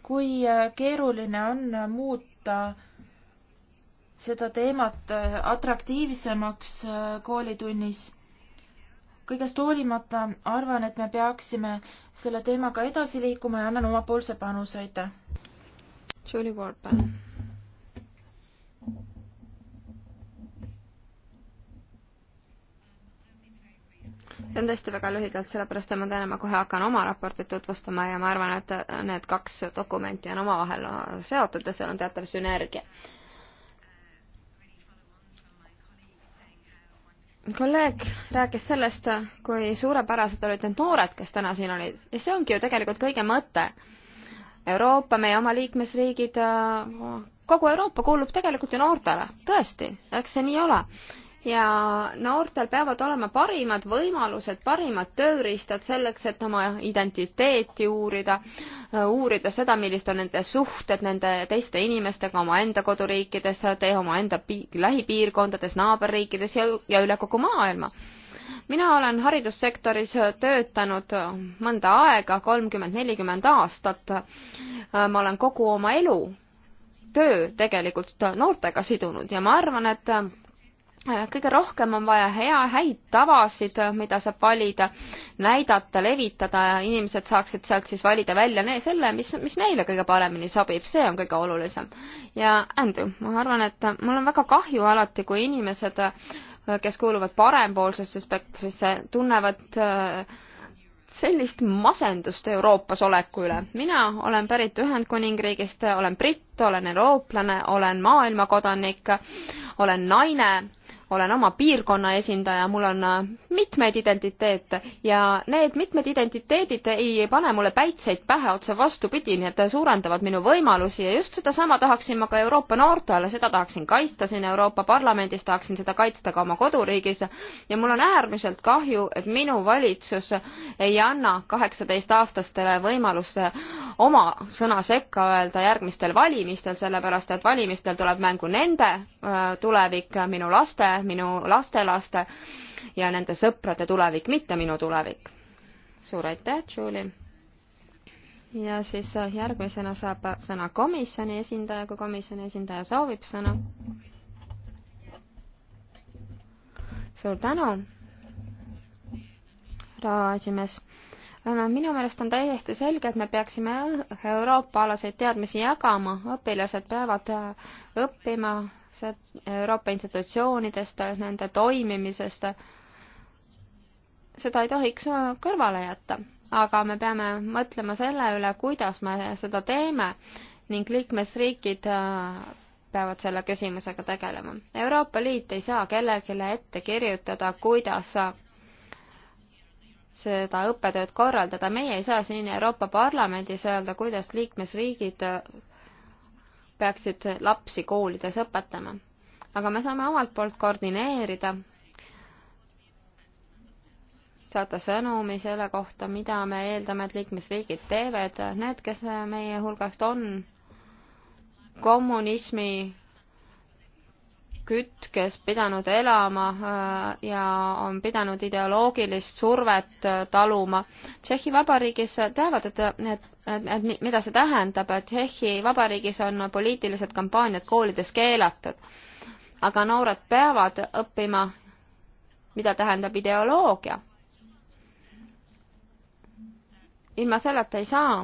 kui keeruline on muuta seda teemat atraktiivsemaks koolitunnis. kõigest hoolimata arvan, et me peaksime selle teemaga edasi liikuma ja annan omapoolse panuse, aitäh. Julie Ward, palun see on tõesti väga lühidalt, sellepärast et ma täna ma kohe hakkan oma raportit tutvustama ja ma arvan, et need kaks dokumenti on omavahel seotud ja seal on teatav sünergia. kolleeg rääkis sellest, kui suurepärased olid need noored, kes täna siin olid ja see ongi ju tegelikult kõige mõte. Euroopa, meie oma liikmesriigid, kogu Euroopa kuulub tegelikult ju noortele, tõesti, eks see nii ole ja noortel peavad olema parimad võimalused, parimad tööriistad selleks, et oma identiteeti uurida, uurida seda, millised on nende suhted nende teiste inimestega omaenda koduriikides, omaenda lähipiirkondades, naaberriikides ja, ja üle kogu maailma mina olen haridussektoris töötanud mõnda aega, kolmkümmend, nelikümmend aastat. ma olen kogu oma elu, töö tegelikult noortega sidunud ja ma arvan, et Äh, kõige rohkem on vaja hea, häid tavasid, mida saab valida, näidata, levitada ja inimesed saaksid sealt siis valida välja ne, selle, mis, mis neile kõige paremini sobib, see on kõige olulisem. ja Andrew, ma arvan, et mul on väga kahju alati, kui inimesed, äh, kes kuuluvad parempoolsesse spektrisse, tunnevad äh, sellist masendust Euroopas oleku üle. mina olen pärit Ühendkuningriigist, olen britt, olen eurooplane, olen maailmakodanik, olen naine olen oma piirkonna esindaja, mul on äh, mitmeid identiteete ja need mitmed identiteedid ei pane mulle päitseid pähe, otse vastupidi, need suurendavad minu võimalusi ja just sedasama tahaksin ma ka Euroopa noortele, seda tahaksin kaitsta siin Euroopa Parlamendis, tahaksin seda kaitsta ka oma koduriigis ja mul on äärmiselt kahju, et minu valitsus ei anna kaheksateistaastastele võimalust oma sõna sekka öelda järgmistel valimistel, sellepärast et valimistel tuleb mängu nende äh, tulevik, minu laste lapselaste, minu lastelaste ja nende sõprade tulevik, mitte minu tulevik. suur aitäh, Julie! ja siis äh, järgmisena saab sõna komisjoni esindaja, kui komisjoni esindaja soovib sõna. suur tänu, proua esimees no minu meelest on täiesti selge, et me peaksime Euroopa-alaseid teadmisi jagama, õpilased peavad äh, õppima Euroopa institutsioonidest, nende toimimisest. seda ei tohiks äh, kõrvale jätta, aga me peame mõtlema selle üle, kuidas me seda teeme ning liikmesriigid äh, peavad selle küsimusega tegelema. Euroopa Liit ei saa kellelegi ette kirjutada, kuidas seda õppetööd korraldada, meie ei saa siin Euroopa Parlamendis öelda, kuidas liikmesriigid äh, peaksid lapsi koolides õpetama. aga me saame omalt poolt koordineerida, saata sõnumi selle kohta, mida me eeldame, et liikmesriigid teevad, need, kes meie hulgast on kommunismi kütt, kes pidanud elama äh, ja on pidanud ideoloogilist survet äh, taluma. Tšehhi Vabariigis teavad, et, et, et mida see tähendab, et Tšehhi Vabariigis on poliitilised kampaaniad koolides keelatud. aga noored peavad õppima, mida tähendab ideoloogia. ilma selleta ei saa.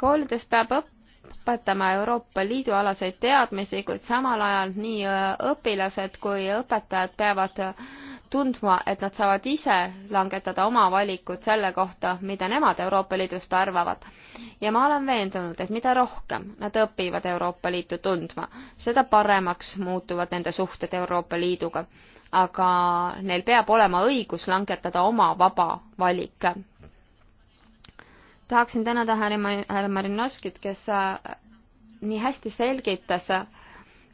koolides peab õppima õpetama Euroopa Liidu alaseid teadmisi, kuid samal ajal nii äh, õpilased kui õpetajad peavad tundma, et nad saavad ise langetada oma valikud selle kohta, mida nemad Euroopa Liidust arvavad. ja ma olen veendunud, et mida rohkem nad õpivad Euroopa Liitu tundma, seda paremaks muutuvad nende suhted Euroopa Liiduga. aga neil peab olema õigus langetada oma vaba valik tahaksin tänada härra Marinovskit, kes äh, nii hästi selgitas äh,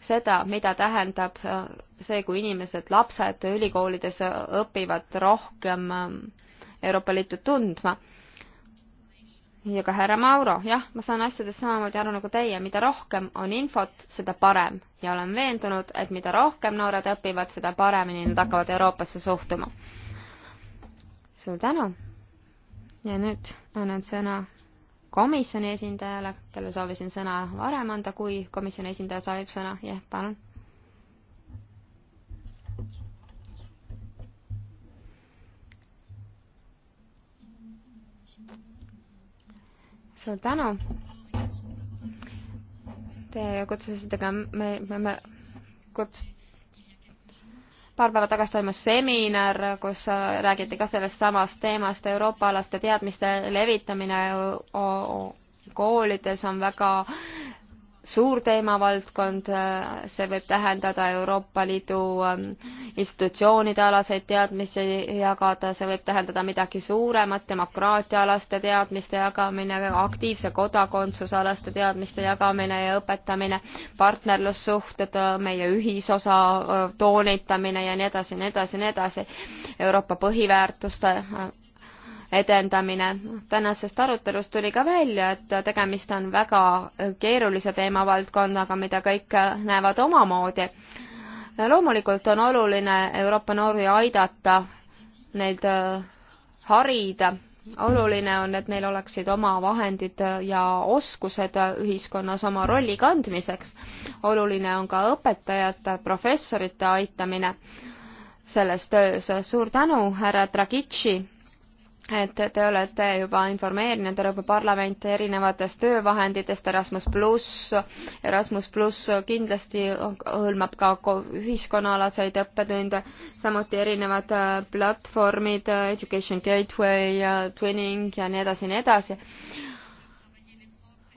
seda, mida tähendab äh, see, kui inimesed, lapsed ülikoolides õpivad rohkem Euroopa Liitu tundma. ja ka härra Mauro, jah, ma saan asjadest samamoodi aru nagu teie, mida rohkem on infot, seda parem ja olen veendunud, et mida rohkem noored õpivad, seda paremini nad hakkavad Euroopasse suhtuma. suur tänu! ja nüüd annan sõna komisjoni esindajale, kelle soovisin sõna varem anda, kui komisjoni esindaja soovib sõna, jah, palun. suur tänu. Te kutsusite ka me, me, me kuts-, paar päeva tagasi toimus seminar, kus äh, räägiti ka sellest samast teemast, euroopalaste teadmiste levitamine koolides on väga suur teemavaldkond, äh, see võib tähendada Euroopa Liidu ähm, institutsioonide alaseid teadmisi jagada, see võib tähendada midagi suuremat, demokraatiaalaste teadmiste jagamine, aktiivse kodakondsusalaste teadmiste jagamine ja õpetamine, partnerlussuhted, äh, meie ühisosa äh, toonitamine ja nii edasi, nii edasi, nii edasi, Euroopa põhiväärtuste edendamine. tänasest arutelust tuli ka välja, et tegemist on väga keerulise teemavaldkonnaga, mida kõik näevad omamoodi. loomulikult on oluline Euroopa noori aidata, neid äh, harida, oluline on, et neil oleksid oma vahendid ja oskused ühiskonnas oma rolli kandmiseks. oluline on ka õpetajate, professorite aitamine selles töös. suur tänu, härra Dragitši et te olete juba informeerinud Euroopa Parlamenti erinevatest töövahenditest, Erasmus pluss, Erasmus pluss kindlasti hõlmab ka ühiskonnaalaseid õppetunde, samuti erinevad äh, platvormid, äh, Education Gateway ja Twinning ja nii edasi ja nii edasi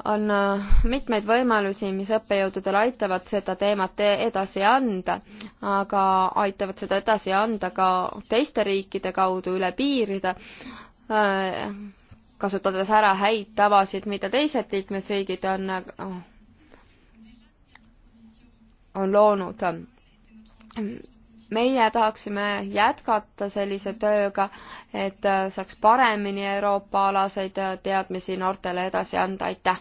on äh, mitmeid võimalusi, mis õppejõududel aitavad seda teemat e-, edasi anda, aga aitavad seda edasi anda ka teiste riikide kaudu üle piiride, äh, kasutades ära häid tavasid, mida teised liikmesriigid on, äh, on loonud meie tahaksime jätkata sellise tööga, et äh, saaks paremini Euroopa-alaseid äh, teadmisi noortele edasi anda, aitäh!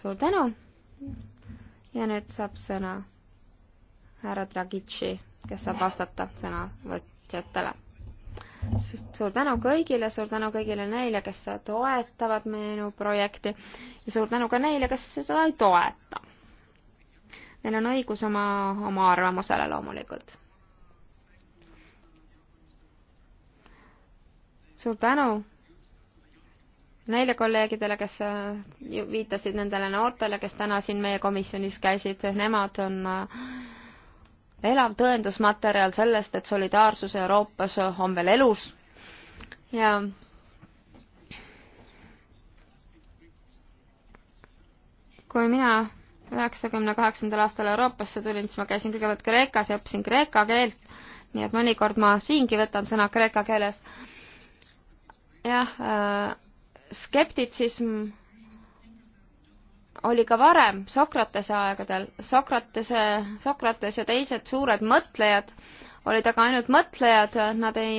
suur tänu! ja nüüd saab sõna härra Dragici, kes saab vastata sõnavõtjatele. suur tänu kõigile, suur tänu kõigile neile, kes toetavad minu projekti ja suur tänu ka neile, kes seda ei toeta Neil on õigus oma, oma arvamusele loomulikult. suur tänu neile kolleegidele, kes äh, viitasid nendele noortele, kes täna siin meie komisjonis käisid, nemad on äh, elav tõendusmaterjal sellest, et solidaarsus Euroopas on veel elus ja kui mina üheksakümne kaheksandal aastal Euroopasse tulin, siis ma käisin kõigepealt Kreekas ja õppisin kreeka keelt, nii et mõnikord ma siingi võtan sõna kreeka keeles. jah äh,, skeptitsism oli ka varem, Sokratese aegadel. Sokratese, Sokrates ja teised suured mõtlejad olid aga ainult mõtlejad, nad ei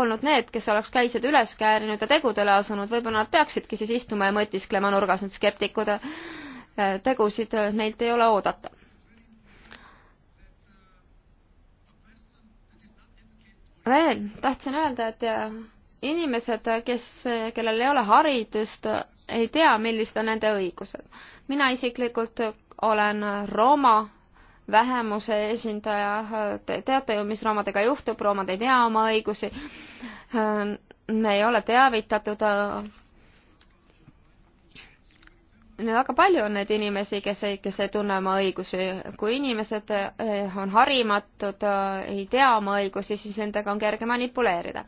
olnud need, kes oleks käised üles käärinud ja tegudele asunud, võib-olla nad peaksidki siis istuma ja mõtisklema nurgas, need skeptikud tegusid neilt ei ole oodata. veel tahtsin öelda, et inimesed, kes, kellel ei ole haridust, ei tea, millised on nende õigused. mina isiklikult olen Rooma vähemuse esindaja, te teate ju, mis roomadega juhtub, roomad ei tea oma õigusi. me ei ole teavitatud väga palju on neid inimesi, kes ei, kes ei tunne oma õigusi. kui inimesed eh, on harimatud, eh, ei tea oma õigusi, siis nendega on kerge manipuleerida.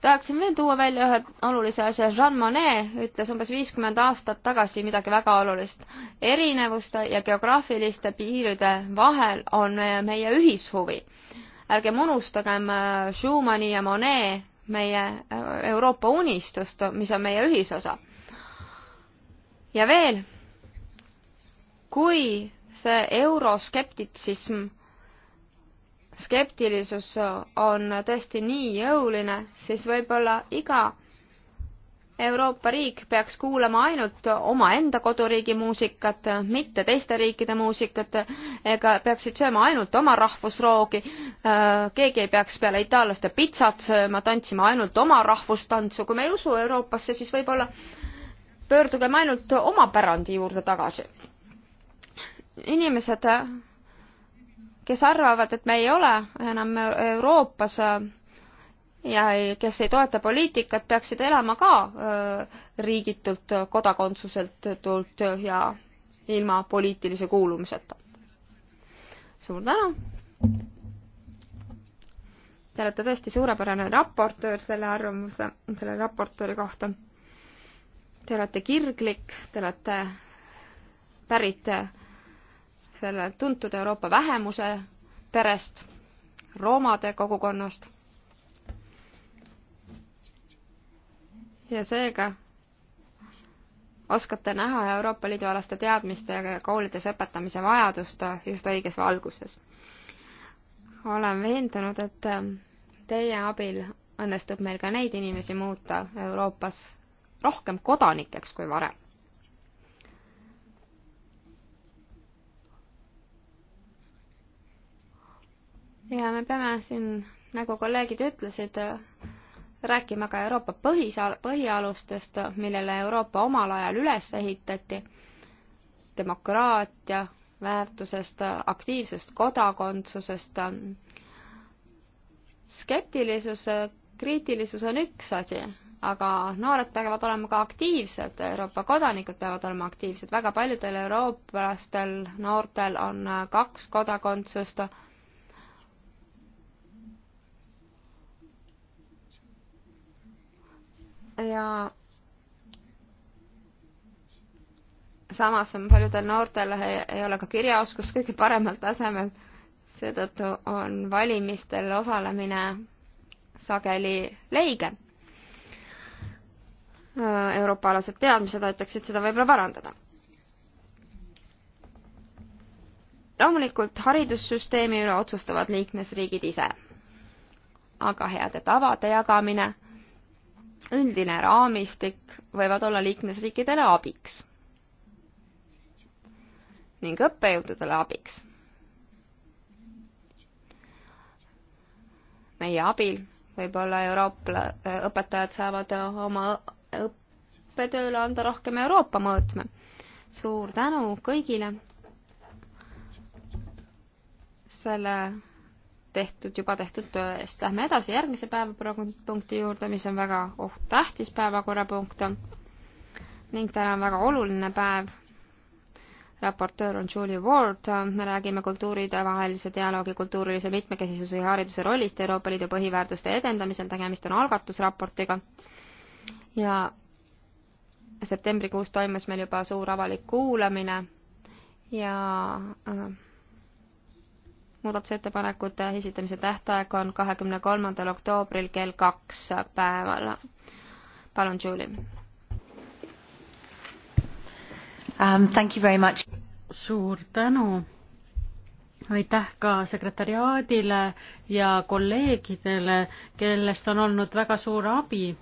tahaksin veel tuua välja ühe olulise asja. Jean Monnet ütles umbes viiskümmend aastat tagasi midagi väga olulist. erinevuste ja geograafiliste piiride vahel on eh, meie ühishuvi. ärgem unustagem Schumanni ja Monet meie Euroopa unistust, mis on meie ühisosa ja veel, kui see euroskeptitsism, skeptilisus on tõesti nii jõuline, siis võib-olla iga Euroopa riik peaks kuulama ainult omaenda koduriigi muusikat, mitte teiste riikide muusikat, ega peaksid sööma ainult oma rahvusroogi, äh, keegi ei peaks peale itaallaste pitsat sööma, tantsima ainult oma rahvustantsu, kui me ei usu Euroopasse, siis võib-olla äh, pöördugem ainult oma pärandi juurde tagasi. inimesed, kes arvavad, et me ei ole enam Euroopas ja kes ei toeta poliitikat, peaksid elama ka äh, riigitult, kodakondsuselt tult ja ilma poliitilise kuulumiseta. suur tänu! Te olete tõesti suurepärane raportöör selle arvamuse, selle raportööri kohta Te olete kirglik, te olete pärit selle tuntud Euroopa vähemuse perest, roomade kogukonnast. ja seega oskate näha Euroopa Liidu alaste teadmiste ja koolides õpetamise vajadust just õiges valguses. olen veendunud, et teie abil õnnestub meil ka neid inimesi muuta Euroopas rohkem kodanikeks kui varem. ja me peame siin, nagu kolleegid ütlesid, rääkima ka Euroopa põhisa-, põhialustest, millele Euroopa omal ajal üles ehitati, demokraatia väärtusest, aktiivsest kodakondsusest, skeptilisus, kriitilisus on üks asi, aga noored peavad olema ka aktiivsed, Euroopa kodanikud peavad olema aktiivsed, väga paljudel eurooplastel noortel on äh, kaks kodakondsust. ja samas on paljudel noortel ei, ei ole ka kirjaoskus kõige paremal tasemel, seetõttu on valimistel osalemine sageli leige Äh, Euroopa-alased teadmised aitaksid seda võib-olla parandada. loomulikult haridussüsteemi üle otsustavad liikmesriigid ise. aga heade tavade jagamine, üldine raamistik võivad olla liikmesriikidele abiks ning õppejõududele abiks. meie abil võib-olla Euroopa õpetajad saavad oma õppetööle anda rohkem Euroopa mõõtme. suur tänu kõigile selle tehtud, juba tehtud töö eest. Lähme edasi järgmise päevakorrapunkti juurde, mis on väga oh, tähtis päevakorrapunkt ning täna on väga oluline päev. raportöör on Julie Ward, me räägime kultuuridevahelise dialoogi kultuurilise mitmekesisuse ja hariduse rollist Euroopa Liidu põhiväärtuste edendamisel, tegemist on algatusraportiga ja septembrikuus toimus meil juba suur avalik kuulamine ja äh, muudatusettepanekute esitamise tähtaeg on kahekümne kolmandal oktoobril kell kaks päeval. palun, Julie um,. Thank you very much. suur tänu. aitäh ka sekretariaadile ja kolleegidele, kellest on olnud väga suur abi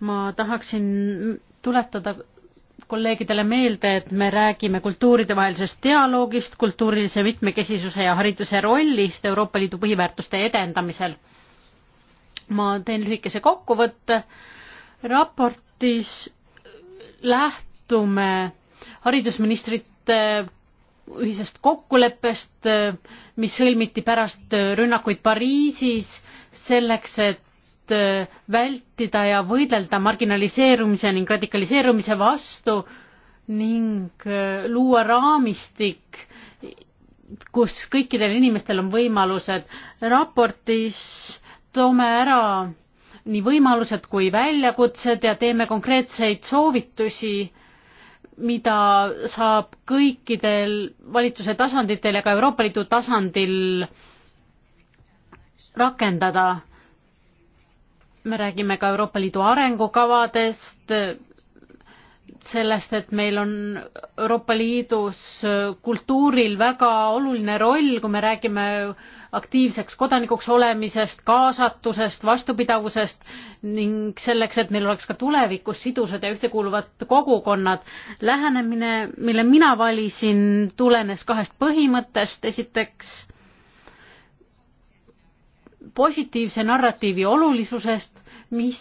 ma tahaksin tuletada kolleegidele meelde, et me räägime kultuuridevahelisest dialoogist, kultuurilise mitmekesisuse ja hariduse rollist Euroopa Liidu põhiväärtuste edendamisel. ma teen lühikese kokkuvõtte. raportis lähtume haridusministrite ühisest kokkuleppest, mis sõlmiti pärast rünnakuid Pariisis selleks, et et äh, vältida ja võidelda marginaliseerumise ning radikaliseerumise vastu ning äh, luua raamistik, kus kõikidel inimestel on võimalused. raportis toome ära nii võimalused kui väljakutsed ja teeme konkreetseid soovitusi, mida saab kõikidel valitsuse tasanditel ja ka Euroopa Liidu tasandil rakendada me räägime ka Euroopa Liidu arengukavadest, sellest, et meil on Euroopa Liidus kultuuril väga oluline roll, kui me räägime aktiivseks kodanikuks olemisest, kaasatusest, vastupidavusest ning selleks, et meil oleks ka tulevikus sidusad ja ühtekuuluvad kogukonnad. lähenemine, mille mina valisin, tulenes kahest põhimõttest. esiteks positiivse narratiivi olulisusest, mis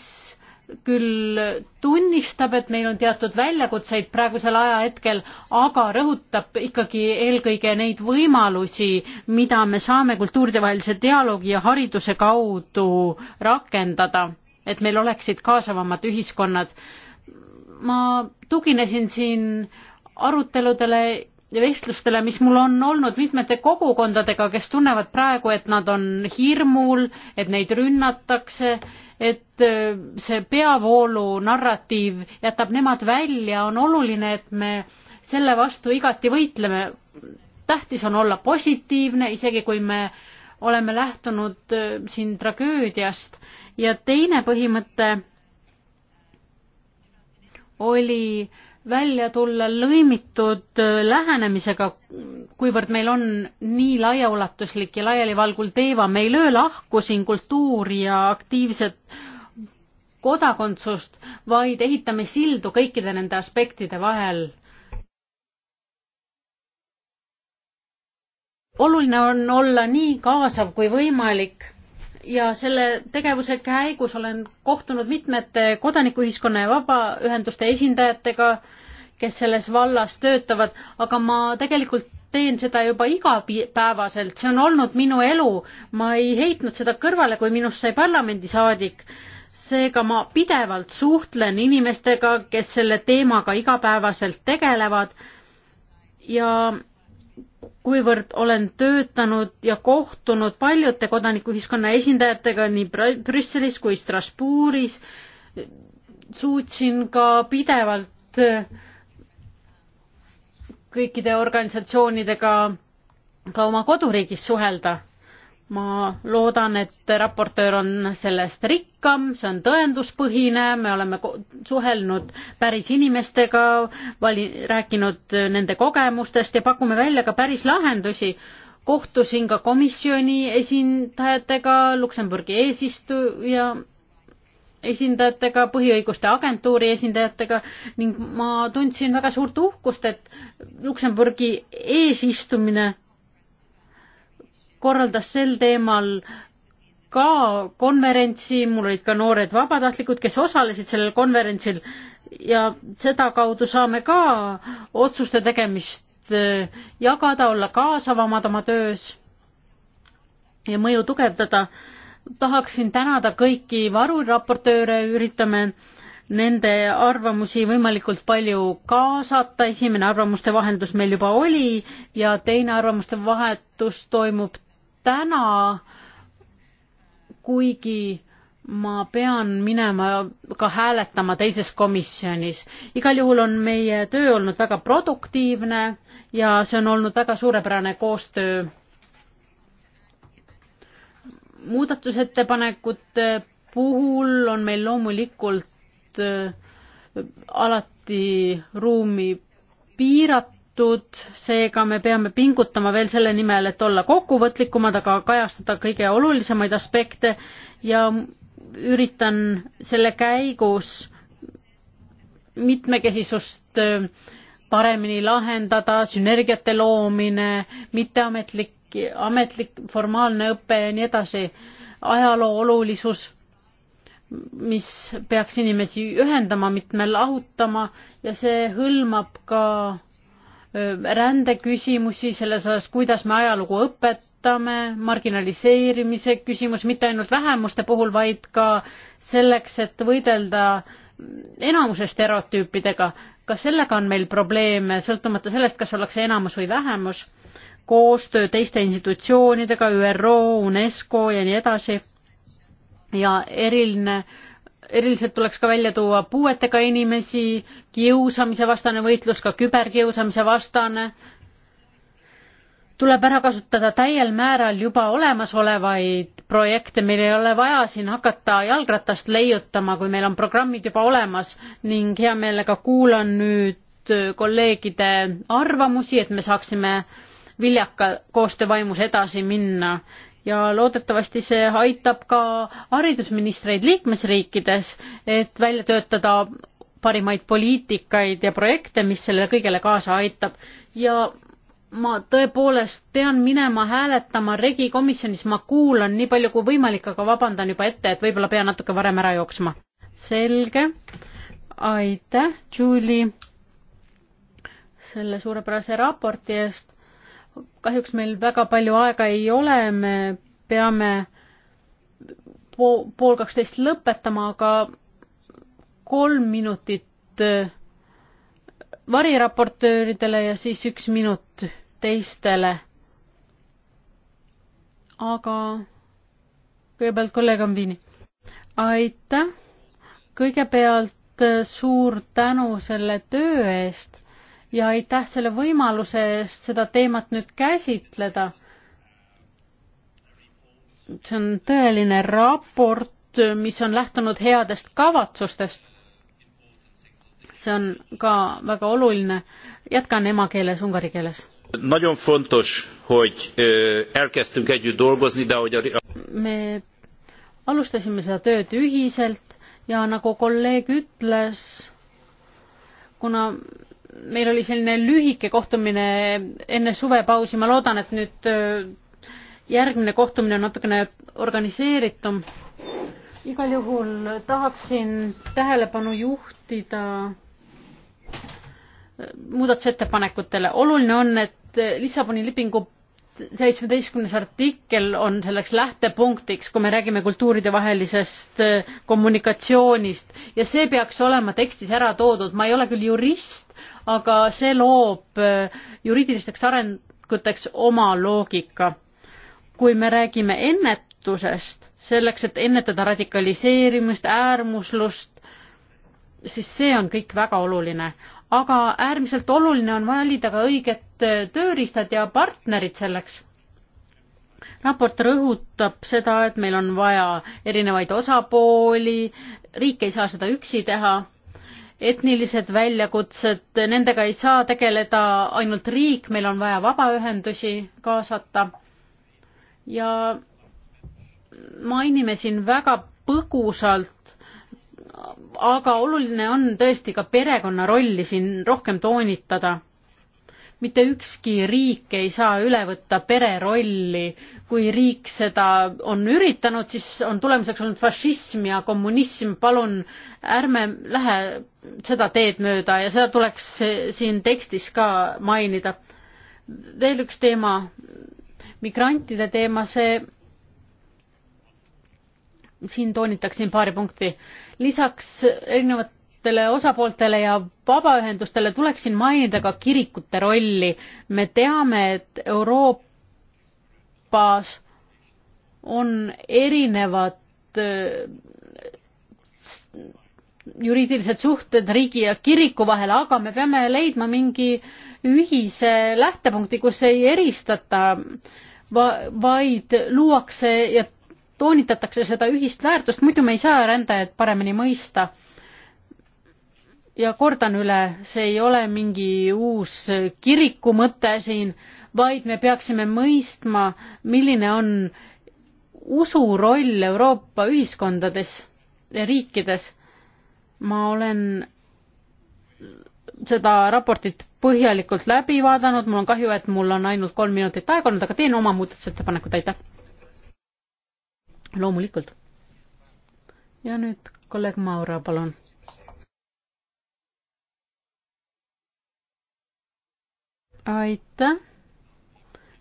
küll tunnistab, et meil on teatud väljakutseid praegusel ajahetkel, aga rõhutab ikkagi eelkõige neid võimalusi, mida me saame kultuuridevahelise dialoogi ja hariduse kaudu rakendada, et meil oleksid kaasavamad ühiskonnad. ma tuginesin siin aruteludele vestlustele, mis mul on olnud mitmete kogukondadega, kes tunnevad praegu, et nad on hirmul, et neid rünnatakse, et äh, see peavoolu narratiiv jätab nemad välja, on oluline, et me selle vastu igati võitleme. tähtis on olla positiivne, isegi kui me oleme lähtunud äh, siin tragöödiast ja teine põhimõte oli äh, välja tulla lõimitud äh, lähenemisega, kuivõrd meil on nii laiaulatuslik ja laialivalgul teema, me ei löö lahku siin kultuuri ja aktiivset kodakondsust, vaid ehitame sildu kõikide nende aspektide vahel. oluline on olla nii kaasav kui võimalik ja selle tegevuse käigus olen kohtunud mitmete kodanikuühiskonna ja vabaühenduste esindajatega, kes selles vallas töötavad, aga ma tegelikult teen seda juba igapäevaselt, see on olnud minu elu. ma ei heitnud seda kõrvale, kui minust sai parlamendisaadik. seega ma pidevalt suhtlen inimestega, kes selle teemaga igapäevaselt tegelevad ja kuivõrd olen töötanud ja kohtunud paljude kodanikuühiskonna esindajatega nii Brüsselis kui Strasbourgis, suutsin ka pidevalt äh, kõikide organisatsioonidega ka oma koduriigis suhelda ma loodan, et raportöör on sellest rikkam, see on tõenduspõhine, me oleme suhelnud päris inimestega, vali-, rääkinud nende kogemustest ja pakume välja ka päris lahendusi. kohtusin ka komisjoni esindajatega, Luksemburgi eesistuja esindajatega, põhiõiguste agentuuri esindajatega ning ma tundsin väga suurt uhkust, et Luksemburgi eesistumine korraldas sel teemal ka konverentsi, mul olid ka noored vabatahtlikud, kes osalesid sellel konverentsil ja sedakaudu saame ka otsuste tegemist äh, jagada, olla kaasavamad oma töös ja mõju tugevdada. tahaksin tänada kõiki varuraportööre, üritame nende arvamusi võimalikult palju kaasata, esimene arvamuste vahendus meil juba oli ja teine arvamuste vahetus toimub täna, kuigi ma pean minema ka hääletama teises komisjonis. igal juhul on meie töö olnud väga produktiivne ja see on olnud väga suurepärane koostöö. muudatusettepanekute puhul on meil loomulikult äh, alati ruumi piirata tehtud, seega me peame pingutama veel selle nimel, et olla kokkuvõtlikumad, aga kajastada kõige olulisemaid aspekte ja üritan selle käigus mitmekesisust paremini lahendada, sünergiate loomine, mitteametlik, ametlik, formaalne õpe ja nii edasi, ajaloo olulisus mis peaks inimesi ühendama, mitme lahutama ja see hõlmab ka rändeküsimusi, selles osas, kuidas me ajalugu õpetame, marginaliseerimise küsimus mitte ainult vähemuste puhul, vaid ka selleks, et võidelda enamuse stereotüüpidega. ka sellega on meil probleeme, sõltumata sellest, kas ollakse enamus või vähemus. koostöö teiste institutsioonidega, ÜRO, UNESCO ja nii edasi. ja eriline äh, eriliselt tuleks ka välja tuua puuetega inimesi, kiusamise vastane võitlus, ka küberkiusamise vastane. tuleb ära kasutada täiel määral juba olemasolevaid projekte, meil ei ole vaja siin hakata jalgratast leiutama, kui meil on programmid juba olemas ning hea meelega kuulan nüüd kolleegide arvamusi, et me saaksime viljaka koostöö vaimus edasi minna ja loodetavasti see aitab ka haridusministreid liikmesriikides, et välja töötada parimaid poliitikaid ja projekte, mis sellele kõigele kaasa aitab. ja ma tõepoolest pean minema hääletama regi komisjonis, ma kuulan nii palju kui võimalik, aga vabandan juba ette, et võib-olla pean natuke varem ära jooksma. selge, aitäh, Julie, selle suurepärase raporti eest kahjuks meil väga palju aega ei ole, me peame pool, pool kaksteist lõpetama, aga kolm minutit äh, variraportööridele ja siis üks minut teistele. aga kõigepealt kolleeg Ambini. aitäh, kõigepealt äh, suur tänu selle töö eest, ja aitäh selle võimaluse eest seda teemat nüüd käsitleda. see on tõeline raport, mis on lähtunud headest kavatsustest. see on ka väga oluline. jätkan emakeeles, ungari keeles. Nagyon fontos, hogy elkezdtünk együtt dolgozni, de hogy a... me alustasime seda tööd ühiselt ja nagu kolleeg ütles, kuna meil oli selline lühike kohtumine enne suvepausi, ma loodan, et nüüd äh, järgmine kohtumine on natukene organiseeritum. igal juhul tahaksin tähelepanu juhtida äh, muudatusettepanekutele. oluline on, et äh, Lissaboni lepingu seitsmeteistkümnes artikkel on selleks lähtepunktiks, kui me räägime kultuuridevahelisest kommunikatsioonist ja see peaks olema tekstis ära toodud. ma ei ole küll jurist, aga see loob äh, juriidilisteks arenguteks oma loogika. kui me räägime ennetusest, selleks, et ennetada radikaliseerimist, äärmuslust, siis see on kõik väga oluline, aga äärmiselt oluline on valida ka õiged äh, tööriistad ja partnerid selleks raport rõhutab seda, et meil on vaja erinevaid osapooli, riik ei saa seda üksi teha etnilised väljakutsed, nendega ei saa tegeleda ainult riik, meil on vaja vabaühendusi kaasata. ja mainime siin väga põgusalt, aga oluline on tõesti ka perekonna rolli siin rohkem toonitada mitte ükski riik ei saa üle võtta pere rolli. kui riik seda on üritanud, siis on tulemuseks olnud fašism ja kommunism. palun ärme lähe seda teed mööda ja seda tuleks siin tekstis ka mainida. veel üks teema, migrantide teema, see siin toonitaksin paari punkti. lisaks erinevad erinevatele osapooltele ja vabaühendustele tuleksin mainida ka kirikute rolli. me teame, et Euroopas on erinevad äh, juriidilised suhted riigi ja kiriku vahel, aga me peame leidma mingi ühise lähtepunkti, kus ei eristata, vaid luuakse ja toonitatakse seda ühist väärtust, muidu me ei saa rändajaid paremini mõista ja kordan üle, see ei ole mingi uus kiriku mõte siin, vaid me peaksime mõistma, milline on usu roll Euroopa ühiskondades ja riikides. ma olen seda raportit põhjalikult läbi vaadanud, mul on kahju, et mul on ainult kolm minutit aega olnud, aga teen oma muudatusettepanekud, aitäh. loomulikult. ja nüüd kolleeg Maura, palun aitäh,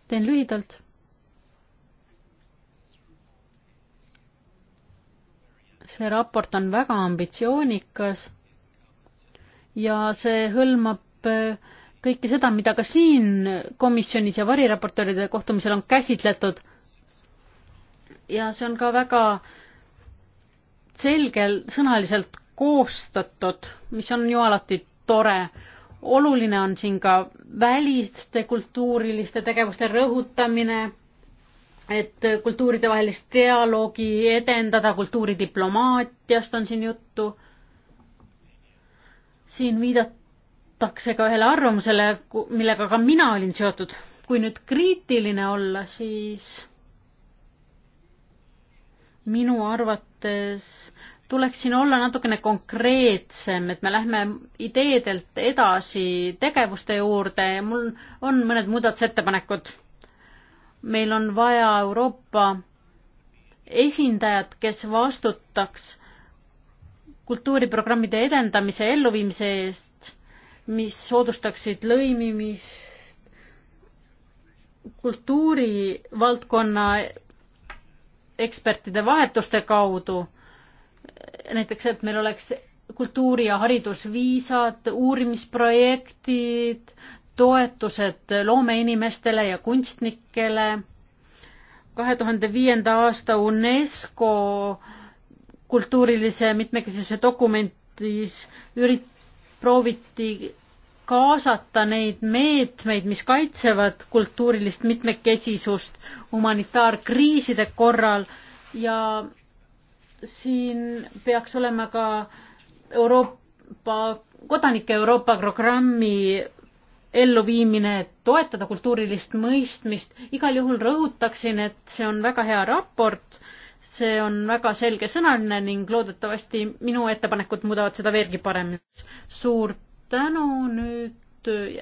teen lühidalt. see raport on väga ambitsioonikas ja see hõlmab äh, kõike seda, mida ka siin komisjonis ja variraportööride kohtumisel on käsitletud. ja see on ka väga selgel sõnaliselt koostatud, mis on ju alati tore oluline on siin ka väliste kultuuriliste tegevuste rõhutamine, et kultuuridevahelist dialoogi edendada, kultuuridiplomaatiast on siin juttu. siin viidatakse ka ühele arvamusele, millega ka mina olin seotud. kui nüüd kriitiline olla, siis minu arvates tuleks siin olla natukene konkreetsem, et me lähme ideedelt edasi tegevuste juurde ja mul on mõned muudatusettepanekud. meil on vaja Euroopa esindajat, kes vastutaks kultuuriprogrammide edendamise ja elluviimise eest, mis soodustaksid lõimimist, kultuurivaldkonna ekspertide vahetuste kaudu näiteks, et meil oleks kultuuri- ja haridusviisad, uurimisprojektid, toetused loomeinimestele ja kunstnikele. kahe tuhande viienda aasta UNESCO kultuurilise mitmekesisuse dokumentis ürit-, prooviti kaasata neid meetmeid, mis kaitsevad kultuurilist mitmekesisust humanitaarkriiside korral ja siin peaks olema ka Euroopa, kodanike Euroopa programmi elluviimine, et toetada kultuurilist mõistmist. igal juhul rõhutaksin, et see on väga hea raport, see on väga selgesõnaline ning loodetavasti minu ettepanekud muudavad seda veelgi paremini. suur tänu, nüüd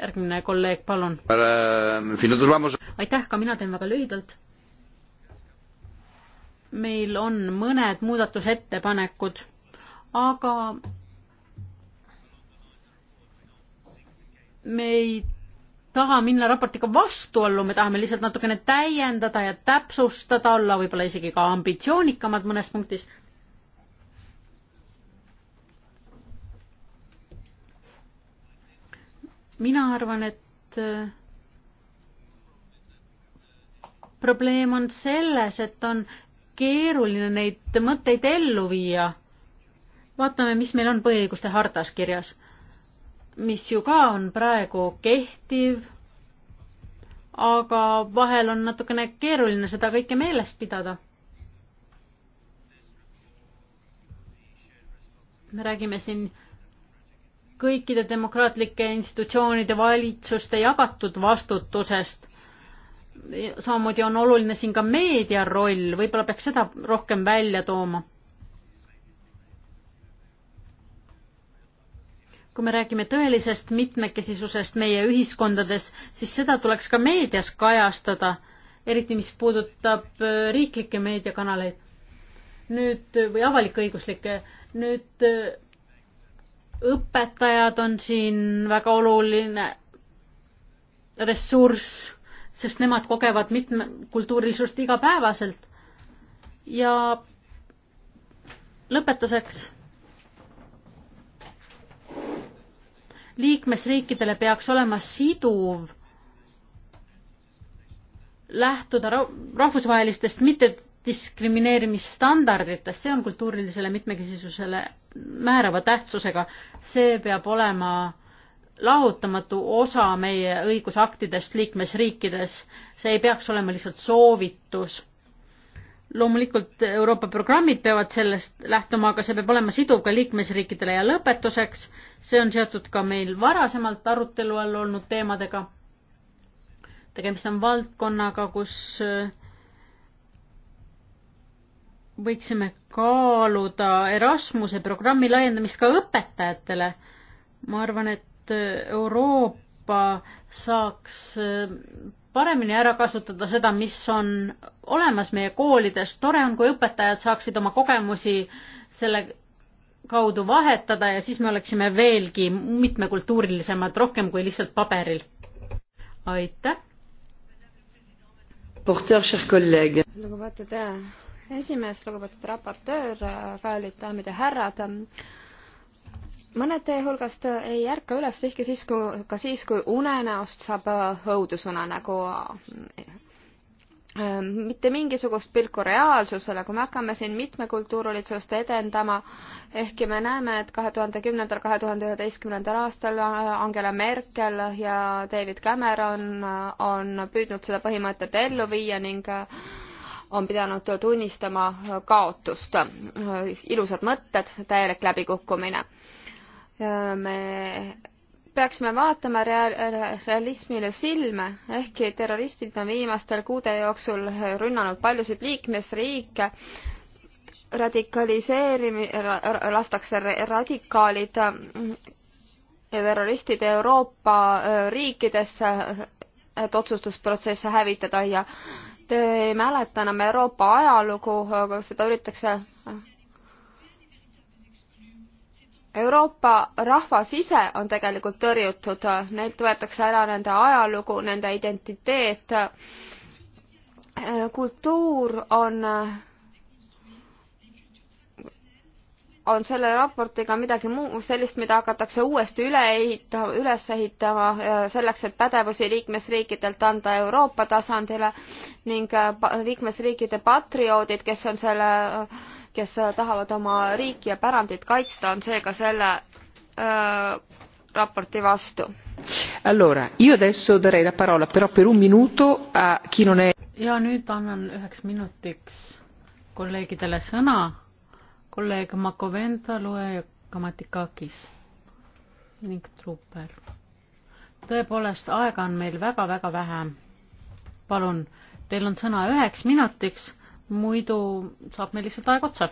järgmine kolleeg, palun. aitäh, ka mina teen väga lühidalt meil on mõned muudatusettepanekud, aga me ei taha minna raportiga vastuollu, me tahame lihtsalt natukene täiendada ja täpsustada, olla võib-olla isegi ka ambitsioonikamad mõnes punktis. mina arvan, et äh, probleem on selles, et on keeruline neid mõtteid ellu viia. vaatame, mis meil on põhiõiguste hartas kirjas, mis ju ka on praegu kehtiv, aga vahel on natukene keeruline seda kõike meeles pidada. me räägime siin kõikide demokraatlike institutsioonide valitsuste jagatud vastutusest samamoodi on oluline siin ka meedia roll, võib-olla peaks seda rohkem välja tooma. kui me räägime tõelisest mitmekesisusest meie ühiskondades, siis seda tuleks ka meedias kajastada, eriti mis puudutab äh, riiklikke meediakanaleid nüüd äh, või avalik-õiguslikke, nüüd äh, õpetajad on siin väga oluline ressurss sest nemad kogevad mitmekultuurilisust igapäevaselt. ja lõpetuseks. liikmesriikidele peaks olema siduv lähtuda rahvusvahelistest mittediskrimineerimisstandarditest, see on kultuurilisele mitmekesisusele määrava tähtsusega, see peab olema lahutamatu osa meie õigusaktidest liikmesriikides, see ei peaks olema lihtsalt soovitus. loomulikult Euroopa programmid peavad sellest lähtuma, aga see peab olema siduv ka liikmesriikidele ja lõpetuseks, see on seotud ka meil varasemalt arutelu all olnud teemadega. tegemist on valdkonnaga, kus äh, võiksime kaaluda Erasmuse programmi laiendamist ka õpetajatele. ma arvan, et et Euroopa saaks äh, paremini ära kasutada seda, mis on olemas meie koolides. tore on, kui õpetajad saaksid oma kogemusi selle kaudu vahetada ja siis me oleksime veelgi mitmekultuurilisemad, rohkem kui lihtsalt paberil. aitäh. lugupeetud äh, esimees, lugupeetud raportöör, äh, kallid daamid ja härrad mõned teie hulgast ei ärka üles tihti siis, kui, ka siis, kui unenäost saab äh, õudusune nagu äh, äh, mitte mingisugust pilku reaalsusele, kui me hakkame siin mitmekultuurilisust edendama, ehkki me näeme, et kahe tuhande kümnendal, kahe tuhande üheteistkümnendal aastal Angela Merkel ja David Cameron on püüdnud seda põhimõtet ellu viia ning on pidanud tunnistama kaotust. ilusad mõtted, täielik läbikukkumine me peaksime vaatama real-, realismile silme, ehkki terroristid on viimastel kuude jooksul rünnanud paljusid liikmesriike, radikaliseerimi-, lastakse radikaalid ja terroristid Euroopa äh, riikidesse, et otsustusprotsesse hävitada ja te ei mäleta enam Euroopa ajalugu, aga seda üritatakse Euroopa rahvas ise on tegelikult tõrjutud, neilt võetakse ära nende ajalugu, nende identiteet. kultuur on, on selle raportiga midagi muu, sellist, mida hakatakse uuesti üle ehitama, üles ehitama selleks, et pädevusi liikmesriikidelt anda Euroopa tasandile ning äh, liikmesriikide patrioodid, kes on selle kes äh, tahavad oma riiki ja pärandit kaitsta, on seega selle äh, raporti vastu. Allora, io adesso darei la parola però per un minuto a chi non è ja nüüd annan üheks minutiks kolleegidele sõna, kolleeg Makoventa, loe Kamatikakis ning Trooper. tõepoolest, aega on meil väga-väga vähe. palun, teil on sõna üheks minutiks muidu saab meil lihtsalt aeg otsa.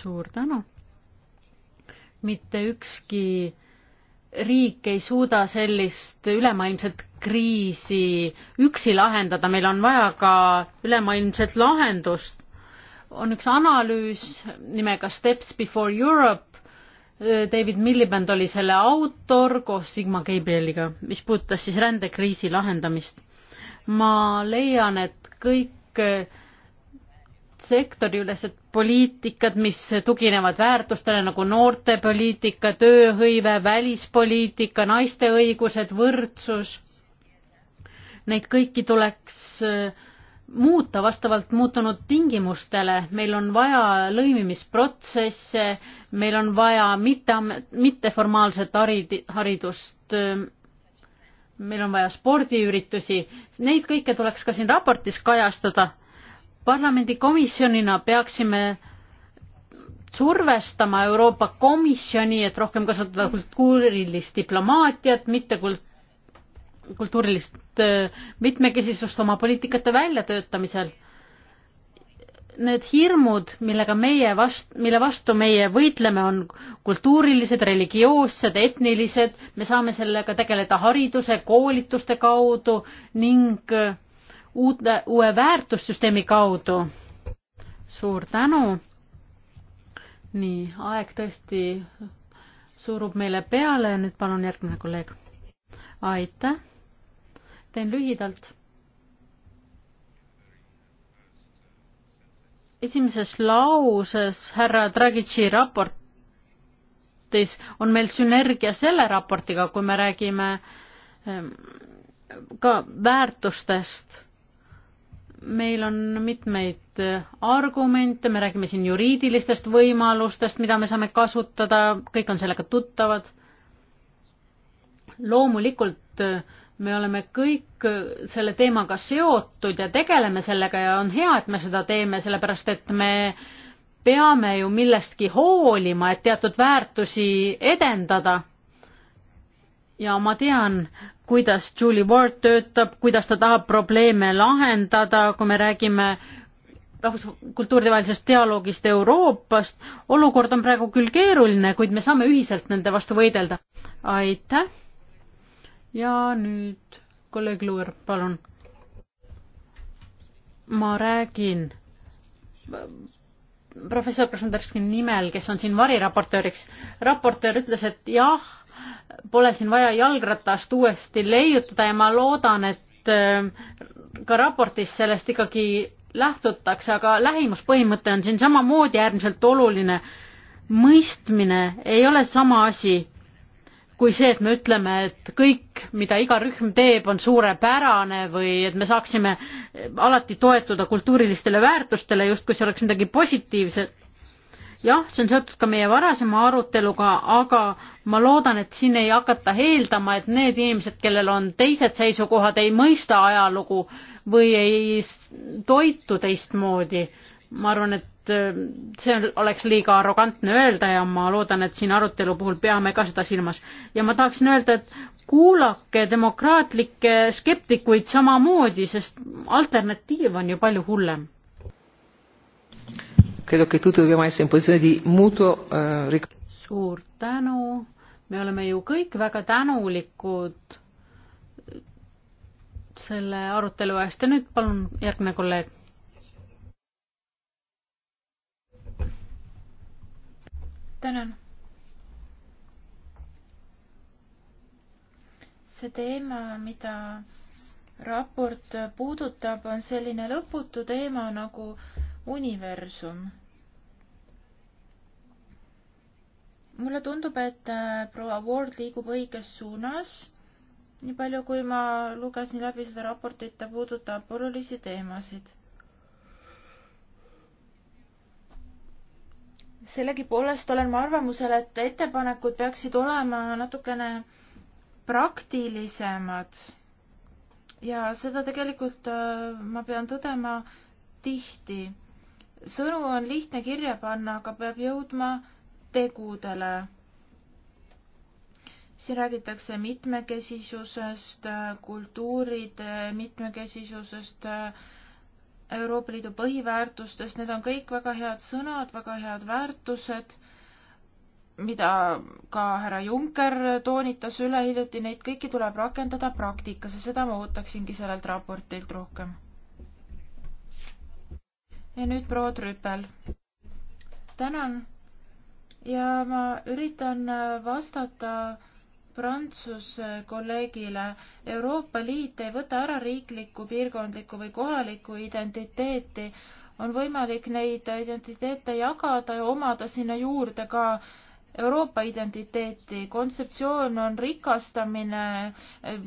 suur tänu. mitte ükski riik ei suuda sellist ülemaailmset kriisi üksi lahendada, meil on vaja ka ülemaailmset lahendust. on üks analüüs nimega Steps Before Europe, David Milliband oli selle autor koos Sigma Gabrieliga, mis puudutas siis rändekriisi lahendamist ma leian, et kõik eh, sektoriülesed poliitikad, mis tuginevad väärtustele nagu noortepoliitika, tööhõive, välispoliitika, naiste õigused, võrdsus, neid kõiki tuleks eh, muuta vastavalt muutunud tingimustele, meil on vaja lõimimisprotsesse, meil on vaja mitte, mitteformaalset haridust eh, meil on vaja spordiüritusi, neid kõike tuleks ka siin raportis kajastada. parlamendikomisjonina peaksime survestama Euroopa Komisjoni, et rohkem kasutada kultuurilist diplomaatiat, mitte kult-, kultuurilist äh, mitmekesisust oma poliitikate väljatöötamisel need hirmud, millega meie vast-, mille vastu meie võitleme, on kultuurilised, religioossed, etnilised, me saame sellega tegeleda hariduse, koolituste kaudu ning äh, uute, uue väärtussüsteemi kaudu. suur tänu. nii, aeg tõesti surub meile peale, nüüd palun järgmine kolleeg. aitäh, teen lühidalt esimeses lauses härra Dragici raportis on meil sünergia selle raportiga, kui me räägime ehm, ka väärtustest. meil on mitmeid eh, argumente, me räägime siin juriidilistest võimalustest, mida me saame kasutada, kõik on sellega tuttavad. loomulikult äh, me oleme kõik selle teemaga seotud ja tegeleme sellega ja on hea, et me seda teeme, sellepärast et me peame ju millestki hoolima, et teatud väärtusi edendada. ja ma tean, kuidas Julie Ward töötab, kuidas ta tahab probleeme lahendada, kui me räägime rahvus-, kultuuridevahelisest dialoogist Euroopast. olukord on praegu küll keeruline, kuid me saame ühiselt nende vastu võidelda. aitäh! ja nüüd kolleeg Luur, palun. ma räägin professor Krasnodarski nimel, kes on siin variraportööriks. raportöör ütles, et jah, pole siin vaja jalgratast uuesti leiutada ja ma loodan, et äh, ka raportis sellest ikkagi lähtutakse, aga lähimuspõhimõte on siin samamoodi äärmiselt oluline. mõistmine ei ole sama asi kui see, et me ütleme, et kõik, mida iga rühm teeb, on suurepärane või et me saaksime alati toetuda kultuurilistele väärtustele, justkui see oleks midagi positiivset. jah, see on seotud ka meie varasema aruteluga, aga ma loodan, et siin ei hakata eeldama, et need inimesed, kellel on teised seisukohad, ei mõista ajalugu või ei toitu teistmoodi. ma arvan, et Äh, see oleks liiga arrogantne öelda ja ma loodan, et siin arutelu puhul peame ka seda silmas. ja ma tahaksin öelda, et kuulake demokraatlikke skeptikuid samamoodi, sest alternatiiv on ju palju hullem. Eh, suur tänu, me oleme ju kõik väga tänulikud selle arutelu eest ja nüüd palun järgmine kolleeg tänan. see teema, mida raport puudutab, on selline lõputu teema nagu universum. mulle tundub, et äh, proua Ward liigub õiges suunas. nii palju, kui ma lugesin läbi seda raportit, ta puudutab olulisi teemasid sellegipoolest olen ma arvamusel, et ettepanekud peaksid olema natukene praktilisemad. ja seda tegelikult äh, ma pean tõdema tihti. sõnu on lihtne kirja panna, aga peab jõudma tegudele. siin räägitakse mitmekesisusest, kultuuride mitmekesisusest äh, Euroopa Liidu põhiväärtustest, need on kõik väga head sõnad, väga head väärtused, mida ka härra Juncker toonitas ülehiljuti, neid kõiki tuleb rakendada praktikas ja seda ma ootaksingi sellelt raportilt rohkem. ja nüüd proua Trüpel. tänan ja ma üritan vastata Prantsuse kolleegile, Euroopa Liit ei võta ära riiklikku, piirkondlikku või kohalikku identiteeti, on võimalik neid identiteete jagada ja omada sinna juurde ka Euroopa identiteeti, kontseptsioon on rikastamine,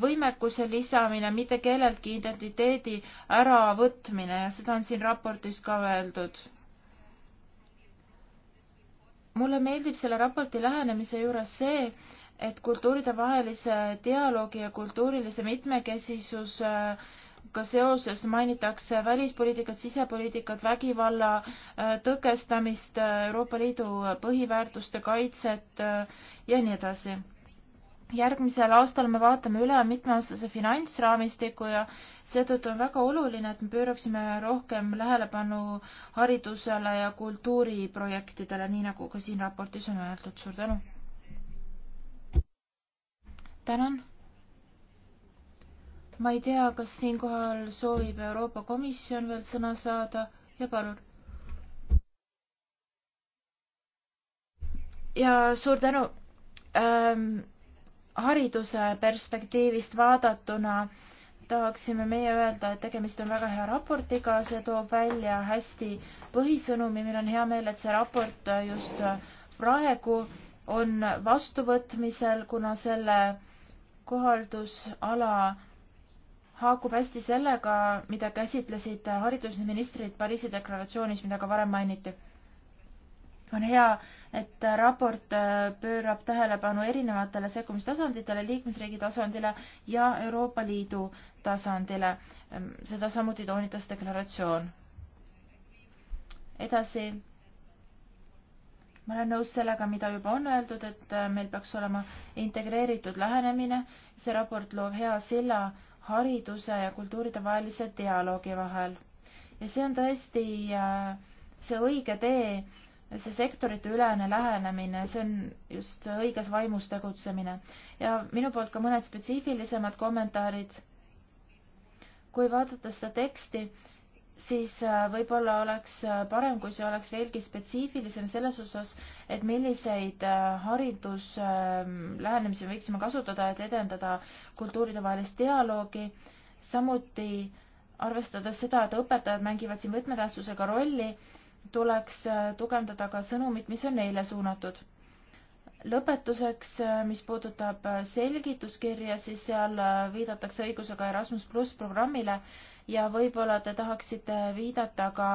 võimekuse lisamine, mitte kelleltki identiteedi äravõtmine ja seda on siin raportis ka öeldud. mulle meeldib selle raporti lähenemise juures see, et kultuuridevahelise dialoogi ja kultuurilise mitmekesisusega seoses mainitakse välispoliitikat, sisepoliitikat, vägivalla äh, tõkestamist, äh, Euroopa Liidu põhiväärtuste kaitset äh, ja nii edasi. järgmisel aastal me vaatame üle mitmeaastase finantsraamistiku ja seetõttu on väga oluline, et me pööraksime rohkem tähelepanu haridusele ja kultuuriprojektidele, nii nagu ka siin raportis on öeldud. suur tänu! tänan. ma ei tea, kas siinkohal soovib Euroopa Komisjon veel sõna saada ja palun. ja suur tänu ähm, hariduse perspektiivist vaadatuna tahaksime meie öelda, et tegemist on väga hea raportiga, see toob välja hästi põhisõnumi, meil on hea meel, et see raport just praegu on vastuvõtmisel, kuna selle kohaldusala haakub hästi sellega, mida käsitlesid haridusministrid Pariisi deklaratsioonis, mida ka varem mainiti. on hea, et raport äh, pöörab tähelepanu erinevatele sekkumistasanditele, liikmesriigi tasandile ja Euroopa Liidu tasandile. Ähm, seda samuti toonitas deklaratsioon. edasi ma olen nõus sellega, mida juba on öeldud, et äh, meil peaks olema integreeritud lähenemine. see raport loob hea silla hariduse ja kultuuride vahelise dialoogi vahel. ja see on tõesti äh, see õige tee, see sektorite ülene lähenemine, see on just õiges vaimus tegutsemine. ja minu poolt ka mõned spetsiifilisemad kommentaarid. kui vaadata seda teksti, siis äh, võib-olla oleks äh, parem, kui see oleks veelgi spetsiifilisem selles osas, et milliseid äh, hariduslähenemisi ähm, võiksime kasutada, et edendada kultuuridevahelist dialoogi, samuti arvestades seda, et õpetajad mängivad siin võtmetähtsusega rolli, tuleks tugevdada ka sõnumit, mis on neile suunatud. lõpetuseks, mis puudutab selgituskirja, siis seal viidatakse õigusega Erasmus pluss programmile ja võib-olla te tahaksite viidata ka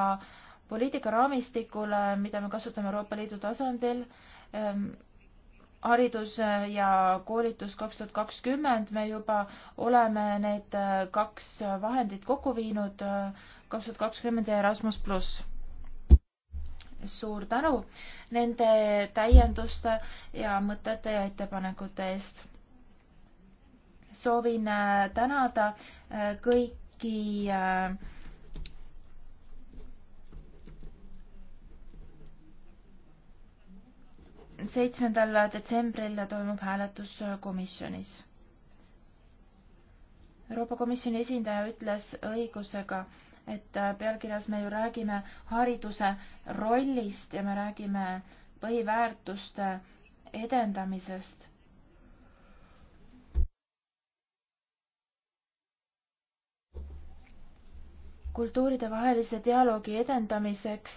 poliitikaraamistikule, mida me kasutame Euroopa Liidu tasandil ähm,, haridus eh, ja koolitus kaks tuhat kakskümmend, me juba oleme need eh, kaks vahendit kokku viinud, eh, kaks tuhat kakskümmend ja Erasmus pluss. suur tänu nende täienduste ja mõtete ja ettepanekute eest soovin tänada kõik siiski äh, seitsmendal detsembril toimub hääletus komisjonis. Euroopa Komisjoni esindaja ütles õigusega, et äh, pealkirjas me ju räägime hariduse rollist ja me räägime põhiväärtuste edendamisest kultuuridevahelise dialoogi edendamiseks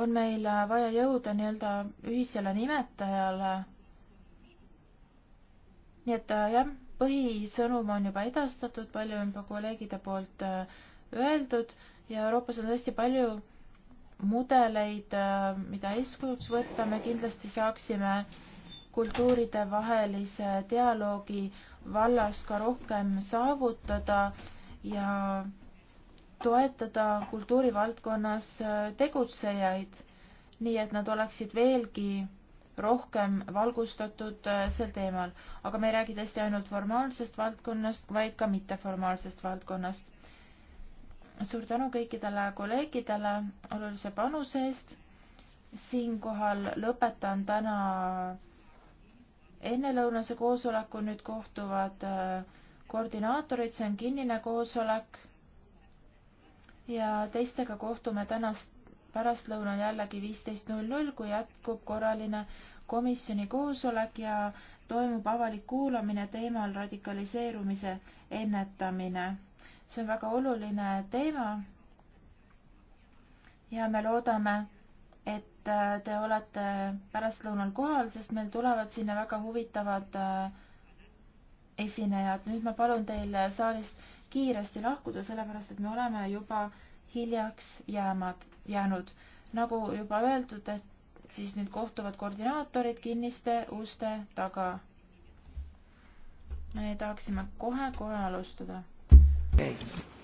on meil vaja jõuda nii-öelda ühisele nimetajale. nii et äh, jah, põhisõnum on juba edastatud, palju on juba kolleegide poolt äh, öeldud ja Euroopas on tõesti palju mudeleid, äh, mida eeskujuks võtta, me kindlasti saaksime kultuuride vahelise dialoogi vallas ka rohkem saavutada ja toetada kultuurivaldkonnas äh, tegutsejaid, nii et nad oleksid veelgi rohkem valgustatud äh, sel teemal. aga me ei räägi tõesti ainult formaalsest valdkonnast, vaid ka mitteformaalsest valdkonnast. suur tänu kõikidele kolleegidele olulise panuse eest. siinkohal lõpetan täna ennelõunase koosoleku, nüüd kohtuvad äh, koordinaatorid, see on kinnine koosolek ja teistega kohtume tänast pärastlõunal jällegi viisteist null null, kui jätkub korraline komisjoni koosolek ja toimub avalik kuulamine teemal radikaliseerumise ennetamine. see on väga oluline teema. ja me loodame, et äh, te olete pärastlõunal kohal, sest meil tulevad sinna väga huvitavad äh, esinejad. nüüd ma palun teil saalist kiiresti lahkuda, sellepärast et me oleme juba hiljaks jäämad, jäänud. nagu juba öeldud, et siis nüüd kohtuvad koordinaatorid kinniste uste taga. me tahaksime kohe-kohe alustada okay..